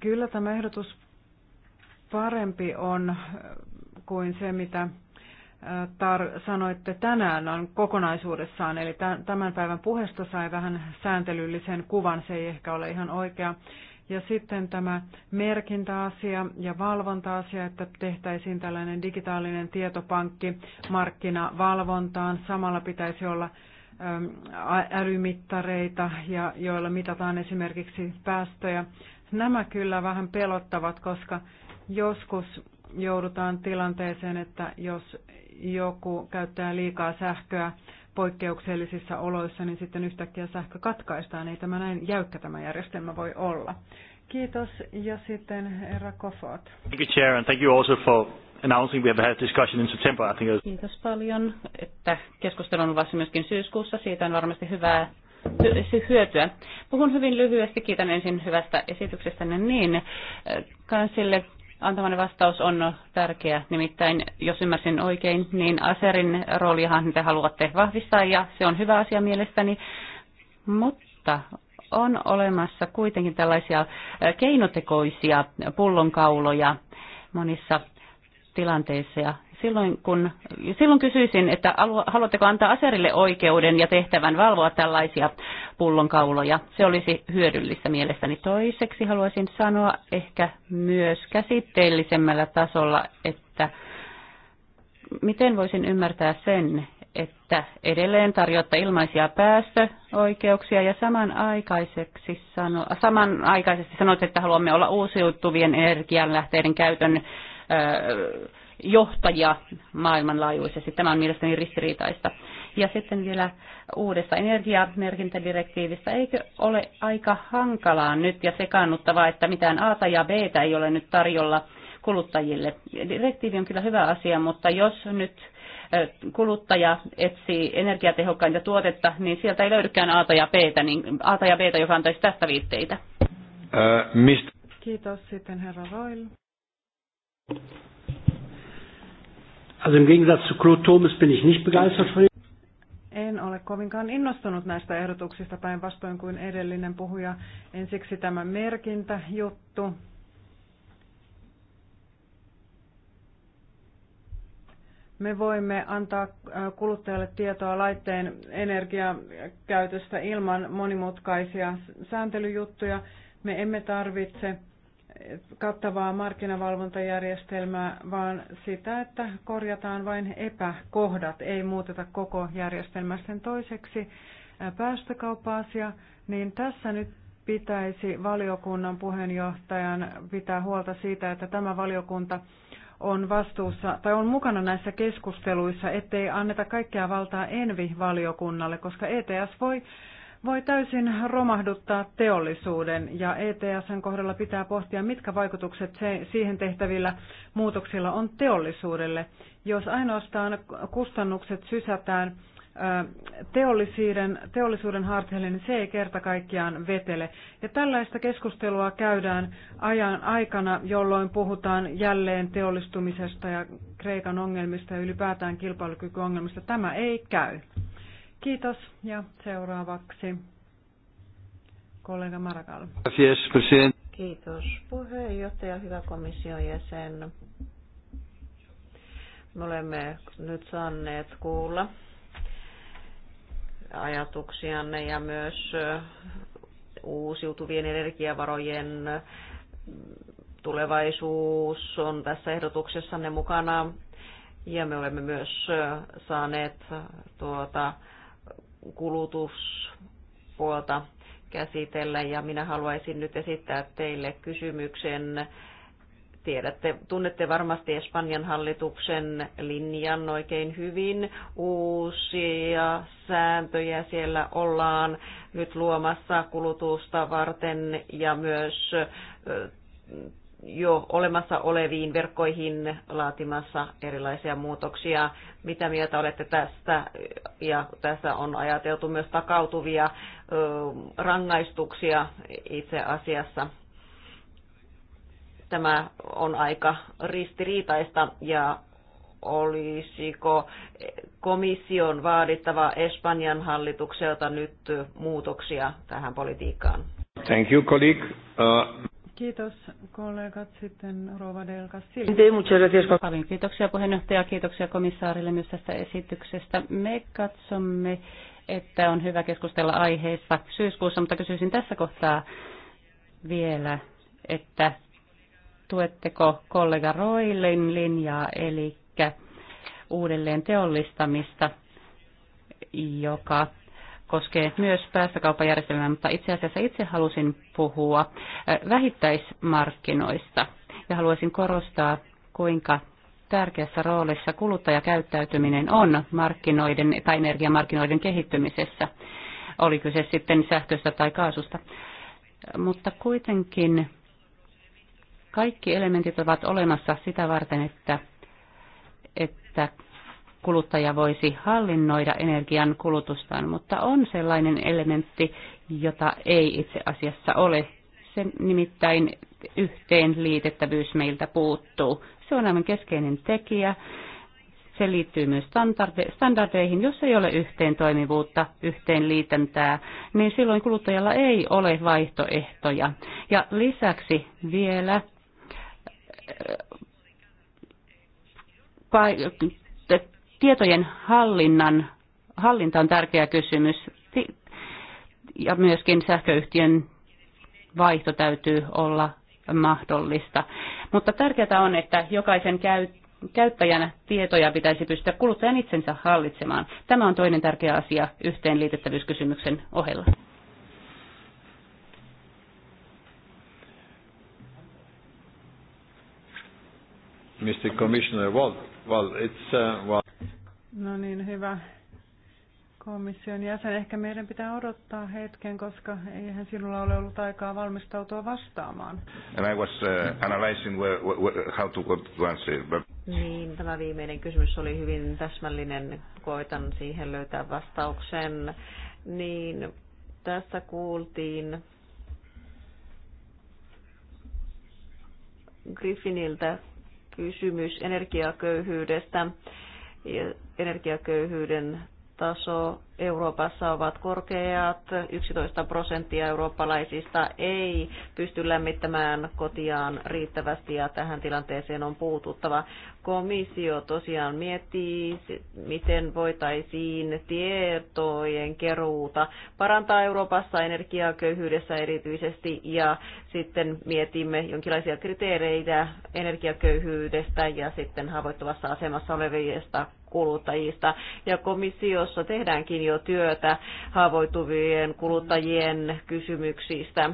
Kyllä tämä ehdotus parempi on kuin se, mitä tar- sanoitte tänään on kokonaisuudessaan, eli tämän päivän puheesta sai vähän sääntelyllisen kuvan, se ei ehkä ole ihan oikea. Ja sitten tämä merkintäasia ja valvonta-asia, että tehtäisiin tällainen digitaalinen tietopankki markkinavalvontaan. Samalla pitäisi olla älymittareita, ja joilla mitataan esimerkiksi päästöjä. Nämä kyllä vähän pelottavat, koska joskus joudutaan tilanteeseen, että jos joku käyttää liikaa sähköä, poikkeuksellisissa oloissa, niin sitten yhtäkkiä sähkö katkaistaan. Ei tämä näin jäykkä tämä järjestelmä voi olla. Kiitos ja sitten Erra Kofot. Thank you, Chair, and thank you also for announcing we have had discussion in September. I think was... Kiitos paljon, että keskustelu on luvassa myöskin syyskuussa. Siitä on varmasti hyvää hyötyä. Puhun hyvin lyhyesti. Kiitän ensin hyvästä esityksestä. Niin, äh, kansille Antamani vastaus on tärkeä. Nimittäin, jos ymmärsin oikein, niin Aserin rooliahan te haluatte vahvistaa ja se on hyvä asia mielestäni. Mutta on olemassa kuitenkin tällaisia äh, keinotekoisia pullonkauloja monissa tilanteissa ja silloin, kun, silloin kysyisin, että haluatteko antaa aserille oikeuden ja tehtävän valvoa tällaisia pullonkauloja. Se olisi hyödyllistä mielestäni. Toiseksi haluaisin sanoa ehkä myös käsitteellisemmällä tasolla, että miten voisin ymmärtää sen, että edelleen tarjotta ilmaisia päästöoikeuksia ja samanaikaiseksi sano, samanaikaisesti sanoit, että haluamme olla uusiutuvien energianlähteiden käytön johtajia maailmanlaajuisesti. Tämä on mielestäni ristiriitaista. Ja sitten vielä uudessa energiamerkintädirektiivistä. Eikö ole aika hankalaa nyt ja sekaannuttavaa, että mitään A ja B ei ole nyt tarjolla kuluttajille? Direktiivi on kyllä hyvä asia, mutta jos nyt kuluttaja etsii energiatehokkainta tuotetta, niin sieltä ei löydykään A ja B, niin A ja B, joka antaisi tästä viitteitä. Ää, äh, mistä? Kiitos sitten herra Roil. Also im Gegensatz zu Claude Thomas bin ich nicht begeistert von en ole kovinkaan innostunut näistä ehdotuksista päinvastoin kuin edellinen puhuja. Ensiksi tämä merkintäjuttu. Me voimme antaa kuluttajalle tietoa laitteen energiakäytöstä ilman monimutkaisia sääntelyjuttuja. Me emme tarvitse kattavaa markkinavalvontajärjestelmää, vaan sitä, että korjataan vain epäkohdat, ei muuteta koko järjestelmää. Sen toiseksi päästökauppa-asia, niin tässä nyt pitäisi valiokunnan puheenjohtajan pitää huolta siitä, että tämä valiokunta on vastuussa tai on mukana näissä keskusteluissa, ettei anneta kaikkea valtaa Envi-valiokunnalle, koska ETS voi voi täysin romahduttaa teollisuuden ja ETSn kohdalla pitää pohtia, mitkä vaikutukset se, siihen tehtävillä muutoksilla on teollisuudelle. Jos ainoastaan kustannukset sysätään teollisuuden, teollisuuden harteille, niin se ei kerta kaikkiaan vetele. Ja tällaista keskustelua käydään ajan aikana, jolloin puhutaan jälleen teollistumisesta ja Kreikan ongelmista ja ylipäätään kilpailukykyongelmista. Tämä ei käy. Kiitos ja seuraavaksi kollega Marakal. Kiitos puheenjohtaja, hyvä komission jäsen. Me olemme nyt saaneet kuulla ajatuksianne ja myös äh, uusiutuvien energiavarojen äh, tulevaisuus on tässä ehdotuksessanne mukana. Ja me olemme myös äh, saaneet tuota kulutuspuolta käsitellä ja minä haluaisin nyt esittää teille kysymyksen. Tiedätte, tunnette varmasti Espanjan hallituksen linjan oikein hyvin. Uusia sääntöjä siellä ollaan nyt luomassa kulutusta varten ja myös jo olemassa oleviin verkkoihin laatimassa erilaisia muutoksia. Mitä mieltä olette tästä? Ja tässä on ajateltu myös takautuvia rangaistuksia itse asiassa. Tämä on aika ristiriitaista ja olisiko komission vaadittava Espanjan hallitukselta nyt muutoksia tähän politiikkaan? Thank you, colleague. Uh... Kiitos kollegat. Sitten Rova Del kiitoksia puheenjohtaja. Kiitoksia komissaarille myös tästä esityksestä. Me katsomme, että on hyvä keskustella aiheesta syyskuussa, mutta kysyisin tässä kohtaa vielä, että tuetteko kollega Roilin linjaa, eli uudelleen teollistamista, joka koskee myös päästökauppajärjestelmää, mutta itse asiassa itse halusin puhua vähittäismarkkinoista ja haluaisin korostaa, kuinka tärkeässä roolissa kuluttajakäyttäytyminen on markkinoiden tai energiamarkkinoiden kehittymisessä, oli kyse sitten sähköstä tai kaasusta. Mutta kuitenkin kaikki elementit ovat olemassa sitä varten, että, että kuluttaja voisi hallinnoida energian kulutustaan, mutta on sellainen elementti, jota ei itse asiassa ole. Se nimittäin yhteenliitettävyys meiltä puuttuu. Se on aivan keskeinen tekijä. Se liittyy myös standardeihin. Jos ei ole yhteen toimivuutta, yhteen liitäntää, niin silloin kuluttajalla ei ole vaihtoehtoja. Ja lisäksi vielä äh, tietojen hallinnan, hallinta on tärkeä kysymys ja myöskin sähköyhtiön vaihto täytyy olla mahdollista. Mutta tärkeää on, että jokaisen käyttäjän tietoja pitäisi pystyä kuluttajan itsensä hallitsemaan. Tämä on toinen tärkeä asia yhteenliitettävyyskysymyksen ohella. Mr. Commissioner Walt. Well, it's, uh, well. No niin, hyvä komission jäsen. Ehkä meidän pitää odottaa hetken, koska eihän sinulla ole ollut aikaa valmistautua vastaamaan. And I was uh, analyzing where, where, how to, to answer, but... Niin, tämä viimeinen kysymys oli hyvin täsmällinen. Koitan siihen löytää vastauksen. Niin, tässä kuultiin Griffiniltä kysymys energiaköyhyydestä. Energiaköyhyyden taso Euroopassa ovat korkeat, 11 prosenttia eurooppalaisista ei pysty lämmittämään kotiaan riittävästi ja tähän tilanteeseen on puututtava. Komissio tosiaan miettii, miten voitaisiin tietojen keruuta parantaa Euroopassa energiaköyhyydessä erityisesti ja sitten mietimme jonkinlaisia kriteereitä energiaköyhyydestä ja sitten haavoittuvassa asemassa olevista kuluttajista. Ja komissiossa tehdäänkin tehtiin jo työtä haavoituvien kuluttajien kysymyksistä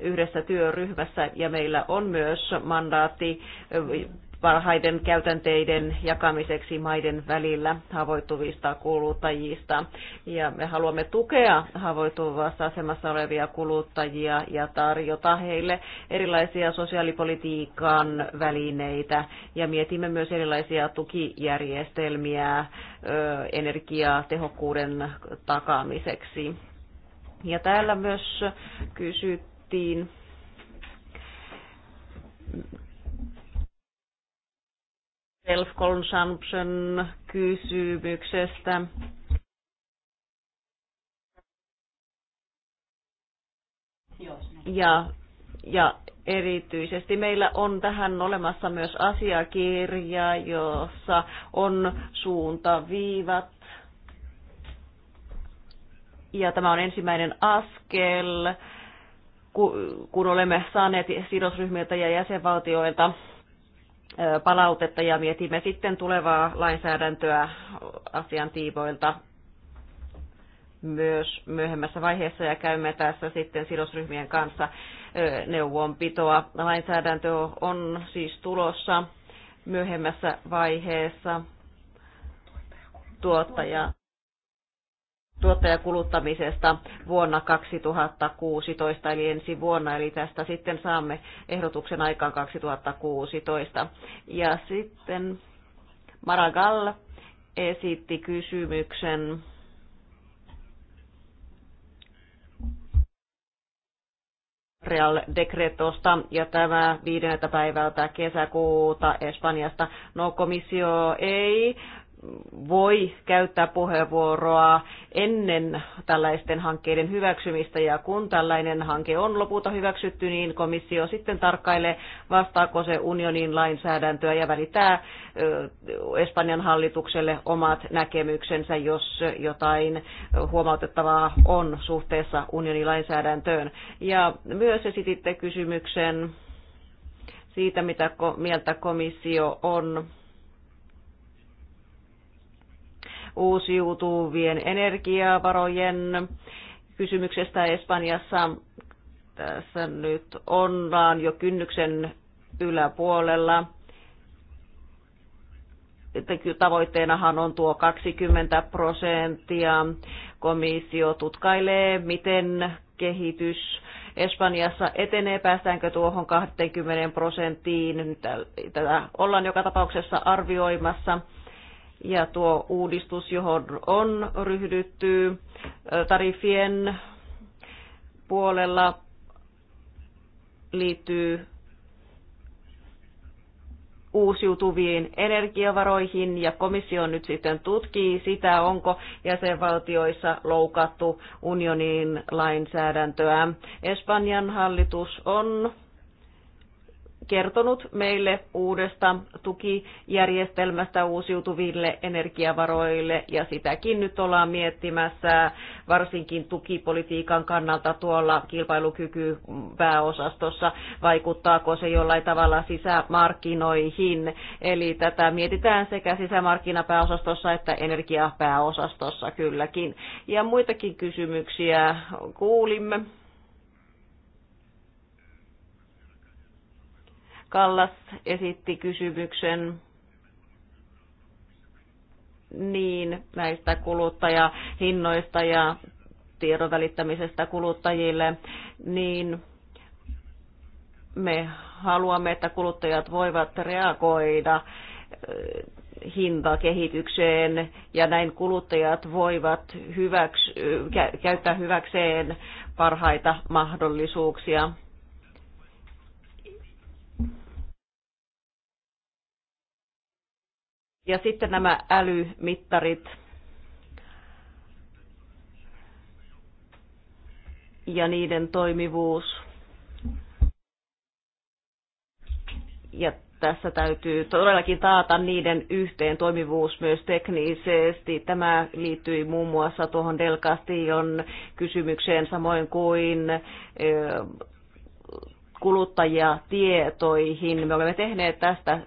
yhdessä työryhmässä ja meillä on myös mandaatti parhaiden käytänteiden jakamiseksi maiden välillä haavoittuvista kuluttajista. Ja me haluamme tukea haavoittuvassa asemassa olevia kuluttajia ja tarjota heille erilaisia sosiaalipolitiikan välineitä. Ja mietimme myös erilaisia tukijärjestelmiä energiatehokkuuden takaamiseksi. Ja täällä myös kysyttiin self-consumption kysymyksestä. Ja, ja erityisesti meillä on tähän olemassa myös asiakirja, jossa on suuntaviivat. Ja tämä on ensimmäinen askel, kun olemme saaneet sidosryhmiltä ja jäsenvaltioilta palautetta ja mietimme sitten tulevaa lainsäädäntöä asian tiivoilta myös myöhemmässä vaiheessa ja käymme tässä sitten sidosryhmien kanssa neuvonpitoa. Lainsäädäntö on siis tulossa myöhemmässä vaiheessa tuottaja tuottajakuluttamisesta vuonna 2016, eli ensi vuonna, eli tästä sitten saamme ehdotuksen aikaan 2016. Ja sitten Maragall esitti kysymyksen Real Decretosta ja tämä viidenneltä päivältä kesäkuuta Espanjasta. No komissio ei voi käyttää puheenvuoroa ennen tällaisten hankkeiden hyväksymistä ja kun tällainen hanke on lopulta hyväksytty, niin komissio sitten tarkkailee, vastaako se unionin lainsäädäntöä ja välittää Espanjan hallitukselle omat näkemyksensä, jos jotain huomautettavaa on suhteessa unionin lainsäädäntöön. Ja myös esititte kysymyksen siitä, mitä mieltä komissio on uusiutuvien energiavarojen kysymyksestä Espanjassa. Tässä nyt ollaan jo kynnyksen yläpuolella tavoitteenahan on tuo 20 prosenttia. Komissio tutkailee, miten kehitys Espanjassa etenee, päästäänkö tuohon 20 prosenttiin. Tätä ollaan joka tapauksessa arvioimassa ja tuo uudistus, johon on ryhdytty tarifien puolella, liittyy uusiutuviin energiavaroihin ja komissio nyt sitten tutkii sitä, onko jäsenvaltioissa loukattu unionin lainsäädäntöä. Espanjan hallitus on kertonut meille uudesta tukijärjestelmästä uusiutuville energiavaroille ja sitäkin nyt ollaan miettimässä varsinkin tukipolitiikan kannalta tuolla pääosastossa, vaikuttaako se jollain tavalla sisämarkkinoihin. Eli tätä mietitään sekä sisämarkkinapääosastossa että energiapääosastossa kylläkin. Ja muitakin kysymyksiä kuulimme. Kallas esitti kysymyksen niin näistä kuluttajahinnoista ja tiedon välittämisestä kuluttajille, niin me haluamme, että kuluttajat voivat reagoida eh, hintakehitykseen ja näin kuluttajat voivat hyväks, käyttää hyväkseen parhaita mahdollisuuksia Ja sitten nämä älymittarit. Ja niiden toimivuus. Ja tässä täytyy todellakin taata niiden yhteen toimivuus myös teknisesti. Tämä liittyy muun muassa tuohon Del kysymykseen samoin kuin kuluttajatietoihin. Me olemme tehneet tästä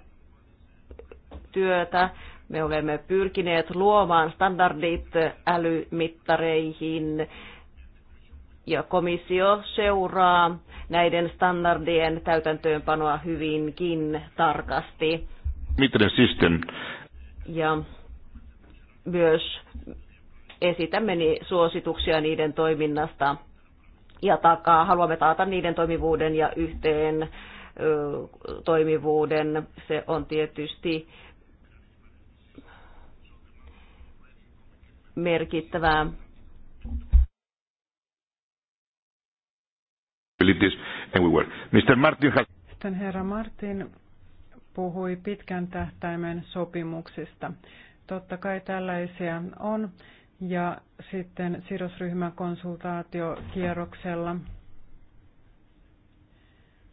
työtä. Me olemme pyrkineet luomaan standardit älymittareihin ja komissio seuraa näiden standardien täytäntöönpanoa hyvinkin tarkasti. Miten sitten? Ja myös esitämme suosituksia niiden toiminnasta ja takaa, haluamme taata niiden toimivuuden ja yhteen toimivuuden. Se on tietysti merkittävää. Mr. Martin has... Sitten herra Martin puhui pitkän tähtäimen sopimuksista. Totta kai tällaisia on. Ja sitten sidosryhmäkonsultaatiokierroksella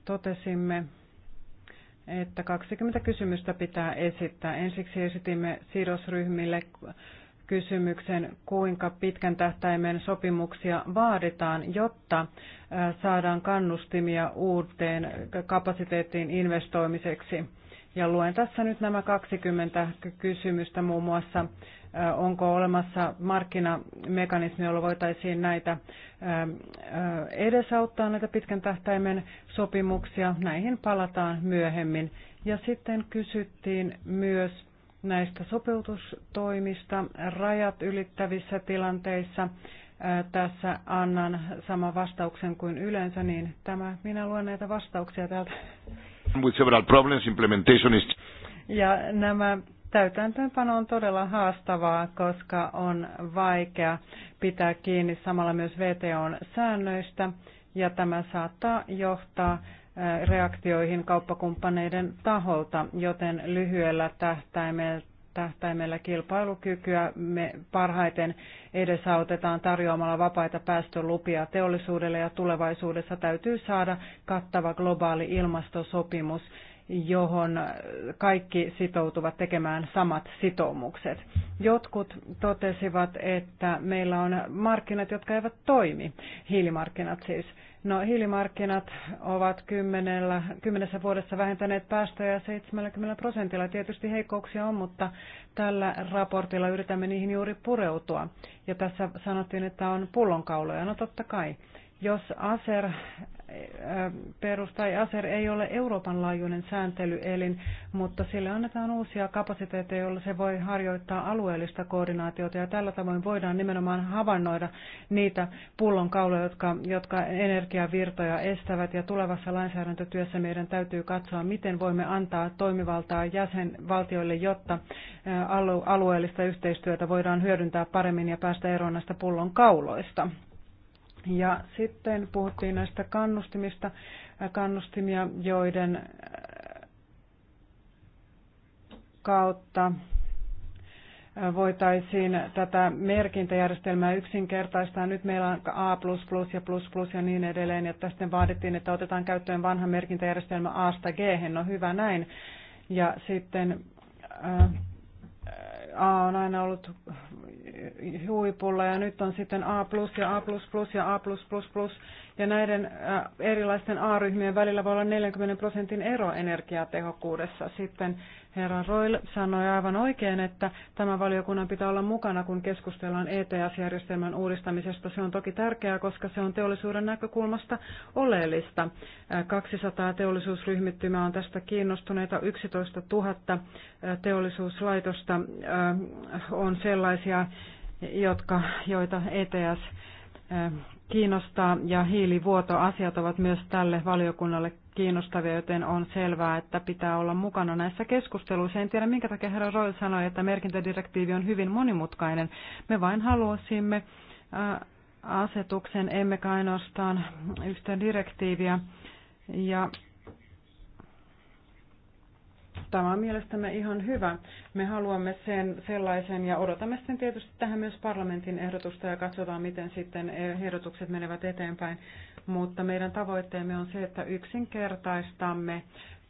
totesimme, että 20 kysymystä pitää esittää. Ensiksi esitimme sidosryhmille kysymyksen, kuinka pitkän tähtäimen sopimuksia vaaditaan, jotta saadaan kannustimia uuteen kapasiteettiin investoimiseksi. Ja luen tässä nyt nämä 20 kysymystä muun muassa, onko olemassa markkinamekanismi, jolla voitaisiin näitä edesauttaa, näitä pitkän tähtäimen sopimuksia. Näihin palataan myöhemmin. Ja sitten kysyttiin myös näistä sopeutustoimista rajat ylittävissä tilanteissa. Tässä annan saman vastauksen kuin yleensä, niin tämä, minä luen näitä vastauksia täältä With several problems, implementation is... Ja nämä täytäntöönpano on todella haastavaa, koska on vaikea pitää kiinni samalla myös VTOn säännöistä, ja tämä saattaa johtaa reaktioihin kauppakumppaneiden taholta, joten lyhyellä tähtäimellä tähtäimellä kilpailukykyä me parhaiten edesautetaan tarjoamalla vapaita päästölupia teollisuudelle ja tulevaisuudessa täytyy saada kattava globaali ilmastosopimus johon kaikki sitoutuvat tekemään samat sitoumukset. Jotkut totesivat, että meillä on markkinat, jotka eivät toimi, hiilimarkkinat siis. No hiilimarkkinat ovat kymmenellä, kymmenessä vuodessa vähentäneet päästöjä 70 prosentilla. Tietysti heikkouksia on, mutta tällä raportilla yritämme niihin juuri pureutua. Ja tässä sanottiin, että on pullonkauloja. No totta kai. Jos ASER perus tai ASER ei ole Euroopan laajuinen sääntelyelin, mutta sille annetaan uusia kapasiteetteja, joilla se voi harjoittaa alueellista koordinaatiota ja tällä tavoin voidaan nimenomaan havainnoida niitä pullonkauloja, jotka, jotka energiavirtoja estävät ja tulevassa lainsäädäntötyössä meidän täytyy katsoa, miten voimme antaa toimivaltaa jäsenvaltioille, jotta alueellista yhteistyötä voidaan hyödyntää paremmin ja päästä eroon näistä pullonkauloista. Ja sitten puhuttiin näistä kannustimista, äh, kannustimia, joiden äh, kautta äh, voitaisiin tätä merkintäjärjestelmää yksinkertaistaa. Nyt meillä on A++ ja ja niin edelleen, ja tästä vaadittiin, että otetaan käyttöön vanha merkintäjärjestelmä A-sta G, no hyvä näin. Ja sitten A on aina ollut huipulla ja nyt on sitten A+, ja A++ ja A++++, ja näiden äh, erilaisten A-ryhmien välillä voi olla 40 prosentin ero energiatehokkuudessa. Sitten Herra Roil sanoi aivan oikein, että tämä valiokunnan pitää olla mukana, kun keskustellaan ETS-järjestelmän uudistamisesta. Se on toki tärkeää, koska se on teollisuuden näkökulmasta oleellista. 200 äh, teollisuusryhmittymää on tästä kiinnostuneita. 11 000 äh, teollisuuslaitosta äh, on sellaisia, jotka, joita ETS kiinnostaa ja hiilivuotoasiat ovat myös tälle valiokunnalle kiinnostavia, joten on selvää, että pitää olla mukana näissä keskusteluissa. En tiedä, minkä takia herra Roil sanoi, että merkintädirektiivi on hyvin monimutkainen. Me vain haluaisimme äh, asetuksen, emmekä ainoastaan yhtä direktiiviä. Ja Tämä on mielestämme ihan hyvä. Me haluamme sen sellaisen ja odotamme sen tietysti tähän myös parlamentin ehdotusta ja katsotaan, miten sitten eh, ehdotukset menevät eteenpäin. Mutta meidän tavoitteemme on se, että yksinkertaistamme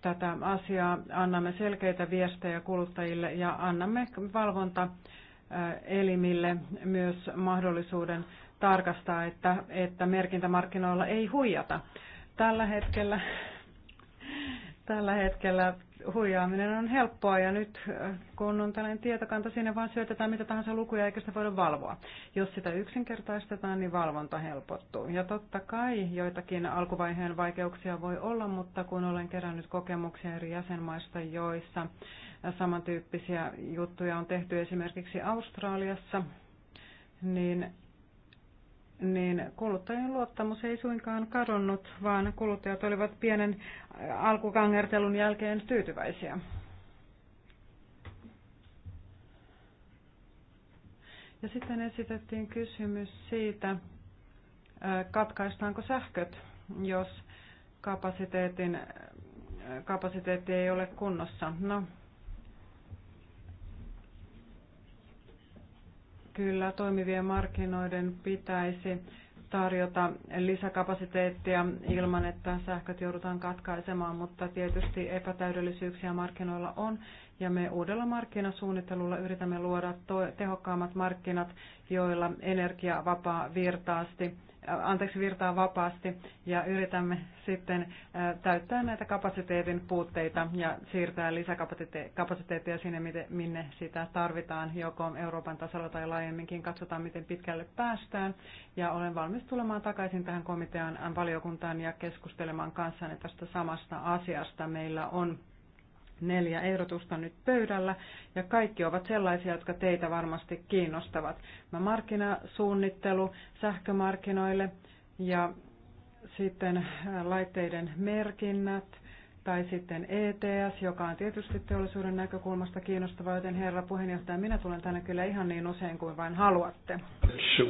tätä asiaa, annamme selkeitä viestejä kuluttajille ja annamme valvonta eh, elimille myös mahdollisuuden tarkastaa, että, että merkintämarkkinoilla ei huijata. Tällä hetkellä, tällä hetkellä huijaaminen on helppoa ja nyt äh, kun on tällainen tietokanta, sinne vaan syötetään mitä tahansa lukuja eikä sitä voida valvoa. Jos sitä yksinkertaistetaan, niin valvonta helpottuu. Ja totta kai joitakin alkuvaiheen vaikeuksia voi olla, mutta kun olen kerännyt kokemuksia eri jäsenmaista, joissa samantyyppisiä juttuja on tehty esimerkiksi Australiassa, niin niin kuluttajien luottamus ei suinkaan kadonnut, vaan kuluttajat olivat pienen alkukangertelun jälkeen tyytyväisiä. Ja sitten esitettiin kysymys siitä, katkaistaanko sähköt, jos kapasiteetin, kapasiteetti ei ole kunnossa. No, Kyllä toimivien markkinoiden pitäisi tarjota lisäkapasiteettia ilman, että sähköt joudutaan katkaisemaan, mutta tietysti epätäydellisyyksiä markkinoilla on, ja me uudella markkinasuunnittelulla yritämme luoda tehokkaammat markkinat, joilla energia vapaa virtaasti anteeksi virtaa vapaasti ja yritämme sitten äh, täyttää näitä kapasiteetin puutteita ja siirtää lisäkapasiteettia sinne, minne sitä tarvitaan, joko Euroopan tasolla tai laajemminkin. Katsotaan, miten pitkälle päästään ja olen valmis tulemaan takaisin tähän komitean äh, valiokuntaan ja keskustelemaan kanssanne tästä samasta asiasta. Meillä on neljä ehdotusta nyt pöydällä ja kaikki ovat sellaisia, jotka teitä varmasti kiinnostavat. Mä markkinasuunnittelu sähkömarkkinoille ja sitten laitteiden merkinnät, tai sitten ETS, joka on tietysti teollisuuden näkökulmasta kiinnostava, joten herra puheenjohtaja, minä tulen tänne kyllä ihan niin usein kuin vain haluatte.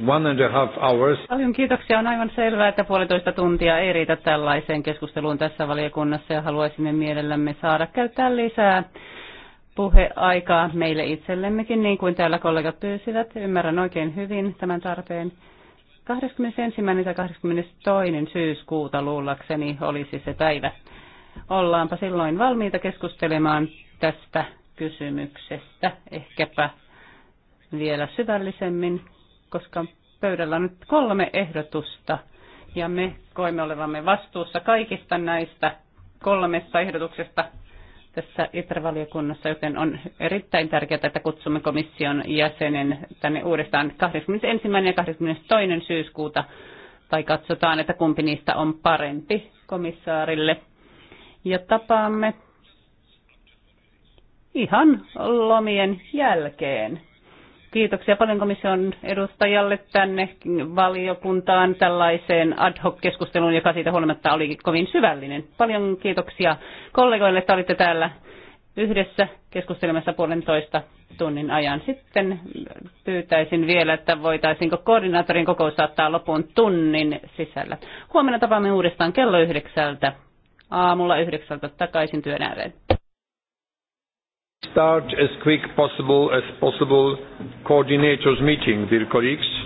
One and a half hours. Paljon kiitoksia. On aivan selvää, että puolitoista tuntia ei riitä tällaiseen keskusteluun tässä valiokunnassa ja haluaisimme mielellämme saada käyttää lisää puheaikaa meille itsellemmekin, niin kuin täällä kollegat pyysivät. Ymmärrän oikein hyvin tämän tarpeen. 21. ja 22. syyskuuta luullakseni olisi se päivä ollaanpa silloin valmiita keskustelemaan tästä kysymyksestä, ehkäpä vielä syvällisemmin, koska pöydällä on nyt kolme ehdotusta ja me koimme olevamme vastuussa kaikista näistä kolmesta ehdotuksesta tässä itre joten on erittäin tärkeää, että kutsumme komission jäsenen tänne uudestaan 21. ja 22. syyskuuta, tai katsotaan, että kumpi niistä on parempi komissaarille ja tapaamme ihan lomien jälkeen. Kiitoksia paljon komission edustajalle tänne valiokuntaan tällaiseen ad hoc-keskusteluun, joka siitä huolimatta oli kovin syvällinen. Paljon kiitoksia kollegoille, että olitte täällä yhdessä keskustelemassa puolentoista tunnin ajan. Sitten pyytäisin vielä, että voitaisiinko koordinaattorin kokous saattaa lopun tunnin sisällä. Huomenna tapaamme uudestaan kello yhdeksältä aamulla yhdeksältä takaisin työn ääreen. Start as quick possible as possible coordinators meeting, dear colleagues.